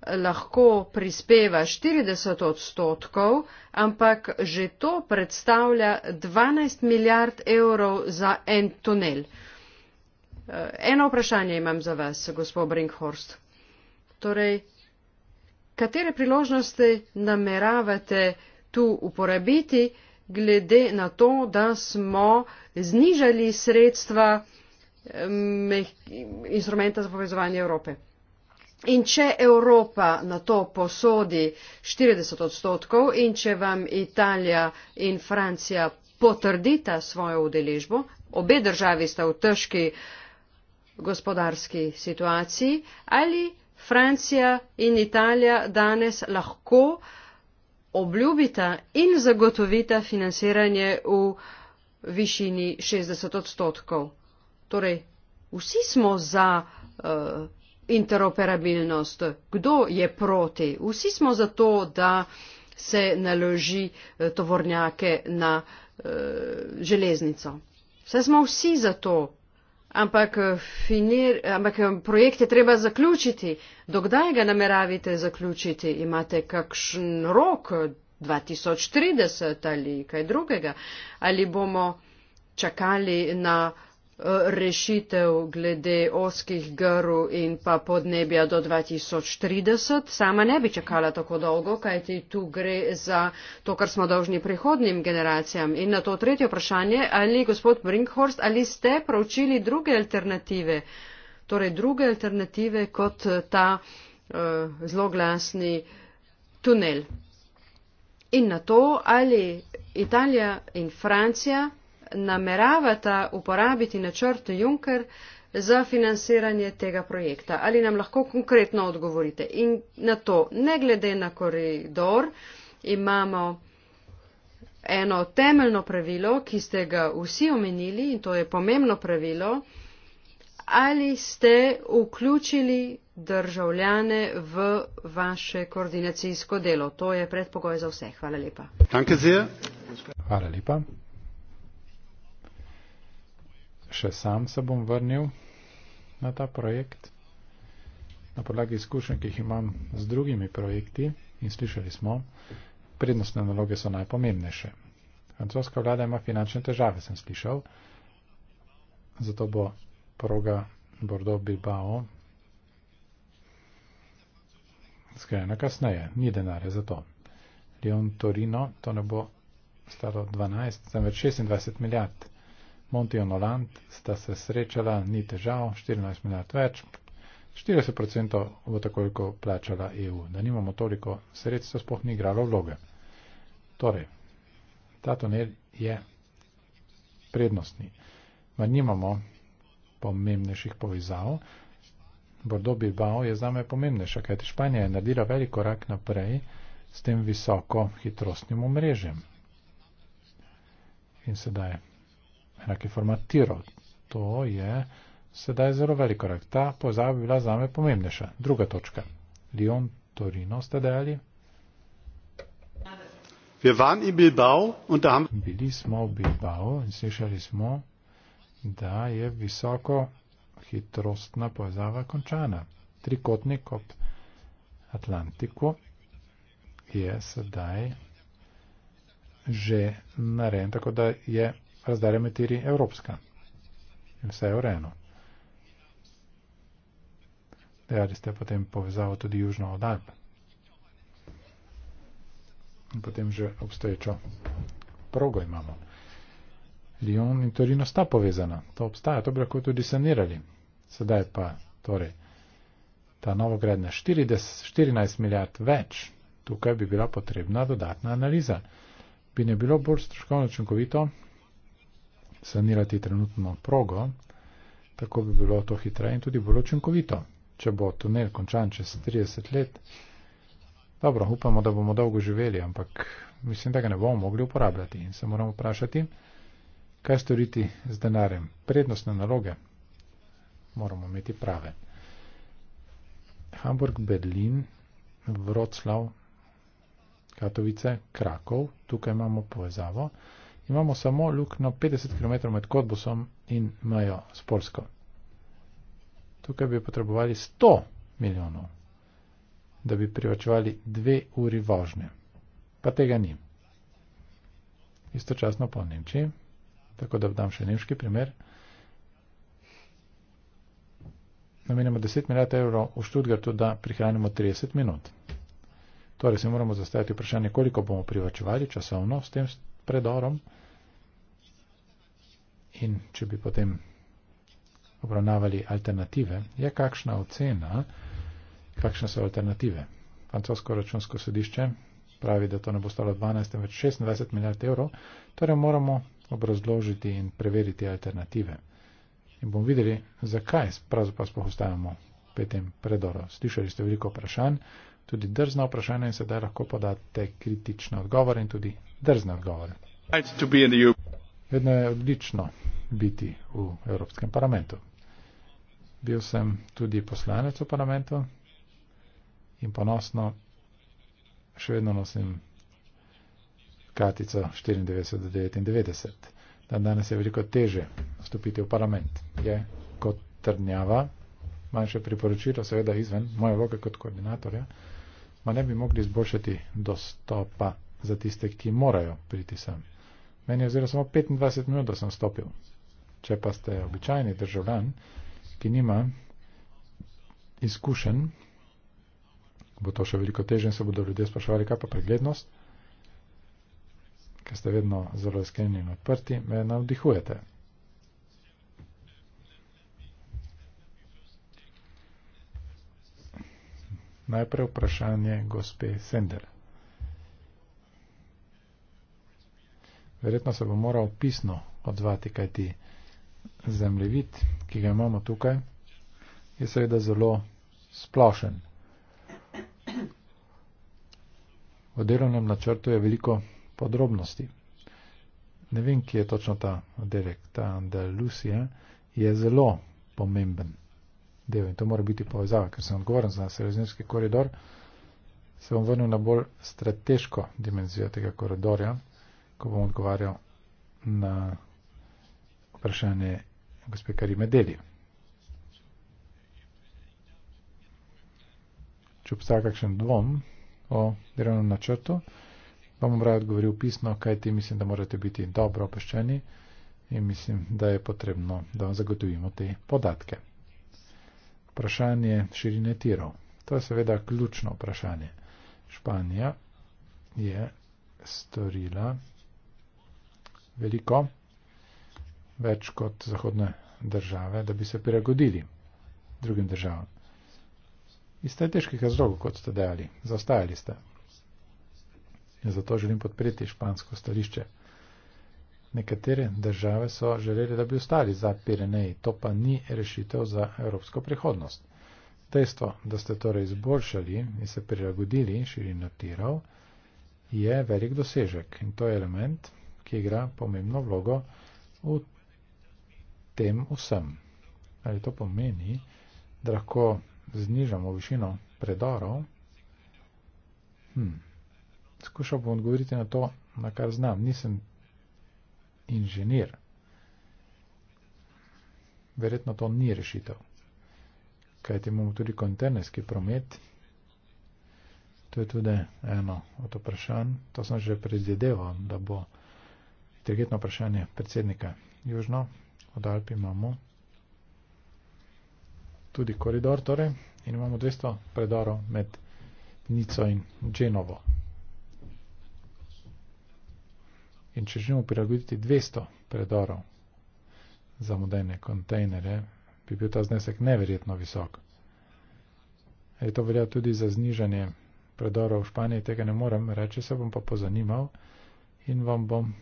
lahko prispeva 40 odstotkov, ampak že to predstavlja 12 milijard evrov za en tunel. Eh, eno vprašanje imam za vas, gospod Brinkhorst. Torej, katere priložnosti nameravate tu uporabiti, glede na to, da smo znižali sredstva um, instrumenta za povezovanje Evrope? In če Evropa na to posodi 40 odstotkov in če vam Italija in Francija potrdita svojo udeležbo, obe državi sta v težki gospodarski situaciji, ali Francija in Italija danes lahko obljubita in zagotovita financiranje v višini 60 odstotkov. Torej, vsi smo za. Uh, interoperabilnost. Kdo je proti? Vsi smo za to, da se naloži eh, tovornjake na uh, železnico. Vse smo vsi za to, ampak, eh, finir, ampak projekt je treba zaključiti. Dokdaj ga nameravite zaključiti? Imate kakšen rok? 2030 ali kaj drugega? Ali bomo čakali na rešitev glede oskih grv in pa podnebja do 2030. Sama ne bi čakala tako dolgo, kajti tu gre za to, kar smo dolžni prihodnim generacijam. In na to tretje vprašanje, ali gospod Brinkhorst, ali ste pravčili druge alternative, torej druge alternative kot ta uh, zloglasni tunel. In na to, ali Italija in Francija nameravata uporabiti načrt Juncker za financiranje tega projekta. Ali nam lahko konkretno odgovorite? In na to, ne glede na koridor, imamo eno temeljno pravilo, ki ste ga vsi omenili, in to je pomembno pravilo, ali ste vključili državljane v vaše koordinacijsko delo. To je predpogoj za vse. Hvala lepa. Hvala lepa še sam se bom vrnil na ta projekt. Na podlagi izkušenj, ki jih imam z drugimi projekti in slišali smo, prednostne naloge so najpomembnejše. Francoska vlada ima finančne težave, sem slišal, zato bo proga Bordeaux-Bilbao skrajena kasneje. Ni denarja za to. Lyon-Torino, to ne bo stalo 12, temveč 26 milijard. Montionoland sta se srečala, ni težav, 14 milijard več, 40% bo takojko plačala EU, da nimamo toliko sredstva, spoh ni igralo vloge. Torej, ta tunel je prednostni. Ma nimamo pomembnejših povezav. Bordo Bilbao je zame pomembnejša, kajti Španija je naredila velik korak naprej s tem visoko hitrostnim omrežjem. In sedaj enake formatiral. To je sedaj zelo velik korak. Ta pozav bi bila za me pomembnejša. Druga točka. Lyon, Torino ste dejali. Bili smo v Bilbao in slišali smo, da je visoko hitrostna povezava končana. Trikotnik ob Atlantiku je sedaj že narejen, tako da je razdalja med tiri evropska. In vse je urejeno. Dejali ste potem povezavo tudi južno od Alp. In potem že obstoječo progo imamo. Lyon in Torino sta povezana. To obstaja, to bi lahko tudi sanirali. Sedaj pa torej ta novogradna 14 milijard več. Tukaj bi bila potrebna dodatna analiza. Bi ne bilo bolj stroškovno učinkovito sanirati trenutno progo, tako bi bilo to hitreje in tudi bolj učinkovito, če bo tunel končan čez 30 let. Dobro, upamo, da bomo dolgo živeli, ampak mislim, da ga ne bomo mogli uporabljati in se moramo vprašati, kaj storiti z denarjem. Prednostne naloge moramo imeti prave. Hamburg, Berlin, Vroclav, Katovice, Krakov, tukaj imamo povezavo imamo samo lukno 50 km med Kodbusom in Majo s Polsko. Tukaj bi potrebovali 100 milijonov, da bi privačevali dve uri vožnje. Pa tega ni. Istočasno pa v Nemčiji, tako da dam še nemški primer. Namenjamo 10 milijard evrov v Študgartu, da prihranimo 30 minut. Torej se moramo zastaviti vprašanje, koliko bomo privačevali časovno s tem predorom. In če bi potem obravnavali alternative, je kakšna ocena, kakšne so alternative. Francosko računsko sodišče pravi, da to ne bo stalo 12, več 26 milijard evrov, torej moramo obrazložiti in preveriti alternative. In bomo videli, zakaj pravzaprav spohostajamo petem predoro. Slišali ste veliko vprašanj, tudi drzna vprašanja in sedaj lahko podate kritične odgovore in tudi drzne odgovore. Vedno je odlično biti v Evropskem parlamentu. Bil sem tudi poslanec v parlamentu in ponosno še vedno nosim katico 94-99. Dan danes je veliko teže vstopiti v parlament. Je kot trnjava, manjše priporočilo, seveda izven moje vloge kot koordinatorja, ma ne bi mogli izboljšati dostopa za tiste, ki morajo priti sem. Meni je vzelo samo 25 minut, da sem stopil. Če pa ste običajni državljan, ki nima izkušen, bo to še veliko težje in se bodo ljudje spraševali, kaj pa preglednost, ker ste vedno zelo iskreni in odprti, me navdihujete. Najprej vprašanje gospe Sender. verjetno se bo moral pisno odzvati, kaj ti zemljevid, ki ga imamo tukaj, je seveda zelo splošen. V delovnem načrtu je veliko podrobnosti. Ne vem, kje je točno ta oddelek, ta Andalusija, je zelo pomemben del in to mora biti povezava, ker sem odgovoren za srednjski koridor, se bom vrnil na bolj strateško dimenzijo tega koridorja, ko bom odgovarjal na vprašanje gospe Karime Deli. Če obstaja kakšen dvom o delovnem načrtu, bom vam rad odgovoril pisno, kaj ti mislim, da morate biti dobro obveščeni in mislim, da je potrebno, da vam zagotovimo te podatke. Vprašanje širine tirov. To je seveda ključno vprašanje. Španija je storila veliko, več kot zahodne države, da bi se prilagodili drugim državam. Iz strateških razlogov, kot ste dejali, zaostajali ste. In zato želim podpreti špansko stališče. Nekatere države so želeli, da bi ostali za Pireneji, to pa ni rešitev za evropsko prihodnost. Dejstvo, da ste torej izboljšali in se prilagodili širino tirov, je velik dosežek in to je element, ki igra pomembno vlogo v tem vsem. Ali to pomeni, da lahko znižamo višino predorov? Hm. Skušal bom odgovoriti na to, na kar znam. Nisem inženir. Verjetno to ni rešitev. Kajti imamo tudi kontenerski promet. To je tudi eno od vprašanj. To sem že predvideval, da bo Intergetno vprašanje predsednika Južno, od Alpi imamo tudi koridor, torej, in imamo 200 predorov med Nico in Dženovo. In če želimo prilagoditi 200 predorov za moderne kontejnere, bi bil ta znesek neverjetno visok. Je to velja tudi za znižanje predorov v Španiji, tega ne morem reči, se bom pa pozanimal in vam bom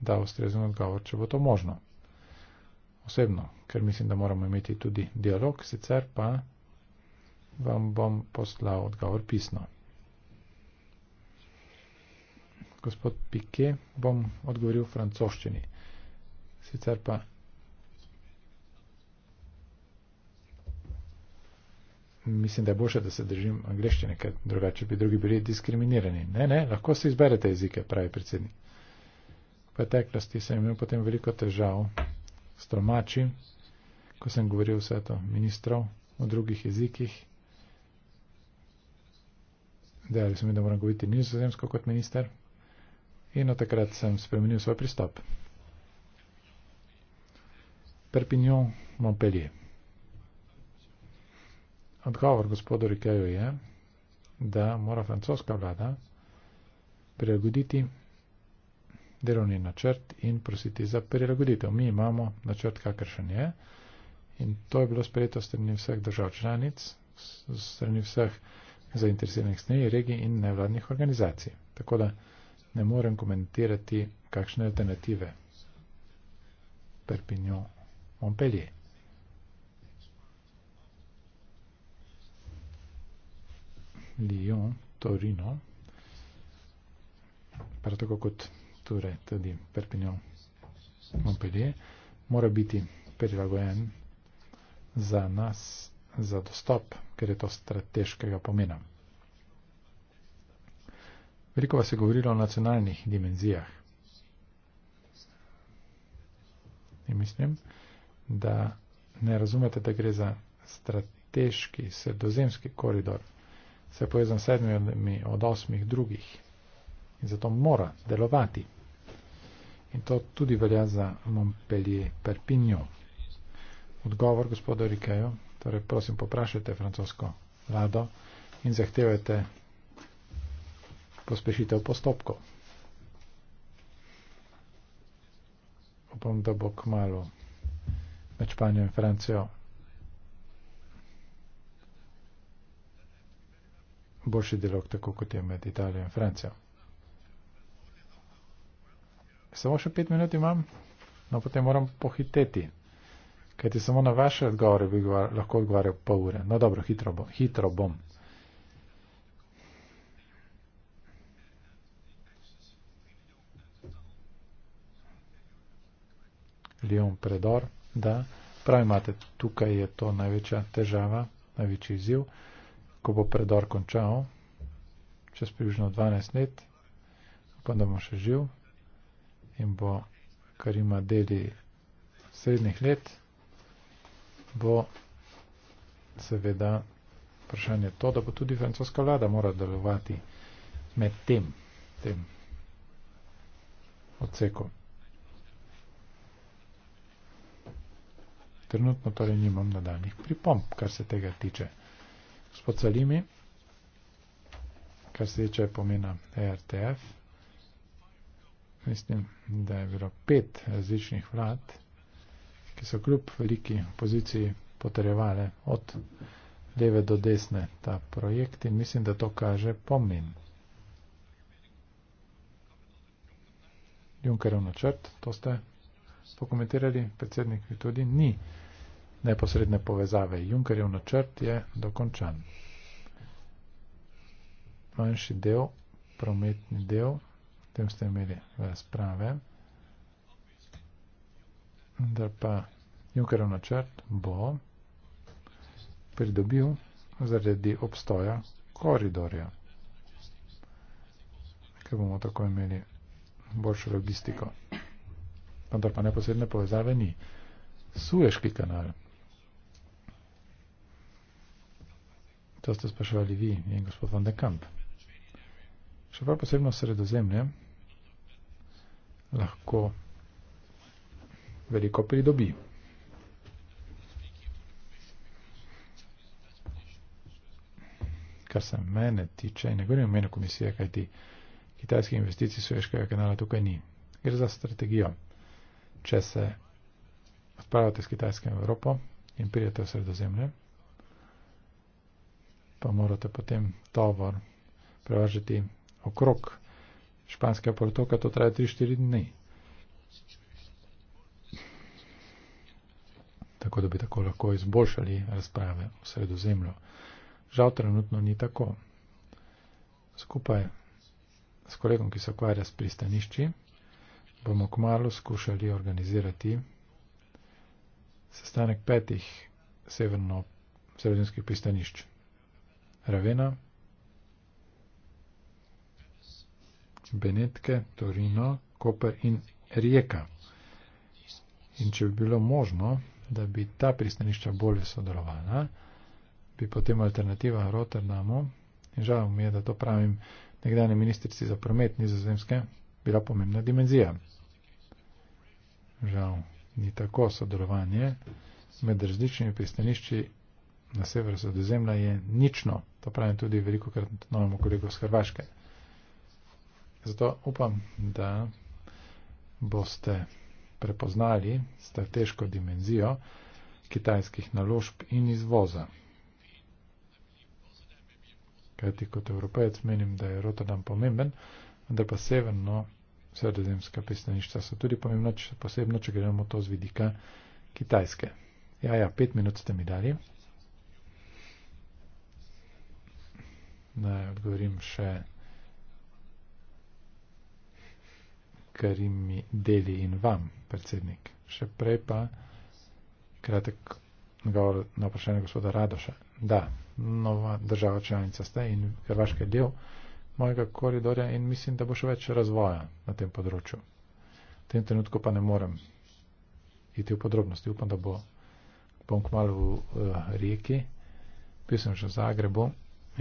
da ustrezen odgovor, če bo to možno. Osebno, ker mislim, da moramo imeti tudi dialog, sicer pa vam bom poslal odgovor pisno. Gospod Pike, bom odgovoril v francoščini. Sicer pa mislim, da je boljše, da se držim angleščine, ker drugače bi drugi bili diskriminirani. Ne, ne, lahko se izberete jezike, pravi predsednik preteklosti sem imel potem veliko težav s tolmači, ko sem govoril vse to ministrov v drugih jezikih. Dejali so mi, da moram govoriti nizozemsko kot minister. In od takrat sem spremenil svoj pristop. Perpignan, Montpellier. Odgovor gospodu Rikeju je, da mora francoska vlada prilagoditi delovni načrt in prositi za prilagoditev. Mi imamo načrt, kakršen je in to je bilo sprejeto strani vseh držav članic, strani vseh zainteresiranih snej, regij in nevladnih organizacij. Tako da ne morem komentirati, kakšne alternative Perpignan Montpellier. Lyon, Torino, prav tako kot torej tudi Perpignan Montpellier, mora biti prilagojen za nas, za dostop, ker je to strateškega pomena. Veliko vas je govorilo o nacionalnih dimenzijah. In mislim, da ne razumete, da gre za strateški sredozemski koridor. Se je povezan s sedmimi od osmih drugih. In zato mora delovati. In to tudi velja za Montpellier Perpignan. Odgovor gospodu Rikeju, torej prosim poprašajte francosko vlado in zahtevajte pospešitev postopkov. Upam, da bo k malu med Španijo in Francijo boljši dialog, tako kot je med Italijo in Francijo samo še pet minut imam, no potem moram pohiteti. Kaj ti samo na vaše odgovore bi lahko odgovarjal pol ure. No dobro, hitro bom. Hitro bom. Lion predor, da. Prav imate, tukaj je to največja težava, največji izziv. Ko bo predor končal, čez približno 12 let, upam, da bom še živ, in bo, kar ima dedi srednjih let, bo seveda vprašanje to, da bo tudi francoska vlada mora delovati med tem, tem odsekom. Trenutno torej nimam nadaljnih pripomb, kar se tega tiče. Gospod Salimi, kar se tiče pomena ERTF mislim, da je bilo pet različnih vlad, ki so kljub veliki poziciji potrjevale od leve do desne ta projekt in mislim, da to kaže pomen. Junkerov načrt, to ste pokomentirali, predsednik tudi ni neposredne povezave. Junkerjev načrt je dokončan. Manjši del, prometni del, tem ste imeli razprave, da pa Junkerov načrt bo pridobil zaradi obstoja koridorja, ker bomo tako imeli boljšo logistiko. Vendar pa neposredne povezave ni. Sueški kanal. To ste spraševali vi in gospod Van de Kamp. Še prav posebno sredozemlje, lahko veliko pridobi. Kar se mene tiče, ne govorim o meni komisije, kaj ti kitajski investicij Sveškega kanala tukaj ni. Gre za strategijo. Če se odpravite z Kitajske v Evropo in pridete v sredozemlje, pa morate potem tovor prevažati okrog španskega protoka, to traja 3-4 dni. Tako da bi tako lahko izboljšali razprave v sredozemlju. Žal trenutno ni tako. Skupaj s kolegom, ki se ukvarja s pristanišči, bomo kmalo skušali organizirati sestanek petih severno-sredozemskih pristanišč. Ravena, Benetke, Torino, Koper in Rijeka. In če bi bilo možno, da bi ta pristanišča bolje sodelovala, bi potem alternativa Rotterdamu, in žal mi je, da to pravim nekdanje ministrici za promet nizozemske, bila pomembna dimenzija. Žal ni tako sodelovanje med različnimi pristanišči na severu sredozemlja je nično. To pravim tudi veliko krat novemu kolegu z Hrvaške. Zato upam, da boste prepoznali strateško dimenzijo kitajskih naložb in izvoza. Kajti kot evropejec menim, da je Rotterdam pomemben, vendar pa severno sredozemska pristanišča so tudi pomembna, če posebno, če gledamo to z vidika kitajske. Ja, ja, pet minut ste mi dali. Naj odgovorim še karimi deli in vam, predsednik. Še prej pa kratek nagovor na vprašanje gospoda Radoša. Da, nova država članica ste in Hrvaška je del mojega koridorja in mislim, da bo še več razvoja na tem področju. V tem trenutku pa ne morem iti v podrobnosti. Upam, da bo bom kmalo v uh, Rijeki, bil sem že v Zagrebu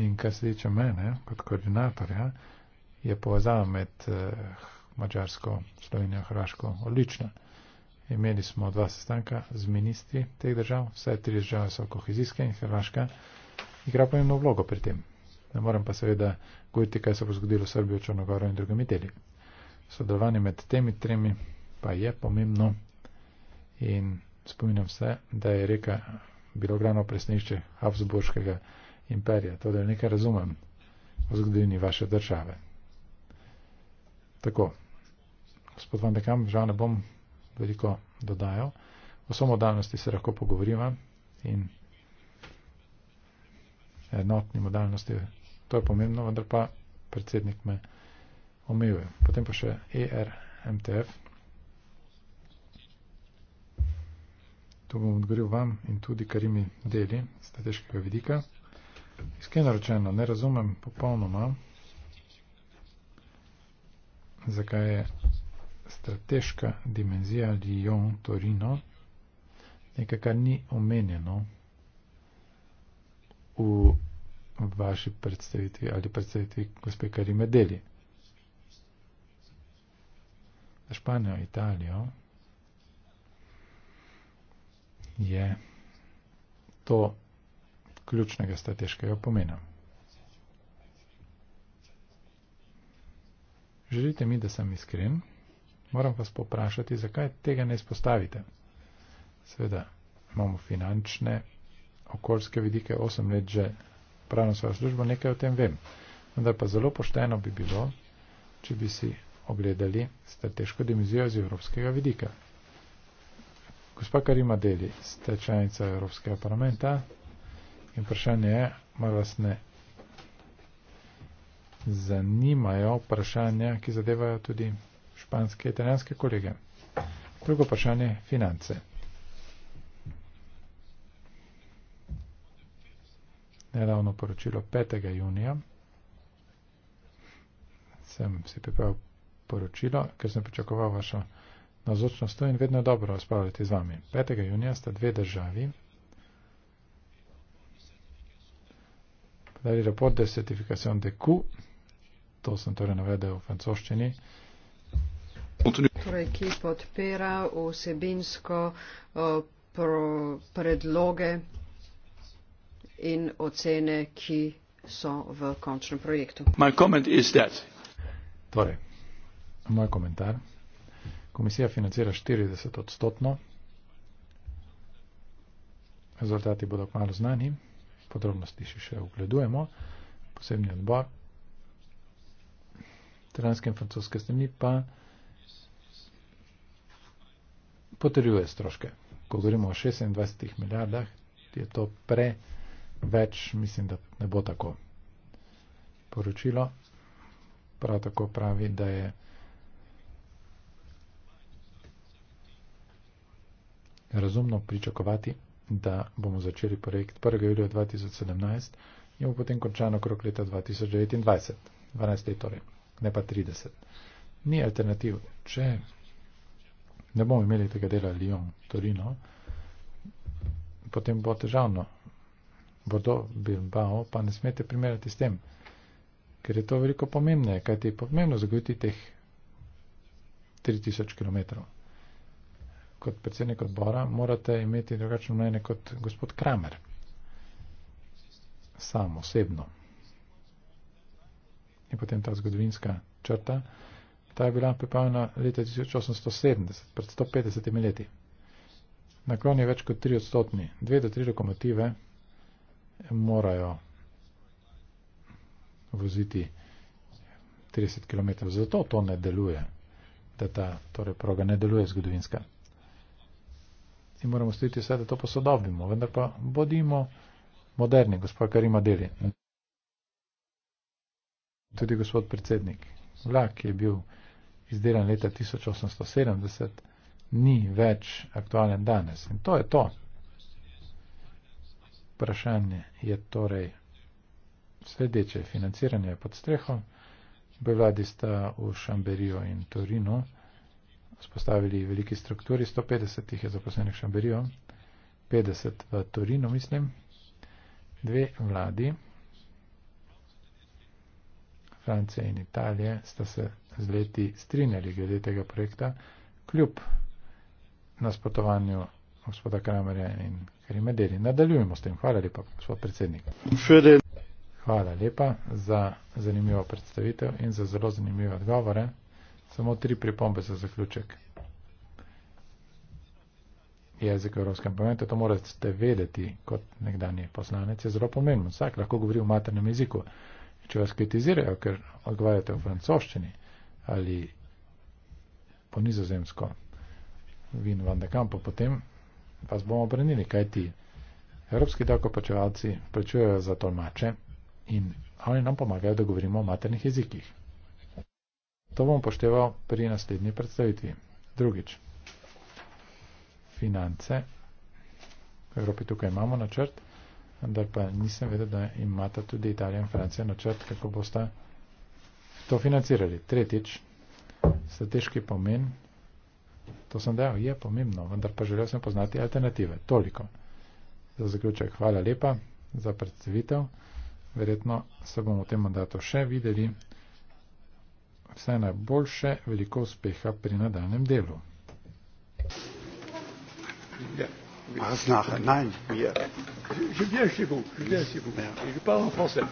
in kar se tiče mene kot koordinatorja, je povezava med uh, Mačarsko, Slovenijo, Hrvaško odlična. Imeli smo dva sestanka z ministri teh držav, vse tri države so kohezijske in Hrvaška igra pomembno vlogo pri tem. Ne morem pa seveda govoriti, kaj se bo zgodilo v Srbijo, Črnogoro in drugimi deli. Sodelovanje med temi tremi pa je pomembno in spominjam se, da je reka bilo glavno presnišče Habsburškega imperija, to torej da nekaj razumem o zgodovini vaše države. Tako gospod Van Bekam, žal ne bom veliko dodajal. O samodalnosti se lahko pogovorimo in enotni modalnosti, to je pomembno, vendar pa predsednik me omejuje. Potem pa še ERMTF. Tu bom odgovoril vam in tudi karimi deli strateškega vidika. Iskreno rečeno, ne razumem popolnoma, zakaj je strateška dimenzija Lyon-Torino, nekaj, kar ni omenjeno v vaši predstavitvi ali predstavitvi gospe Karime Deli. Za Španijo, Italijo je to ključnega strateškega pomena. Želite mi, da sem iskren? Moram vas poprašati, zakaj tega ne izpostavite. Sveda imamo finančne, okoljske vidike, 8 let že pravno svojo službo, nekaj o tem vem. Vendar pa zelo pošteno bi bilo, če bi si ogledali strateško dimenzijo z evropskega vidika. Gospa Karima Deli, ste članica Evropskega parlamenta in vprašanje je, mar vas ne zanimajo vprašanja, ki zadevajo tudi španske, italijanske kolege. Drugo vprašanje, finance. Nedavno poročilo 5. junija. Sem si pripravil poročilo, ker sem pričakoval vašo nazočnost in vedno je dobro razpravljati z vami. 5. junija sta dve državi podali raport de certification de coup, to sem torej navedel v francoščini, Torej, ki podpira vsebinsko pro, predloge in ocene, ki so v končnem projektu. Torej, moj torej, komentar. Komisija financira 40 odstotno. Rezultati bodo kmalo znani. Podrobnosti še ugledujemo. Posebni odbor. Transke in francoske strani pa potrjuje stroške. Ko govorimo o 26 milijardah, je to preveč, mislim, da ne bo tako. Poročilo prav tako pravi, da je razumno pričakovati, da bomo začeli projekt 1. julija 2017 in bo potem končan okrog leta 2029, 12 let torej, ne pa 30. Ni alternativ, če ne bomo imeli tega dela Lyon, Torino, potem bo težavno. Bodo, Bilbao, pa ne smete primerjati s tem, ker je to veliko pomembneje, kaj ti je pomembno zagotoviti teh 3000 km. Kot predsednik odbora morate imeti drugačno mnenje kot gospod Kramer, sam osebno. In potem ta zgodovinska črta. Ta je bila pripravljena leta 1870, pred 150 leti. Naklon je več kot 3 odstotni. Dve do tri lokomotive morajo voziti 30 km. Zato to ne deluje, da ta torej, proga ne deluje zgodovinska. In moramo storiti vse, da to posodobimo, vendar pa bodimo moderni, gospod, kar ima deli. Tudi gospod predsednik. Vlak je bil izdelan leta 1870, ni več aktualen danes. In to je to. Vprašanje je torej sledeče. Financiranje je pod streho. Bevladi sta v Šamberijo in Torino spostavili veliki strukturi. 150 jih je zaposlenih v Šamberijo, 50 v Torino, mislim. Dve vladi, Francija in Italija, sta se z leti strinjali glede tega projekta, kljub nasprotovanju gospoda Kramerja in Krimedeli. Nadaljujemo s tem. Hvala lepa, gospod predsednik. Hvala lepa za zanimivo predstavitev in za zelo zanimive odgovore. Samo tri pripombe za zaključek. Jezik v Evropskem parlamentu, to morate vedeti kot nekdanji poslanec, je zelo pomembno. Vsak lahko govori v maternem jeziku. Če vas kritizirajo, ker odgovarjate v francoščini, ali po nizozemsko vin van de kampo, potem vas bomo obrnili, kaj ti evropski davkoplačevalci plačujejo za tolmače in oni nam pomagajo, da govorimo o maternih jezikih. To bom pošteval pri naslednji predstavitvi. Drugič, finance. V Evropi tukaj imamo načrt, vendar pa nisem vedel, da imata tudi Italija in Francija načrt, kako boste to financirali. Tretjič, strateški pomen, to sem dejal, je pomembno, vendar pa želel sem poznati alternative. Toliko. Za zaključek, hvala lepa za predstavitev. Verjetno se bomo v tem mandatu še videli. Vse najboljše, veliko uspeha pri nadaljem delu. Ja, znaha, naj, ja. Življenje je bilo, življenje je bilo, ja. Je pa na posebno.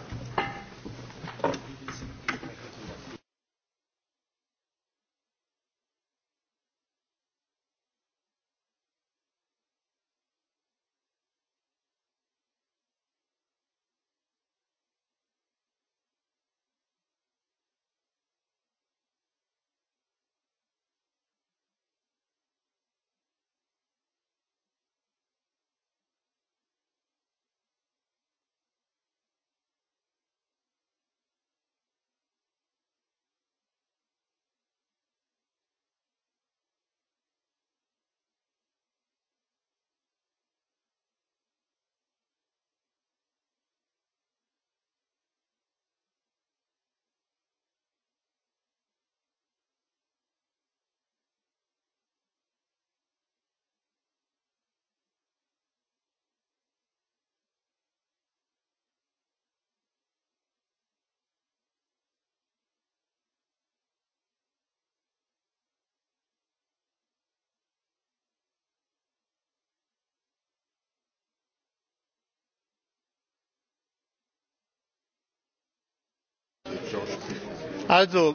Also.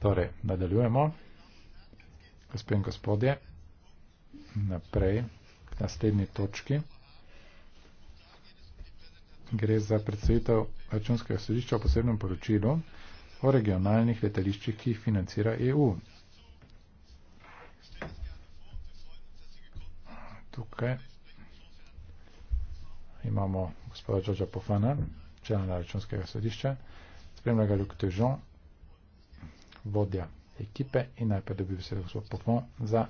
Torej, nadaljujemo. Gospod in gospodje, naprej k naslednji točki. Gre za predsednitev računskega sodišča o posebnem poročilu o regionalnih letališčih, ki jih financira EU. Tukaj imamo gospoda Đorđa Pofana, člana računskega sodišča spremlja ga Luke Težon, vodja ekipe in najprej dobi vse svoj pofon za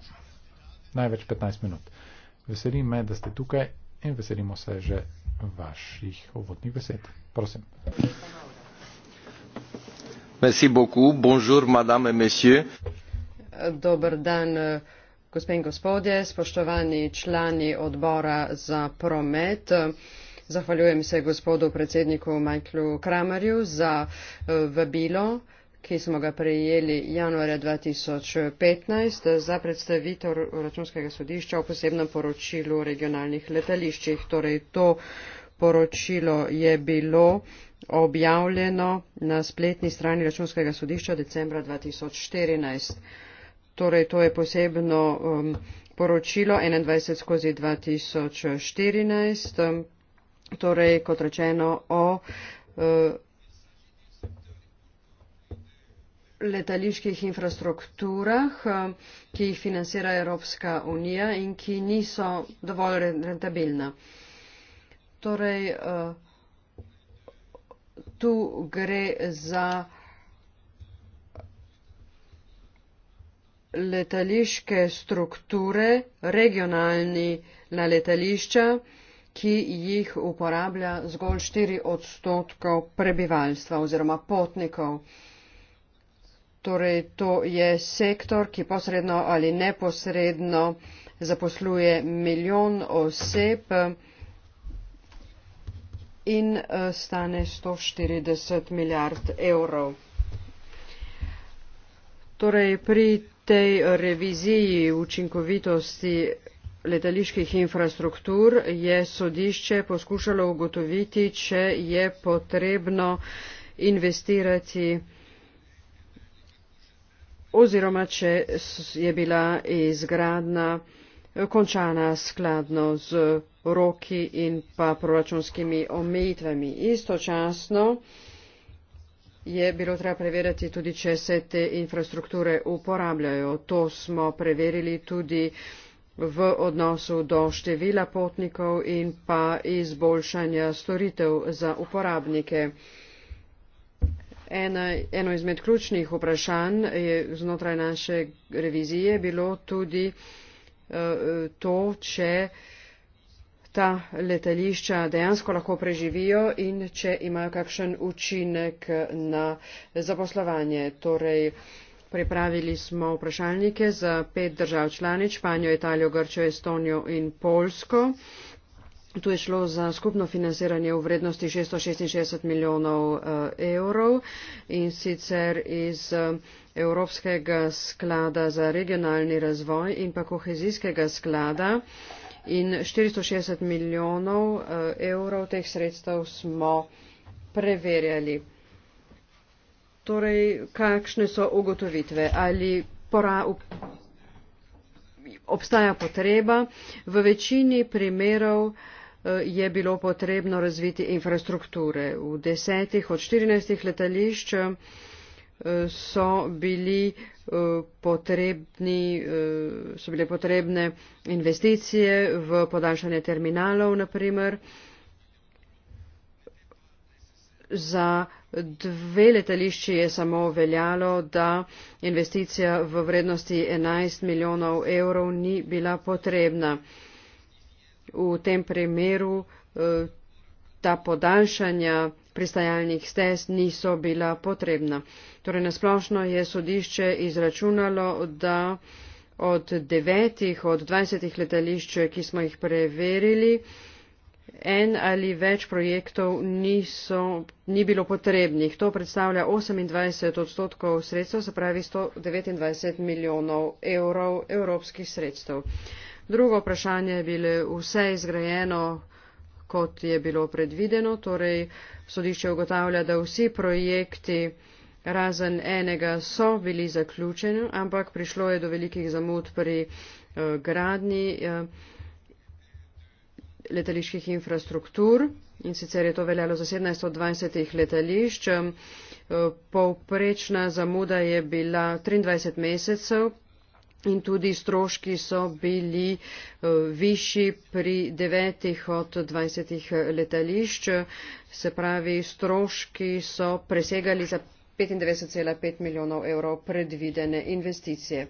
največ 15 minut. Veselim me, da ste tukaj in veselimo se že vaših uvodnih besed. Prosim. Merci beaucoup. Bonjour, madame et messieurs. Dobar dan, gospe in gospodje, spoštovani člani odbora za promet. Zahvaljujem se gospodu predsedniku Michaelu Kramerju za eh, vabilo, ki smo ga prejeli januarja 2015 za predstavitev računskega sodišča v posebnem poročilu o regionalnih letališčih. Torej, to poročilo je bilo objavljeno na spletni strani računskega sodišča decembra 2014. Torej, to je posebno um, poročilo 21 skozi 2014. Um, ehm, torej kot rečeno o e, letaliških infrastrukturah, e, ki jih financira Evropska unija in ki niso dovolj rentabilna. Torej, e, tu gre za letališke strukture, regionalni na letališča, ki jih uporablja zgolj 4 odstotkov prebivalstva oziroma potnikov. Torej, to je sektor, ki posredno ali neposredno zaposluje milijon oseb in eh, stane 140 milijard evrov. Torej, pri tej reviziji učinkovitosti letaliških infrastruktur je sodišče poskušalo ugotoviti, če je potrebno investirati oziroma če je bila izgradna končana skladno z roki in pa proračunskimi omejitvami. Istočasno je bilo treba preverjati tudi, če se te infrastrukture uporabljajo. To smo preverili tudi uh, v odnosu do števila potnikov in pa izboljšanja storitev za uporabnike. Ena, eno izmed ključnih vprašanj je, znotraj naše revizije je bilo tudi uh, to, če ta letališča dejansko lahko preživijo in če imajo kakšen učinek na zaposlovanje. Torej, uh, Pripravili smo vprašalnike za pet držav članic, Španijo, Italijo, Grčijo, Estonijo in Polsko. Tu je šlo za skupno financiranje v vrednosti 666 milijonov eh, evrov in sicer iz eh, Evropskega sklada za regionalni razvoj in pa kohezijskega sklada. In 460 milijonov eh, evrov teh sredstev smo preverjali. Torej, kakšne so ugotovitve? Ali pora, up, obstaja potreba? V večini primerov eh, je bilo potrebno razviti infrastrukture. V desetih od štirinajstih letališč eh, so, bili eh, potrebni, so bile potrebne investicije v podaljšanje terminalov, naprimer, za dve letališči je samo veljalo, da investicija v vrednosti 11 milijonov evrov ni bila potrebna. V tem primeru eh, ta podaljšanja pristajalnih stez niso bila potrebna. Torej, nasplošno je sodišče izračunalo, da od devetih, od dvajsetih letališč, ki smo jih preverili, en ali več projektov niso, ni bilo potrebnih. To predstavlja 28 odstotkov sredstev, se pravi 129 milijonov evrov evropskih sredstev. Drugo vprašanje je bilo vse izgrajeno, kot je bilo predvideno, torej sodišče ugotavlja, da vsi projekti razen enega so bili zaključeni, ampak prišlo je do velikih zamud pri eh, gradni. Eh, letaliških infrastruktur in sicer je to veljalo za 17 od 20 letališč. E, povprečna zamuda je bila 23 mesecev in tudi stroški so bili e, višji pri 9 od 20 letališč. Se pravi, stroški so presegali za 95,5 milijonov evrov predvidene investicije.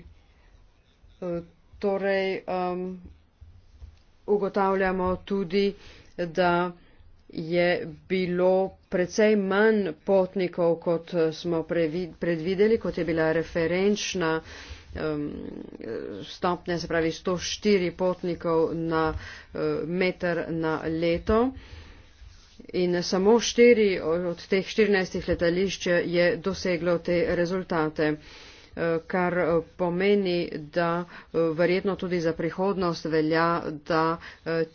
E, torej, um, ugotavljamo tudi, da je bilo precej manj potnikov, kot smo predvideli, kot je bila referenčna stopnja, se pravi 104 potnikov na eh, meter na leto. In samo 4 od teh 14 letališč je doseglo te rezultate. Eh, kar eh, pomeni, da eh, verjetno tudi za prihodnost velja, da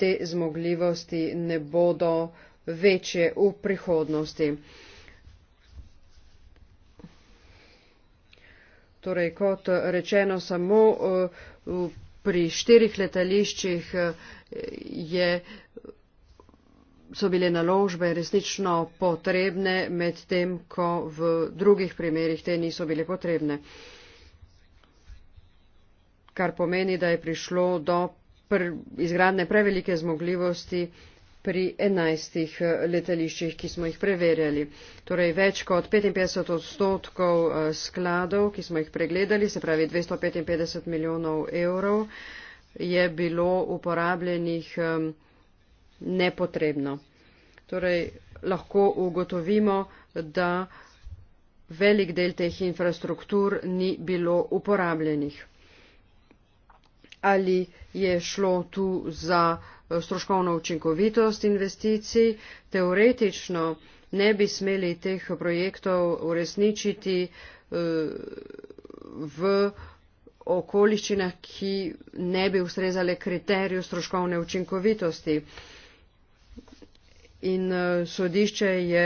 te zmogljivosti ne bodo večje v prihodnosti. Torej, kot rečeno, samo pri štirih letališčih je so bile naložbe resnično potrebne, medtem ko v drugih primerjih te niso bile potrebne. Kar pomeni, da je prišlo do izgradne prevelike zmogljivosti pri enajstih eh, letališčih, ki smo jih preverjali. Torej več kot 55 odstotkov eh, skladov, ki smo jih pregledali, se pravi 255 milijonov evrov, je bilo uporabljenih. Um, nepotrebno. Torej lahko ugotovimo, da velik del teh infrastruktur ni bilo uporabljenih. Ali je šlo tu za eh, stroškovno učinkovitost investicij? Teoretično ne bi smeli teh projektov uresničiti eh, v okoliščinah, ki ne bi ustrezale kriteriju stroškovne učinkovitosti in eh, sodišče je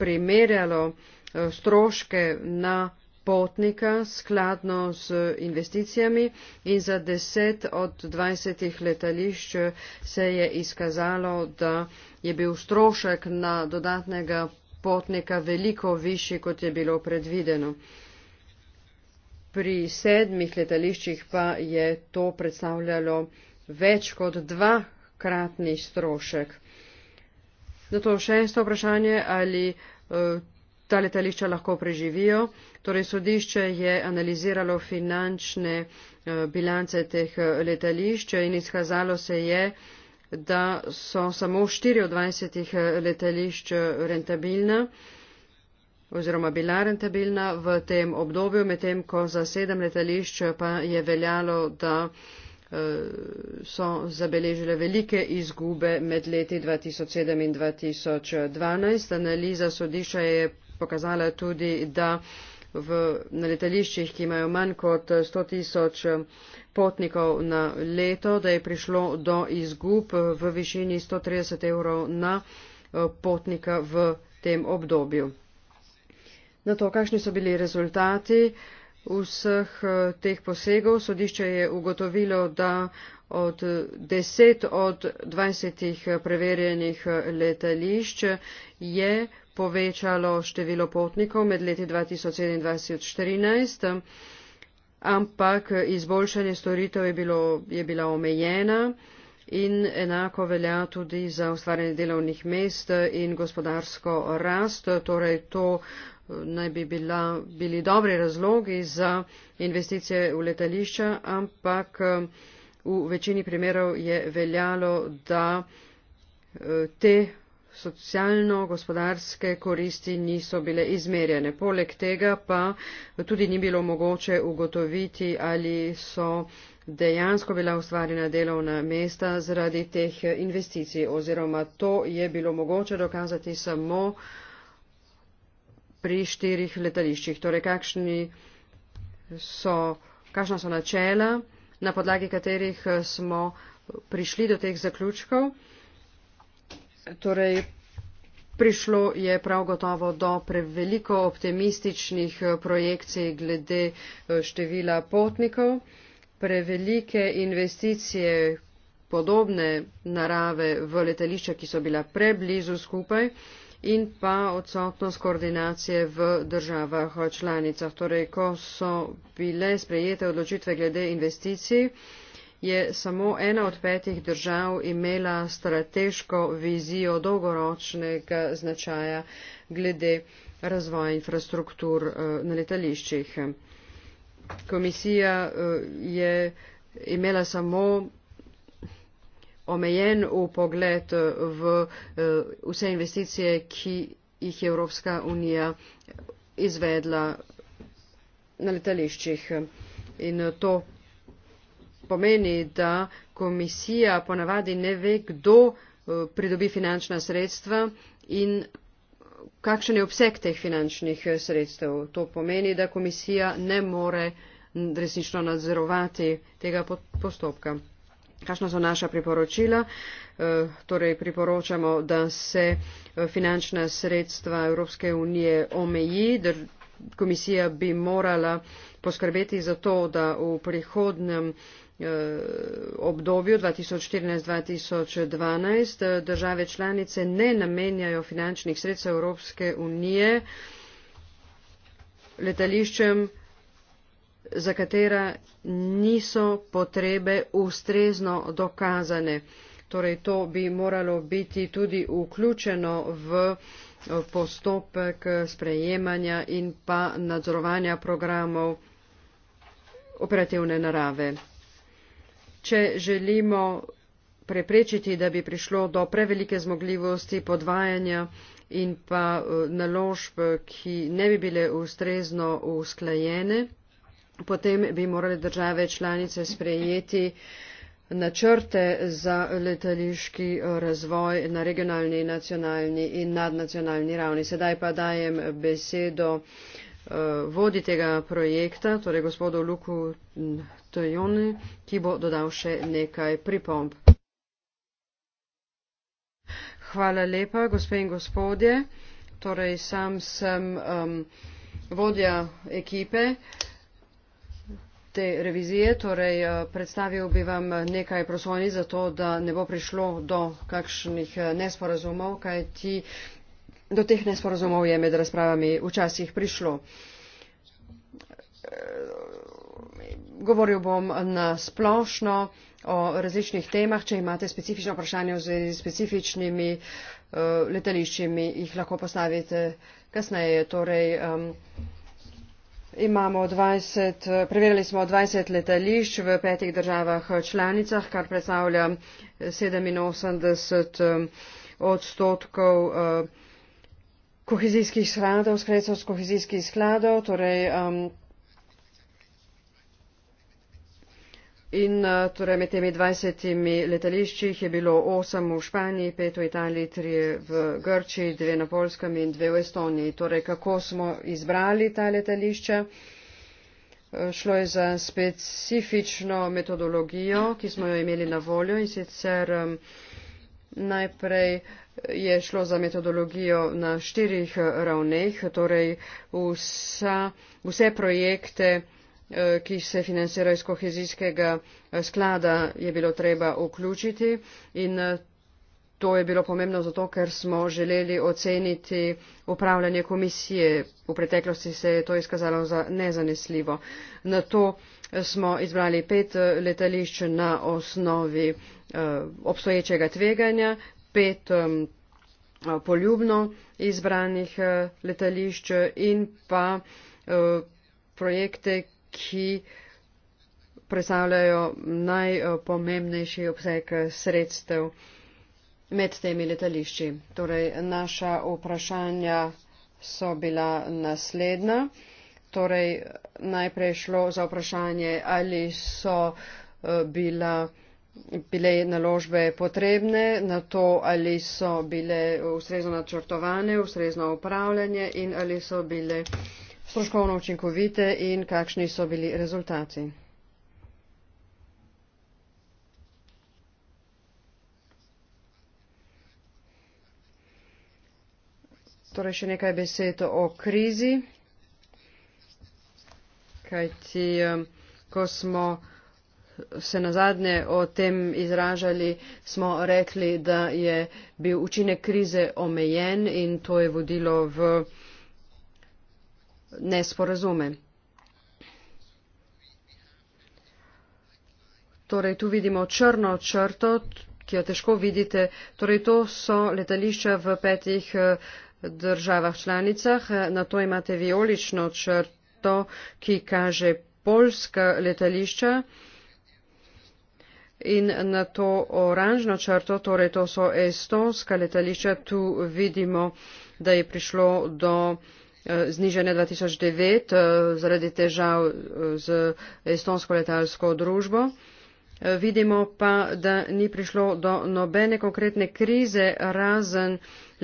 primerjalo eh, stroške na potnika skladno z eh, investicijami in za 10 od 20 letališč se je izkazalo, da je bil strošek na dodatnega potnika veliko višji, kot je bilo predvideno. Pri sedmih letališčih pa je to predstavljalo več kot dvakratni strošek. Zato še eno vprašanje, ali eh, ta letališča lahko preživijo. Torej, sodišče je analiziralo finančne eh, bilance teh eh, letališč in izkazalo se je, da so samo 4 od 20 letališč rentabilna oziroma bila rentabilna v tem obdobju, medtem ko za sedem letališč pa je veljalo, da uh, Eh, so zabeležile velike izgube med leti 2007 in 2012. Analiza sodišča je pokazala tudi, da v, na letališčih, ki imajo manj kot 100 tisoč potnikov na leto, da je prišlo do izgub v višini 130 evrov na eh, potnika v tem obdobju. Na to, kakšni so bili rezultati, uh, vseh eh, teh posegov. Sodišče je ugotovilo, da od 10 od 20 eh, preverjenih eh, letališč je povečalo število potnikov med leti 2017-2014, ampak izboljšanje storitev je, bilo, je bila omejena in enako velja tudi za ustvarjanje delovnih mest in gospodarsko rast. Torej to uh, naj bi bila, bili dobri razlogi za investicije v letališča, ampak v večini primerov je veljalo, da te socialno-gospodarske koristi niso bile izmerjene. Poleg tega pa tudi ni bilo mogoče ugotoviti, ali so dejansko bila ustvarjena delovna mesta zaradi teh investicij oziroma to je bilo mogoče dokazati samo uh, pri štirih letališčih. Torej, so, kakšna so načela, na podlagi katerih eh, smo prišli do teh zaključkov. Torej, prišlo je prav gotovo do preveliko optimističnih eh, projekcij glede eh, števila potnikov, prevelike investicije podobne narave v letališča, ki so bila preblizu skupaj in pa odsotnost koordinacije v državah članicah. Torej, ko so bile sprejete odločitve glede investicij, je samo ena od petih držav imela strateško vizijo dolgoročnega značaja glede razvoja infrastruktur eh, na letališčih. Komisija eh, je imela samo omejen upogled v eh, vse investicije, ki jih je Evropska unija izvedla na letališčih. In eh, to pomeni, da komisija ponavadi ne ve, kdo eh, pridobi finančna sredstva in kakšen je obseg teh finančnih sredstev. To pomeni, da komisija ne more resnično nadzorovati tega postopka kakšna so naša priporočila. Eh, torej priporočamo, da se eh, finančna sredstva Evropske unije omeji. Komisija bi morala poskrbeti za to, da v prihodnem eh, obdobju 2014-2012 države članice ne namenjajo finančnih sredstev Evropske unije letališčem za katera niso potrebe ustrezno dokazane. Torej, to bi moralo biti tudi vključeno v eh, postopek sprejemanja in pa nadzorovanja programov operativne narave. Če želimo preprečiti, da bi prišlo do prevelike zmogljivosti podvajanja in pa eh, naložb, ki ne bi bile ustrezno usklajene, potem bi morali države članice sprejeti načrte za letališki razvoj na regionalni, nacionalni in nadnacionalni ravni. Sedaj pa dajem besedo eh, vodi tega projekta, torej gospodu Luku Tojoni, ki bo dodal še nekaj pripomb. Hvala lepa, gospe in gospodje. Torej, sam sem um, vodja ekipe. Uh, te revizije. Torej, eh, predstavil bi vam nekaj prosojni za to, da ne bo prišlo do kakšnih eh, nesporazumov, kajti do teh nesporazumov je med razpravami včasih prišlo. Eh, govoril bom na splošno o različnih temah. Če imate specifično vprašanje z specifičnimi letališčimi, jih lahko postavite kasneje. Torej, um, imamo dvajset preverili smo dvajset letališč v petih državah članicah kar predstavlja sedeminosemdeset um, odstotkov uh, kohezijskih skladov sredstev s kohezijskih skladov torej um, In eh, torej med temi 20 letališčih je bilo 8 v Španiji, 5 v Italiji, 3 v Grčiji, 2 na Polskem in 2 v Estoniji. Torej, kako smo izbrali ta letališča? Eh, šlo je za specifično metodologijo, ki smo jo imeli na voljo in sicer um, najprej je šlo za metodologijo na štirih ravneh, torej vsa, vse projekte. Eh, ki se financirajo iz kohezijskega eh, sklada je bilo treba vključiti in eh, to je bilo pomembno zato, ker smo želeli oceniti upravljanje komisije. V preteklosti se je to izkazalo za nezanesljivo. Na to smo izbrali pet letališč na osnovi obstoječega tveganja, pet poljubno izbranih letališč in pa projekte, ki predstavljajo najpomembnejši obseg sredstev med temi letališči. Torej, naša vprašanja so bila naslednja. Torej, najprej šlo za vprašanje, ali so eh, bila, bile naložbe potrebne, na to, ali so bile ustrezno načrtovane, ustrezno upravljanje in ali so bile stroškovno učinkovite in kakšni so bili rezultati. Torej še nekaj besed o krizi, kajti um, ko smo se nazadnje o tem izražali, smo rekli, da je bil učinek krize omejen in to je vodilo v nesporazume. Torej, tu vidimo črno črto, ki jo težko vidite. Torej, to so letališča v petih eh, državah članicah. Na to imate vijolično črto, ki kaže polska letališča. In na to oranžno črto, torej to so estonska letališča, tu vidimo, da je prišlo do Eh, znižene 2009 eh, zaradi težav eh, z estonsko letalsko družbo. Vidimo pa, da ni prišlo do nobene konkretne krize razen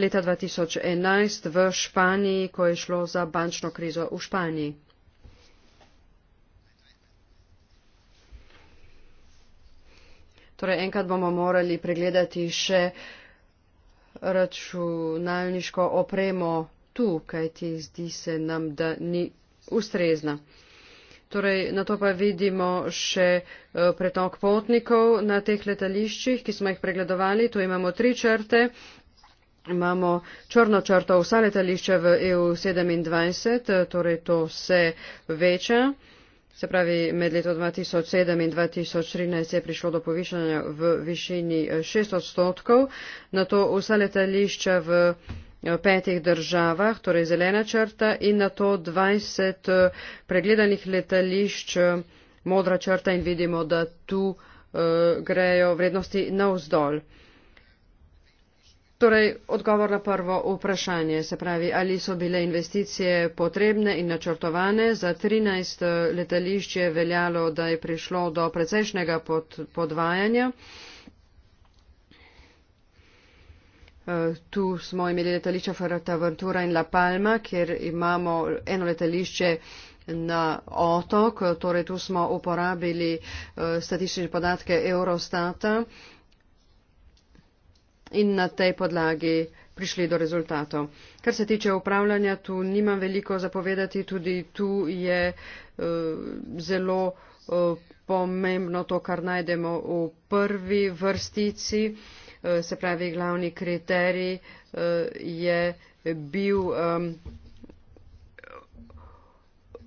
leta 2011 v Španiji, ko je šlo za bančno krizo v Španiji. Torej, enkrat bomo morali pregledati še računalniško opremo tu, kajti zdi se nam, da ni ustrezna. Torej, na to pa vidimo še eh, pretok potnikov na teh letališčih, ki smo jih pregledovali. Tu imamo tri črte. Imamo črno črto vsa letališča v EU27, eh, torej to se veča. Se pravi, med leto 2007 in 2013 je prišlo do povišanja v višini 6 eh, odstotkov. Na to vsa letališča v v petih državah, torej zelena črta in na to 20 pregledanih letališč, eh, modra črta in vidimo, da tu eh, grejo vrednosti navzdol. Torej, odgovor na prvo vprašanje, se pravi, ali so bile investicije potrebne in načrtovane. Za 13 eh, letališče je veljalo, da je prišlo do precejšnjega podvajanja. Pod Eh, tu smo imeli letališča Fuerteventura in La Palma, kjer imamo eno letališče na otok. Torej, tu smo uporabili eh, statistične podatke Eurostata in na tej podlagi prišli do rezultatov. Kar se tiče upravljanja, tu nimam veliko zapovedati, tudi tu je eh, zelo pomembno to, kar najdemo v prvi vrstici se pravi glavni kriterij eh, je bil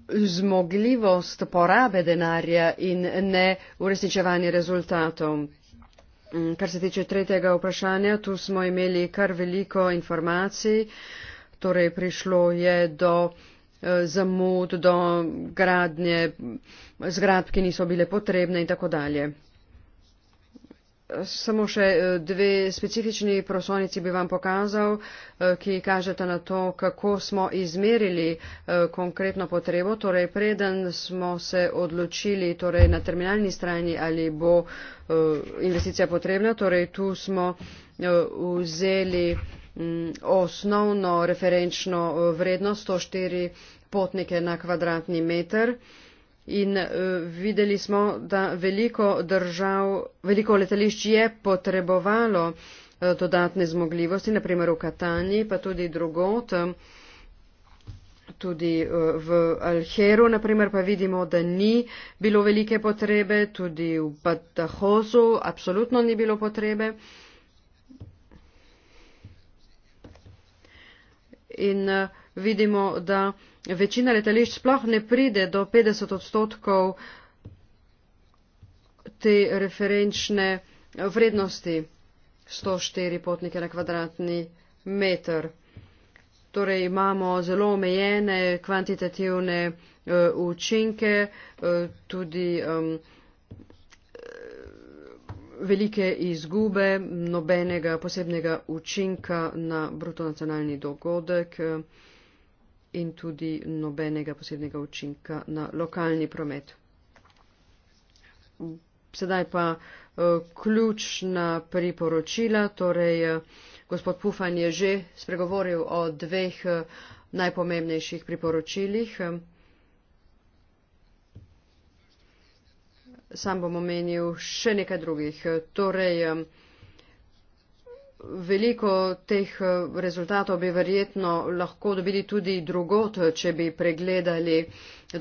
zmogljivost porabe denarja in ne uresničevanje rezultatov. Mm, kar se tiče tretjega vprašanja, tu smo imeli kar veliko informacij, torej prišlo je do eh, zamud, do gradnje zgradb, ki niso bile potrebne in tako dalje. Samo še eh, dve specifični prosonici bi vam pokazal, eh, ki kažete na to, kako smo izmerili eh, konkretno potrebo. Torej, preden smo se odločili torej na terminalni strani, ali bo investicija potrebna, torej tu smo vzeli mm, osnovno referenčno vrednost 104 potnike na kvadratni meter in eh, videli smo, da veliko držav, veliko letališč je potrebovalo eh, dodatne zmogljivosti, naprimer v Katani, pa tudi drugot, eh, tudi v Alheru, naprimer pa vidimo, da ni bilo velike potrebe, tudi v Badahozu absolutno ni bilo potrebe. In vidimo, da večina letališč sploh ne pride do 50 odstotkov te referenčne vrednosti 104 potnike na kvadratni meter. Torej imamo zelo omejene kvantitativne uh, učinke, uh, tudi um, velike izgube, nobenega posebnega učinka na brutonacionalni dogodek. Uh, in tudi nobenega posebnega učinka na lokalni promet. Sedaj pa eh, ključna priporočila. Torej, eh, gospod Pufan je že spregovoril o dveh eh, najpomembnejših priporočilih. Sam bom omenil še nekaj drugih. Torej, Veliko teh eh, rezultatov bi verjetno lahko dobili tudi drugot, eh, če bi pregledali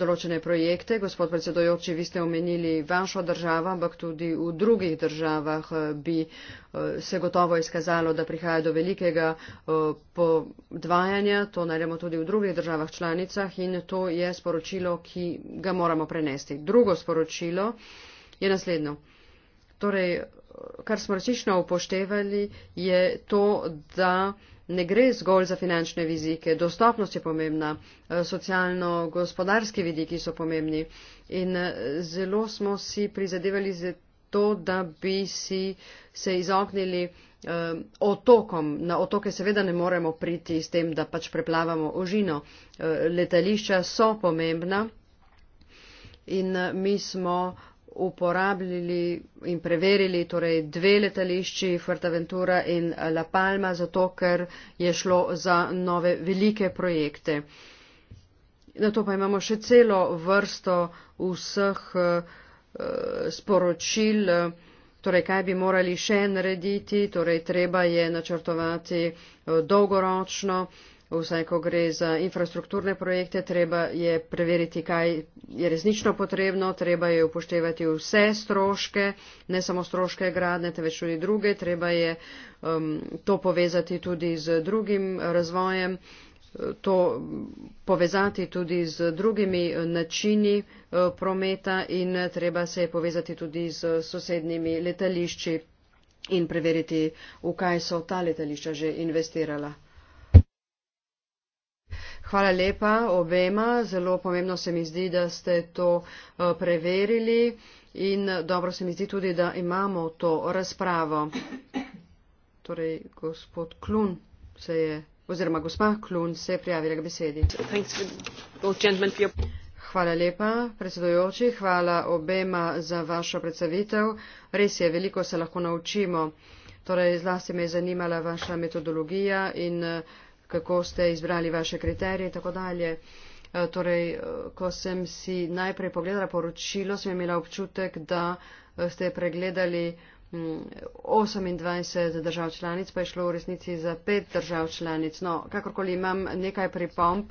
določene projekte. Gospod predsedojoči, vi ste omenili vašo državo, ampak tudi v drugih državah eh, bi se gotovo izkazalo, da prihaja do velikega podvajanja. To najdemo tudi v drugih državah članicah in to je sporočilo, ki ga moramo prenesti. Drugo sporočilo je naslednjo. Torej, kar smo resnično upoštevali, je to, da ne gre zgolj za finančne vizike. Dostopnost je pomembna, eh, socialno-gospodarski vidiki so pomembni in eh, zelo smo si prizadevali za to, da bi si se izognili eh, otokom. Na otoke seveda ne moremo priti s tem, da pač preplavamo ožino. Letališča so pomembna. In mi smo uporabljali in preverili torej dve letališči Fuerteventura in La Palma, zato ker je šlo za nove velike projekte. Na to pa imamo še celo vrsto vseh uh, sporočil, torej kaj bi morali še narediti, torej treba je načrtovati uh, dolgoročno. Uh, vsaj ko gre za infrastrukturne projekte, treba je preveriti, kaj je resnično potrebno, treba je upoštevati vse stroške, ne samo stroške gradne, teveč tudi druge, treba je um, to povezati tudi z drugim razvojem, to povezati tudi z drugimi uh, načini uh, prometa in uh, treba se je povezati tudi z sosednjimi letališči in preveriti, v kaj so ta letališča že investirala. Hvala lepa obema. Zelo pomembno se mi zdi, da ste to eh, preverili in dobro se mi zdi tudi, da imamo to razpravo. Torej, gospod Klun se je, oziroma gospa Klun se je prijavila k besedi. Hvala lepa, predsedojoči, hvala obema za vašo predstavitev. Res je, veliko se lahko naučimo. Torej, zlasti me je zanimala vaša metodologija in uh, kako ste izbrali vaše kriterije in tako dalje. E, torej, e, ko sem si najprej pogledala poročilo, sem imela občutek, da e, ste pregledali 28 držav članic, pa je šlo v resnici za 5 držav članic. No, kakorkoli imam nekaj pripomp.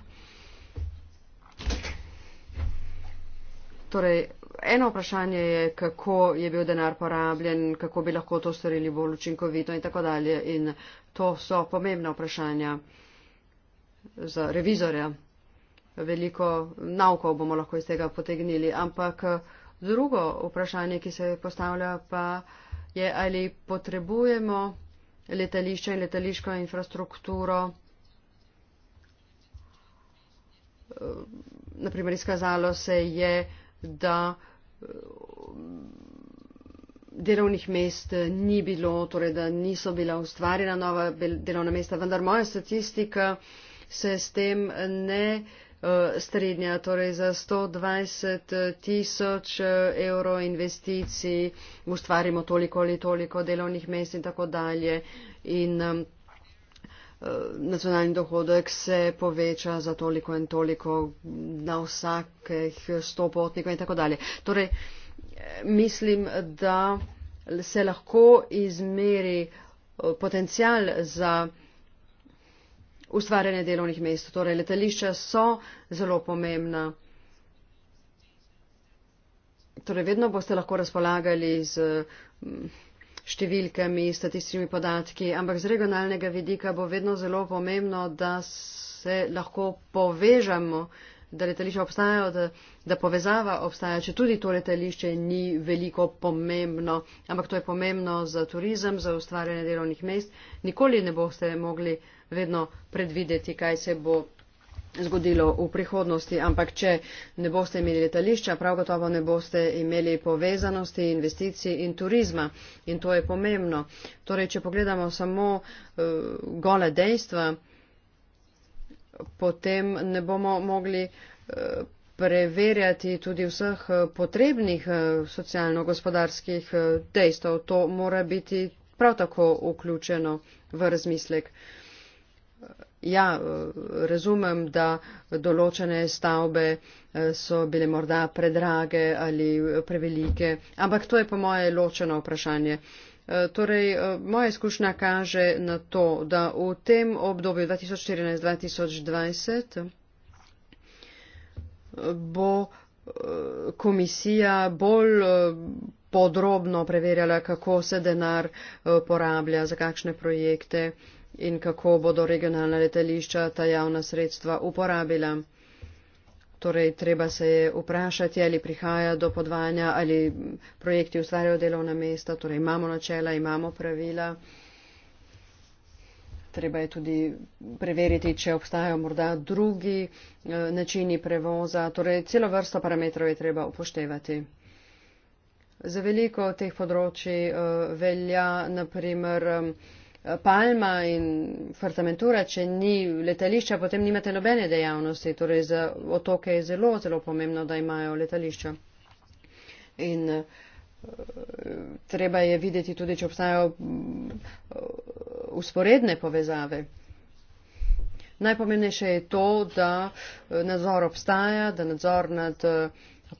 Torej, eno vprašanje je, kako je bil denar porabljen, kako bi lahko to storili bolj učinkovito in tako dalje. In to so pomembna vprašanja za revizorja. Veliko naukov bomo lahko iz tega potegnili, ampak eh, drugo vprašanje, ki se postavlja, pa je, ali potrebujemo letališče in letališko infrastrukturo. Eh, Naprimer, izkazalo se je, da eh, delovnih mest ni bilo, torej da niso bila ustvarjena nova delovna mesta, vendar moja statistika se s tem ne eh, strinja, torej za 120 eh, tisoč eh, evrov investicij ustvarimo toliko ali toliko delovnih mest in tako dalje in nacionalni dohodek se poveča za toliko in toliko na vsakeh 100 potnikov in tako dalje. Torej, mislim, da se lahko izmeri potencial za ustvarjanje delovnih mest. Torej, letališča so zelo pomembna. Torej, vedno boste lahko razpolagali z mm, številkami, statističnimi podatki, ampak z regionalnega vidika bo vedno zelo pomembno, da se lahko povežamo, da letališča obstajajo, da, da povezava obstaja, če tudi to letališče ni veliko pomembno. Ampak to je pomembno za turizem, za ustvarjanje delovnih mest. Nikoli ne boste mogli vedno predvideti, kaj se bo zgodilo v prihodnosti, ampak če ne boste imeli letališča, prav gotovo ne boste imeli povezanosti, investicij in turizma. In to je pomembno. Torej, če pogledamo samo uh, gole dejstva, potem ne bomo mogli uh, preverjati tudi vseh eh, potrebnih uh, socialno-gospodarskih uh, dejstev. To mora biti prav tako vključeno v razmislek. Uh, Ja, eh, razumem, da določene stavbe eh, so bile morda predrage ali eh, prevelike, ampak to je po moje ločeno vprašanje. Torej, moja izkušnja kaže na to, da v tem obdobju 2014-2020 bo komisija bolj podrobno preverjala, kako se denar porablja, za kakšne projekte in kako bodo regionalna letališča ta javna sredstva uporabila. Torej, treba se je vprašati, ali prihaja do podvajanja, ali projekti ustvarjajo delovna mesta, torej imamo načela, imamo pravila. Treba je tudi preveriti, če obstajajo morda drugi eh, načini prevoza. Torej, celo vrsto parametrov je treba upoštevati. Za veliko teh področji eh, velja, naprimer, eh, Palma in Fuerteventura, če ni letališča, potem nimate nobene dejavnosti. Torej, za otoke je zelo, zelo pomembno, da imajo letališča. In eh, treba je videti tudi, če obstajajo usporedne eh, povezave. Najpomembnejše je to, da eh, nadzor obstaja, da nadzor nad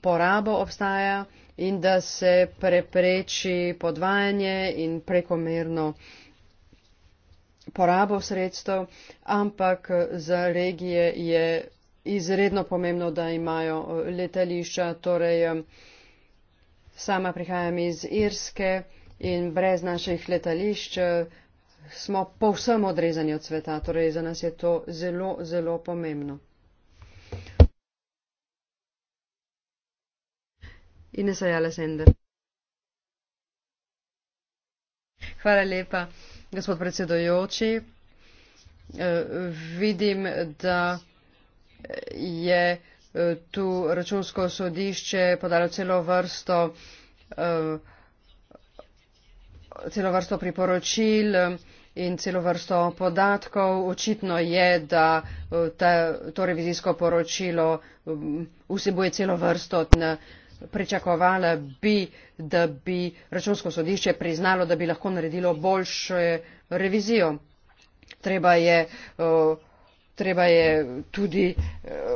porabo obstaja in da se prepreči podvajanje in prekomerno porabo sredstev, ampak za regije je izredno pomembno, da imajo eh, letališča. Torej, eh, sama prihajam iz Irske in brez naših letališč eh, smo povsem odrezani od sveta. Torej, za nas je to zelo, zelo pomembno. Ines Ayala Sender. Hvala lepa gospod predsedujoči. Eh, vidim, da je eh, tu računsko sodišče podalo celo vrsto, eh, celo vrsto priporočil in celo vrsto podatkov. Očitno je, da ta, to revizijsko poročilo vsebuje celo vrsto. Na, pričakovala bi, da bi računsko sodišče priznalo, da bi lahko naredilo boljšo revizijo. Treba je, treba je tudi e,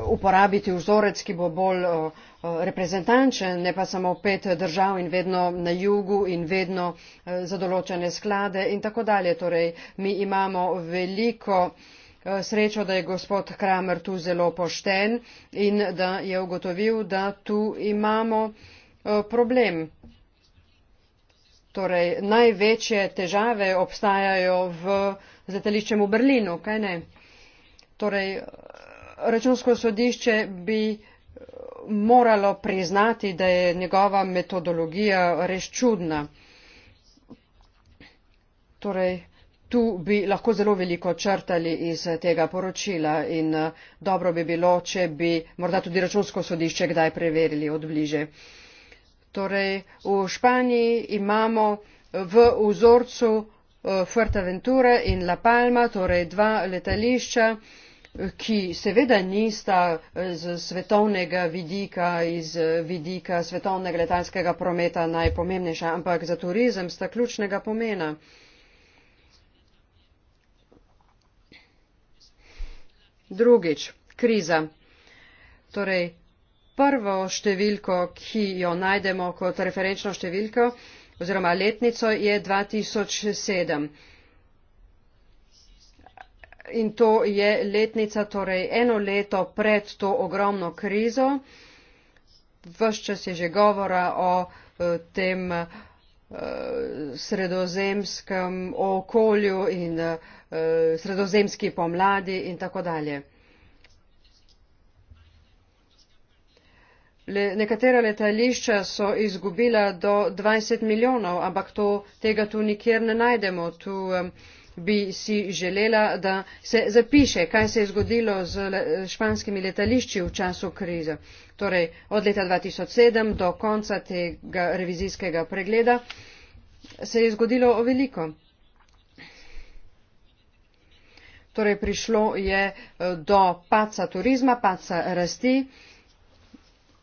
uporabiti vzorec, ki bo bolj reprezentančen, ne pa samo pet držav in vedno na jugu in vedno e, za določene sklade in tako dalje. Torej, mi imamo veliko Eh, srečo da je gospod kramer tu zelo pošten in da je ugotovil da tu imamo eh, problem torej največje težave obstajajo v letališčem v berlinu kaj ne torej računsko sodišče bi eh, moralo priznati da je njegova metodologija res čudna torej tu bi lahko zelo veliko črtali iz eh, tega poročila in eh, dobro bi bilo, če bi morda tudi računsko sodišče kdaj preverili od bliže. Torej, v Španiji imamo eh, v vzorcu Fuerteventura in La Palma, torej dva letališča, ki seveda nista z svetovnega vidika, iz vidika svetovnega letalskega prometa najpomembnejša, ampak za turizem sta ključnega pomena. Drugič, kriza. Torej, prvo številko, ki jo najdemo kot referenčno številko oziroma letnico, je 2007. In to je letnica, torej eno leto pred to ogromno krizo. Vse čas je že govora o eh, tem, Eh, sredozemskem okolju in eh, sredozemski pomladi in tako dalje. Le, nekatera letališča so izgubila do 20 milijonov, ampak to, tega tu nikjer ne najdemo. Tu, um, bi si želela da se zapiše kaj se je zgodilo s španskimi letališči v času krize torej od leta dva tisoč sedem do konca tega revizijskega pregleda se je zgodilo veliko torej prišlo je eh, do padca turizma padca rasti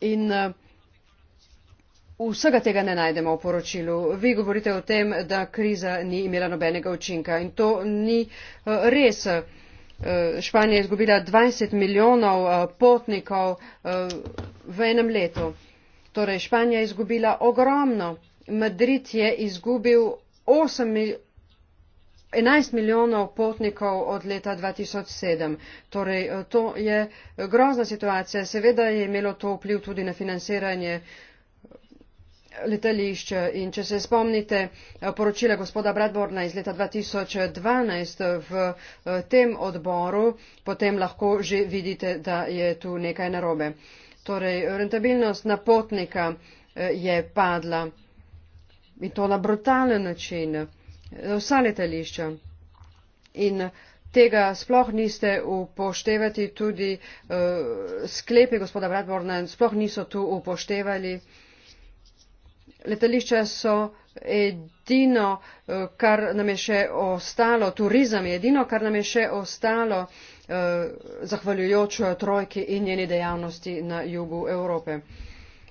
in eh, vsega tega ne najdemo v poročilu. Vi govorite o tem, da kriza ni imela nobenega učinka in to ni eh, res. Eh, Španija je izgubila 20 milijonov eh, potnikov v enem letu. Torej, Španija je izgubila ogromno. Madrid je izgubil 8 milijonov. 11 milijonov potnikov od leta 2007. Torej, to je grozna situacija. Seveda je imelo to vpliv tudi na financiranje uh, letališč in če se spomnite eh, poročila gospoda Bradborna iz leta 2012 eh, v eh, tem odboru, potem lahko že vidite, da je tu nekaj narobe. Torej, rentabilnost napotnika je padla in to na brutalen način. Vsa letališča. In tega sploh niste upoštevati, tudi uh, sklepe gospoda Bradborna sploh niso tu upoštevali. Letališča so edino, eh, kar nam je še ostalo, turizem je edino, kar nam je še ostalo, eh, zahvaljujoč eh, trojki in njeni dejavnosti na jugu Evrope.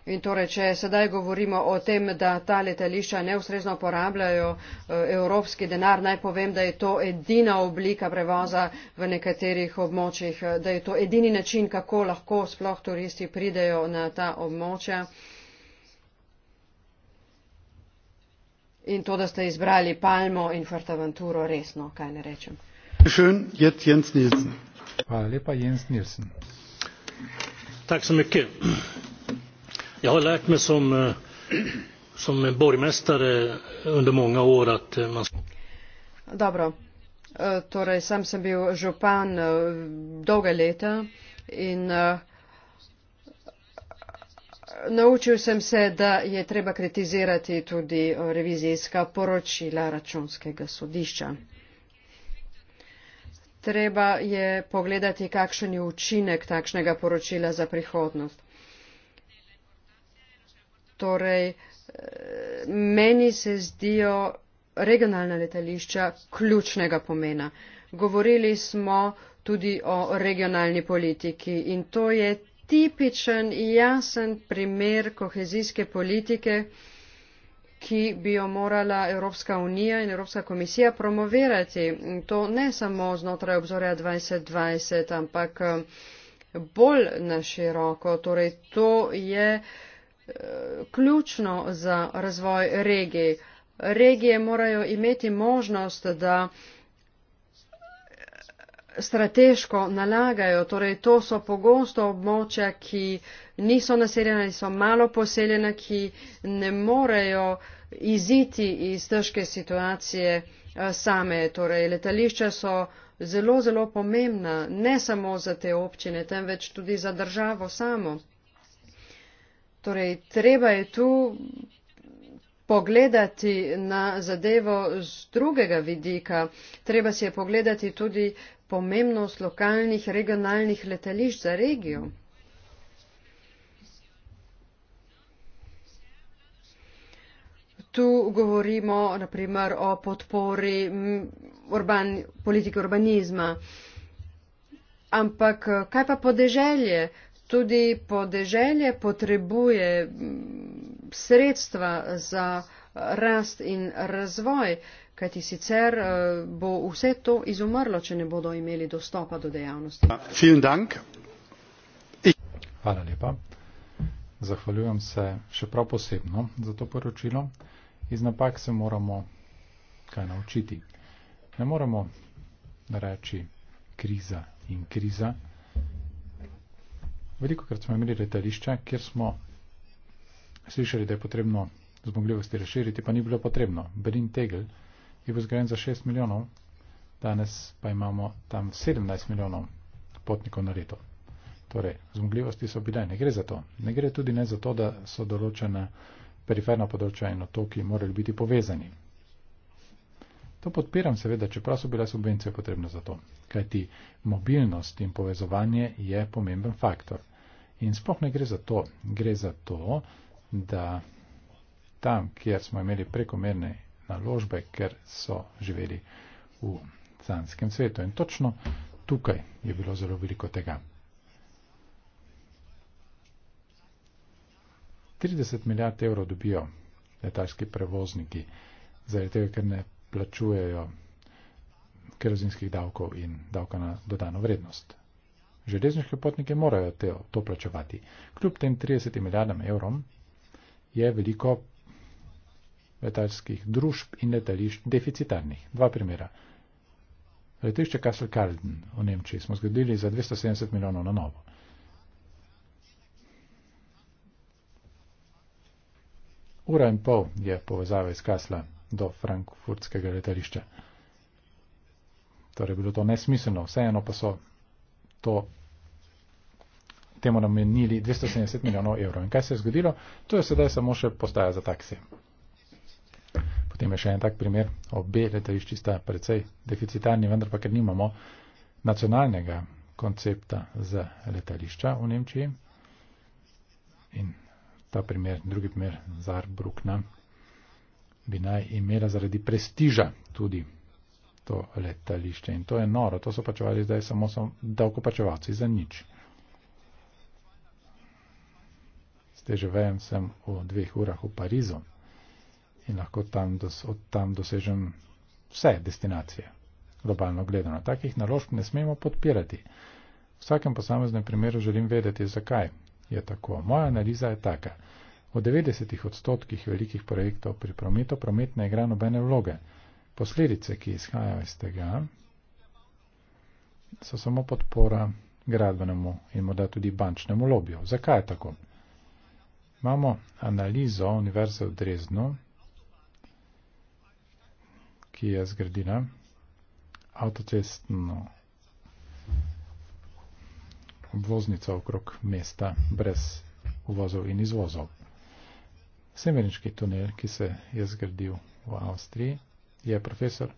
In torej, če sedaj govorimo o tem, da ta letališča neustrezno porabljajo eh, evropski denar, naj povem, da je to edina oblika prevoza v nekaterih območjih, da je to edini način, kako lahko sploh turisti pridejo na ta območja. in to, da ste izbrali Palmo in Fuerteventuro resno, kaj ne rečem. Schön, jetzt Jens Nielsen. Hvala lepa, Jens Nielsen. Tak sem ekip. Jeg har lært meg som, eh, som borgmester under mange år at eh, man Dobro. Eh, torej, sam sem bil župan dolga leta in naučil sem se, da je treba kritizirati tudi eh, revizijska poročila računskega sodišča. Treba je pogledati, kakšen je učinek takšnega poročila za prihodnost. Torej, eh, meni se zdijo regionalna letališča ključnega pomena. Govorili smo tudi o regionalni politiki in to je tipičen, jasen primer kohezijske politike, ki bi jo morala Evropska unija in Evropska komisija promovirati. To ne samo znotraj obzorja 2020, ampak bolj na široko. Torej, to je ključno za razvoj regij. Regije morajo imeti možnost, da strateško nalagajo. Torej, to so pogosto območja, ki niso naseljena in so malo poseljena, ki ne morejo iziti iz težke situacije eh, same. Torej, letališča so zelo, zelo pomembna, ne samo za te občine, temveč tudi za državo samo. Torej, treba je tu pogledati na zadevo z drugega vidika. Treba si je pogledati tudi pomembnost lokalnih regionalnih letališč za regijo. Tu govorimo naprimer o podpori urban, politike urbanizma. Ampak kaj pa podeželje? Tudi podeželje potrebuje sredstva za rast in razvoj kajti sicer eh, bo vse to izumrlo, če ne bodo imeli dostopa do dejavnosti. Hvala lepa. Zahvaljujem se še prav posebno za to poročilo. Iz napak se moramo kaj naučiti. Ne moramo reči kriza in kriza. Veliko krat smo imeli letališča, kjer smo slišali, da je potrebno zmogljivosti razširiti, pa ni bilo potrebno. Berlin Tegel je bil zgrajen za 6 milijonov, danes pa imamo tam 17 milijonov potnikov na leto. Torej, zmogljivosti so bile, ne gre za to. Ne gre tudi ne za to, da so določena periferna področja in otoki morali biti povezani. To podpiram seveda, čeprav so bile subvencije potrebne za to, kajti mobilnost in povezovanje je pomemben faktor. In sploh ne gre za to, gre za to, da tam, kjer smo imeli prekomerne naložbe, ker so živeli v canskem svetu. In točno tukaj je bilo zelo veliko tega. 30 milijard evrov dobijo letalski prevozniki, zaradi tega, ker ne plačujejo kerozinskih davkov in davka na dodano vrednost. Železniške potnike morajo te, to plačevati. Kljub tem 30 milijardam evrom je veliko letalskih družb in letališč deficitarnih. Dva primera. Letišče Kassel Kalden v Nemčiji smo zgradili za 270 milijonov na novo. Ura in pol je povezava iz Kassla do frankfurtskega letališča. Torej, bilo to nesmiselno, vseeno pa so to temu namenili 270 milijonov evrov. In kaj se je zgodilo? To je sedaj samo še postaja za taksije. Potem je še en tak primer, obe letališči sta precej deficitarni, vendar pa ker nimamo nacionalnega koncepta za letališča v Nemčiji. In ta primer, drugi primer, Zarbrukna, bi naj imela zaradi prestiža tudi to letališče. In to je noro, to so pačevali zdaj samo so davkopačevalci za nič. S teže vejem sem v dveh urah v Parizu in lahko tam dos, od tam dosežem vse destinacije, globalno gledano. Takih naložb ne smemo podpirati. V vsakem posameznem primeru želim vedeti, zakaj je tako. Moja analiza je taka. V 90 odstotkih velikih projektov pri prometu promet ne igra nobene vloge. Posledice, ki izhajajo iz tega, so samo podpora gradbenemu in morda tudi bančnemu lobiju. Zakaj je tako? Imamo analizo Univerze v Dresdnu, ki je zgradila avtocestno obvoznico okrog mesta brez uvozov in izvozov. Semerniški tunel, ki se je zgradil v Avstriji, je profesor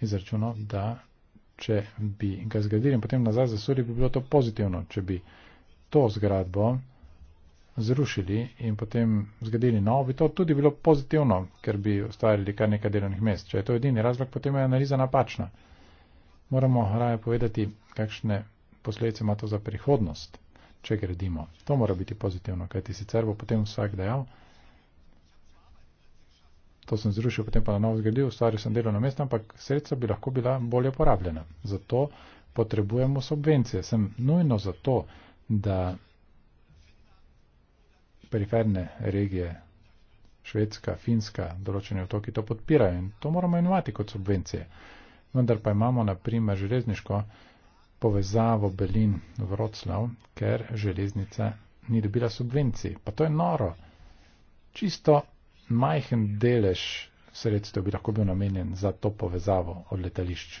izračunal, da če bi ga zgradili in potem nazaj zasuri, bi bilo to pozitivno, če bi to zgradbo zrušili in potem zgradili novo, bi to tudi bilo pozitivno, ker bi ustvarili kar nekaj delovnih mest. Če je to edini razlog, potem je analiza napačna. Moramo raje povedati, kakšne posledice ima to za prihodnost, če gradimo. To mora biti pozitivno, kajti sicer bo potem vsak dejal, to sem zrušil, potem pa na novo zgradil, ustvaril sem delovno mesto, ampak sredstva bi lahko bila bolje porabljena. Zato potrebujemo subvencije. Sem nujno zato, da periferne regije, Švedska, Finska, določene otoki to podpirajo in to moramo imenovati kot subvencije. Vendar pa imamo na primer železniško povezavo Belin-Vroclav, ker železnica ni dobila subvencij. Pa to je noro. Čisto majhen delež sredstev bi lahko bil namenjen za to povezavo od letališč.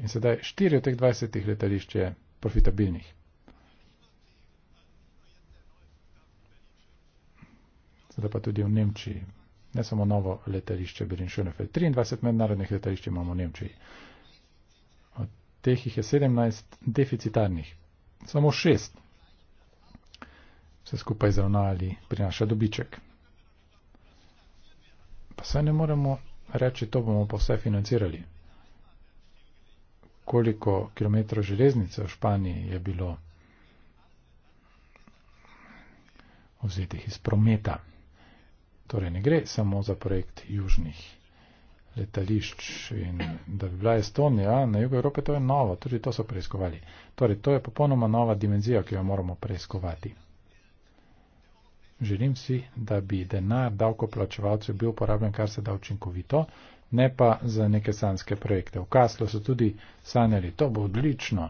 In sedaj štiri od teh 20 letališč je profitabilnih. zdaj pa tudi v Nemčiji. Ne samo novo letališče Berinšunefeld. 23 mednarodnih letališč imamo v Nemčiji. Od teh jih je 17 deficitarnih. Samo šest se skupaj zravnali prinaša dobiček. Pa saj ne moremo reči, to bomo pa vse financirali. Koliko kilometrov železnice v Španiji je bilo vzetih iz prometa. Torej ne gre samo za projekt južnih letališč in da bi bila Estonija na jugu Evrope, to je novo, tudi to so preiskovali. Torej, to je popolnoma nova dimenzija, ki jo moramo preiskovati. Želim si, da bi denar davkoplačevalcev bil uporabljen kar se da učinkovito, ne pa za neke sanske projekte. V Kaslu so tudi sanjali, to bo odlično,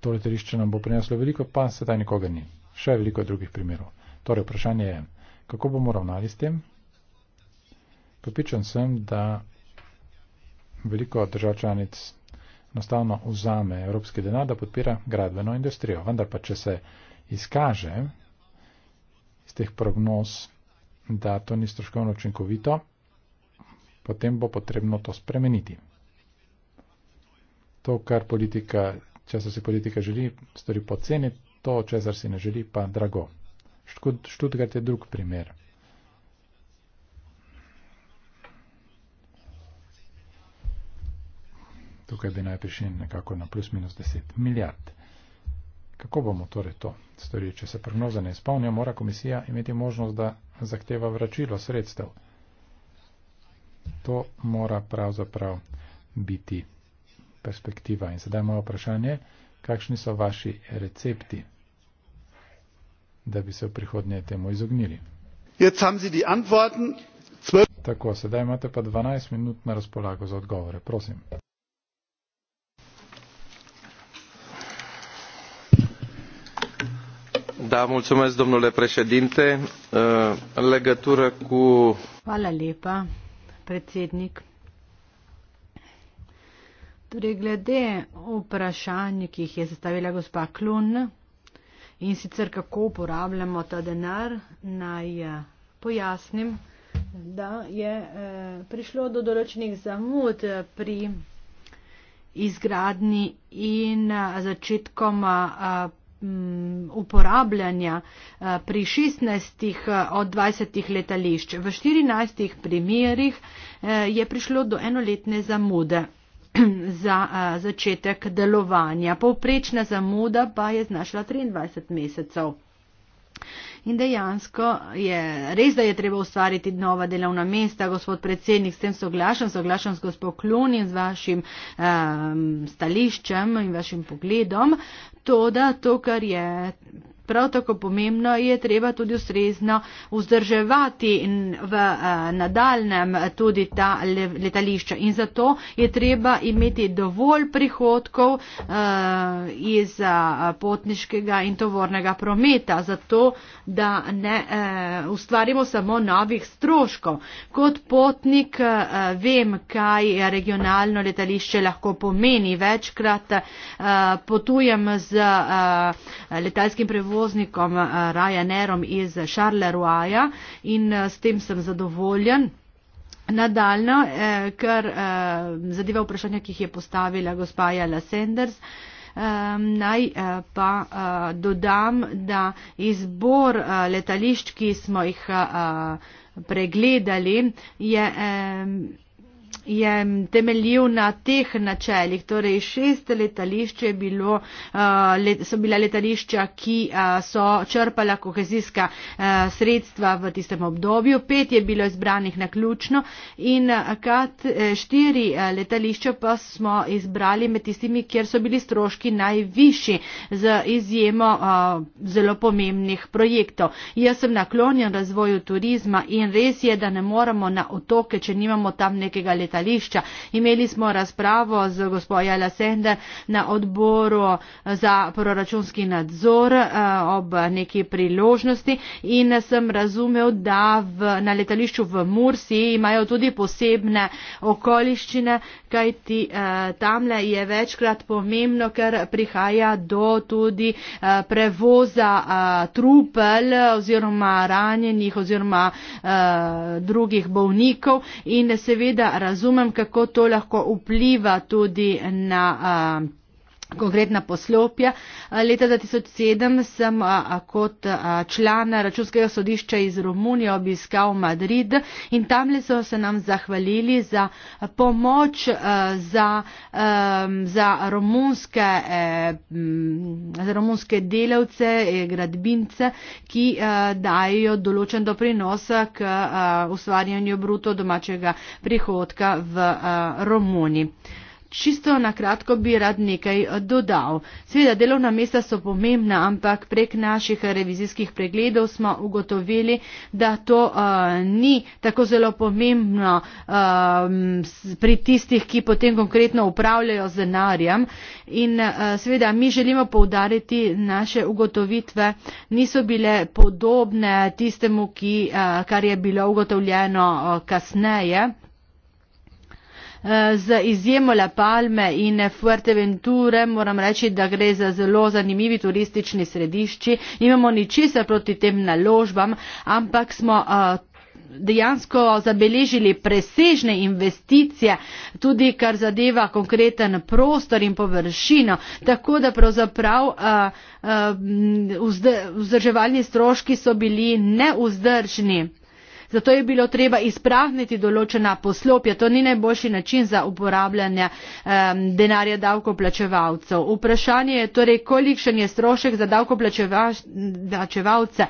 to letališče nam bo prineslo veliko, pa sedaj nikoga ni. Še veliko drugih primerov. Torej, vprašanje je. Kako bomo ravnali s tem? Pripričan sem, da veliko držav članic enostavno vzame evropski denar, da podpira gradveno industrijo. Vendar pa, če se izkaže iz teh prognoz, da to ni stroškovno učinkovito, potem bo potrebno to spremeniti. To, kar politika, če se politika želi, stori poceni, to, česar si ne želi, pa drago. Študgart je drug primer. Tukaj bi naj prišli nekako na plus minus 10 milijard. Kako bomo torej to storili? Če se prognoze ne izpolnijo, mora komisija imeti možnost, da zahteva vračilo sredstev. To mora pravzaprav biti perspektiva. In sedaj moje vprašanje, kakšni so vaši recepti? da bi se v prihodnje temu izognili. Tako, sedaj imate pa 12 minut na razpolago za odgovore. Prosim. Da, mulțumesc, domnule președinte. În legătură cu... Hvala lepa, predsednik. Torej, glede vprašanj, ki jih je zastavila gospa Klun, in sicer kako uporabljamo ta denar, naj eh, pojasnim, da je eh, prišlo do določenih zamud eh, pri izgradni in začetkom uporabljanja pri 16 od 20 letališč. V 14 primerjih je prišlo do enoletne zamude. za začetek delovanja. Povprečna zamuda pa je znašla 23 mesecev. In dejansko je res, da je treba ustvariti nova delovna mesta, gospod predsednik, s tem soglašam, soglašam s gospod Klunin, z vašim um, stališčem in vašim pogledom. To, da to, kar je Prav tako pomembno je treba tudi ustrezno vzdrževati in v eh, nadaljem tudi ta letališča. In zato je treba imeti dovolj prihodkov eh, iz eh, potniškega in tovornega prometa, zato da ne ustvarimo samo novih stroškov. Kot potnik vem, kaj regionalno letališče lahko pomeni. Večkrat potujem z letalskim prevozom voznikom eh, Ryanairom iz Charleroi-ja in eh, s tem sem zadovoljen. Nadaljno, eh, ker eh, zadeva vprašanja, ki jih je postavila gospa Jala Sanders, eh, naj eh, pa eh, dodam, da izbor eh, letališč, ki smo jih eh, pregledali, je. Eh, je temeljil na teh načeljih. Torej, šest letališče je bilo, uh, so bila letališča, ki uh, so črpala kohezijska uh, sredstva v tistem obdobju, pet je bilo izbranih na ključno in kat, štiri letališča pa smo izbrali med tistimi, kjer so bili stroški najvišji z izjemo zelo pomembnih projektov. Jaz sem naklonjen razvoju turizma in res je, da ne moremo na otoke, če nimamo tam nekega letališča letališča. Imeli smo razpravo z gospoja Lasende na odboru eh, za proračunski nadzor eh, ob neki priložnosti in sem razumel, da v, na letališču v Mursi imajo tudi posebne okoliščine, kajti eh, tamle je večkrat pomembno, ker prihaja do tudi prevoza trupel oziroma ranjenih oziroma drugih bolnikov in seveda razumel, razumem, kako to lahko vpliva tudi na um, konkretna poslopja. Leta 2007 sem kot član računskega sodišča iz Romunije obiskal Madrid in tam so se nam zahvalili za pomoč za, za, romunske, e, za romunske delavce, e, gradbince, ki dajo določen doprinos k ustvarjanju bruto domačega prihodka v Romuniji. Čisto na kratko bi rad nekaj eh, dodal. Sveda delovna mesta so pomembna, ampak prek naših revizijskih pregledov smo ugotovili, da to uh, ni tako zelo pomembno um, pri tistih, ki potem konkretno upravljajo z denarjem. In uh, eh, sveda mi želimo povdariti, naše ugotovitve niso bile podobne tistemu, ki, uh, kar je bilo ugotovljeno uh, kasneje z izjemo Le Palme in Fuerteventure moram reči, da gre za zelo zanimivi turistični središči. Nimamo ničesar proti tem naložbam, ampak smo. Uh, dejansko zabeležili presežne investicije, tudi kar zadeva konkreten prostor in površino, tako da pravzaprav uh, uh, vzdrževalni stroški so bili neuzdržni zato je bilo treba izprahniti določena poslopja to ni najboljši način za uporabljanje um, denarja davkoplačevalcev vprašanje je torej kolikšen je strošek za davkoplačevalce plačeva,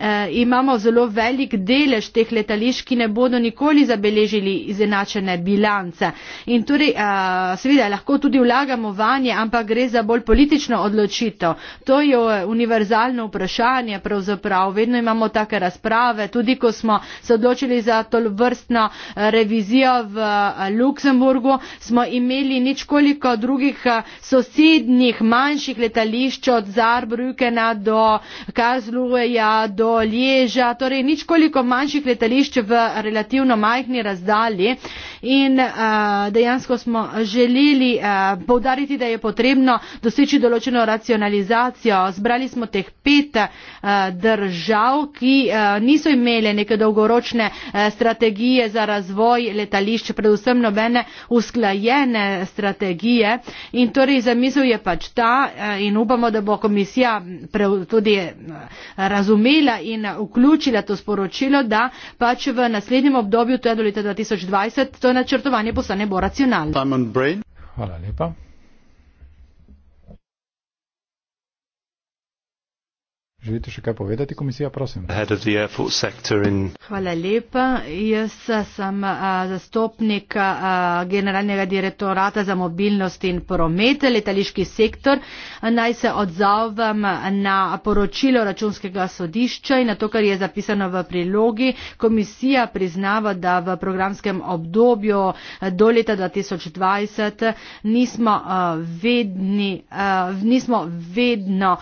eh, imamo zelo velik delež teh letališč, ki ne bodo nikoli zabeležili izenačene bilance. In torej, eh, seveda, lahko tudi vlagamo vanje, ampak gre za bolj politično odločitev. To je eh, univerzalno vprašanje, pravzaprav vedno imamo take razprave, tudi ko smo se odločili za to vrstno eh, revizijo v eh, Luksemburgu, smo imeli ničkoliko drugih sosednjih manjših letališč od Zarbrukena do Kazlueja, do do Lježa, torej ničkoliko manjših letališč v relativno majhni razdalji. In uh, dejansko smo želeli uh, eh, povdariti, da je potrebno doseči določeno racionalizacijo. Zbrali smo teh pet uh, držav, ki uh, niso imele neke dolgoročne uh, strategije za razvoj letališč, predvsem nobene usklajene strategije. In torej zamisel je pač ta uh, in upamo, da bo komisija prav, tudi uh, razumela in vključila to sporočilo, da pač v naslednjem obdobju, to je do leta 2020, to načrtovanje postane bolj racionalno. Hvala lepa. Želite še kaj povedati, komisija, prosim? Hvala lepa. Jaz sem zastopnik generalnega direktorata za mobilnost in promet, letališki sektor. Naj se odzovem na poročilo računskega sodišča in na to, kar je zapisano v prilogi. Komisija priznava, da v programskem obdobju do leta 2020 nismo, vedni, nismo vedno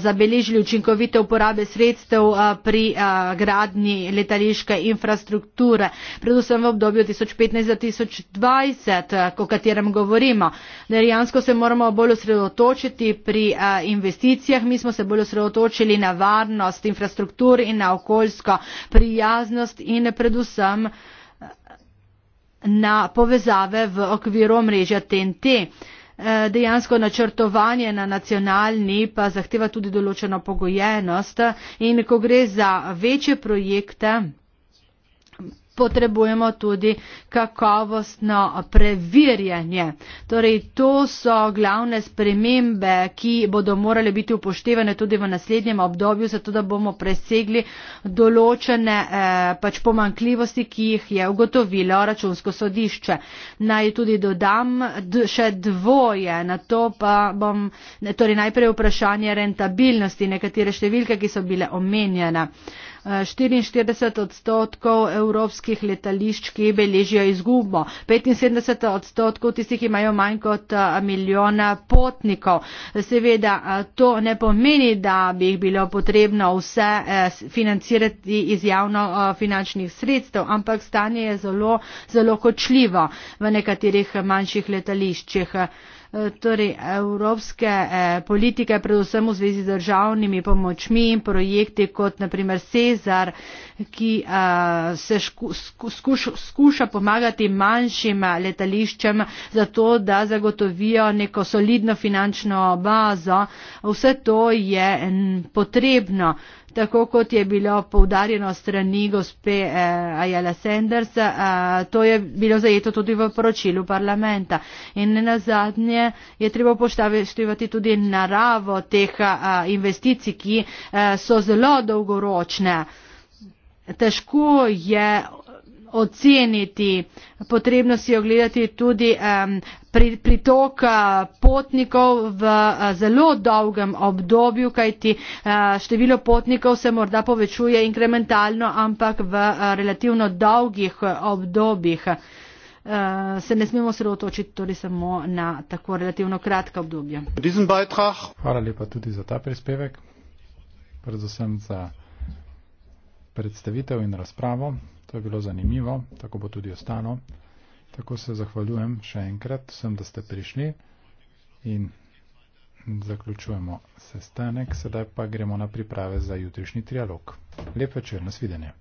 zabeležili učinkovitosti učinkovite uporabe sredstev pri gradnji letališke infrastrukture, predvsem v obdobju 2015-2020, o katerem govorimo. Dejansko se moramo bolj osredotočiti pri investicijah, mi smo se bolj osredotočili na varnost infrastruktur in na okoljsko prijaznost in predvsem na povezave v okviru omrežja TNT. Eh, dejansko načrtovanje na nacionalni pa zahteva tudi določeno pogojenost in ko gre za večje projekte potrebujemo tudi kakovostno preverjanje. Torej, to so glavne spremembe, ki bodo morale biti upoštevane tudi v naslednjem obdobju, zato da bomo presegli določene eh, pač pomankljivosti, ki jih je ugotovilo računsko sodišče. Naj tudi dodam še dvoje, na to pa bom torej najprej vprašanje rentabilnosti, nekatere številke, ki so bile omenjene. Eh, štiriinštirideset odstotkov evropskih letališč, ki beležijo izgubo, petinsedemdeset odstotkov tistih, ki imajo manj kot eh, milijon potnikov. Seveda eh, to ne pomeni, da bi jih bilo potrebno vse eh, financirati iz javno finančnih sredstev, ampak stanje je zelo, zelo kočljivo v nekaterih manjših letališčih torej evropske eh, politike, predvsem v zvezi z državnimi pomočmi in projekti kot naprimer Cezar, ki eh, se skuša, skuša pomagati manjšim eh, letališčem za to, da zagotovijo neko solidno finančno bazo. Vse to je potrebno tako kot je bilo poudarjeno strani gospe eh, Ayala Sanders, eh, to je bilo zajeto tudi v poročilu parlamenta. In na zadnje je treba poštavištivati tudi naravo teh eh, investicij, ki eh, so zelo dolgoročne. Težko je oceniti, potrebno si ogledati tudi um, pri, pritok eh, potnikov v eh, zelo dolgem obdobju, kajti eh, število potnikov se morda povečuje inkrementalno, ampak v relativno dolgih obdobjih se ne smemo sredotočiti tudi samo na tako relativno kratka obdobja. Hvala lepa tudi za ta prispevek, predvsem za predstavitev in razpravo. To je bilo zanimivo, tako bo tudi ostalo. Tako se zahvaljujem še enkrat vsem, da ste prišli in zaključujemo sestanek. Sedaj pa gremo na priprave za jutrišnji trialog. Lep večer, nasvidenje.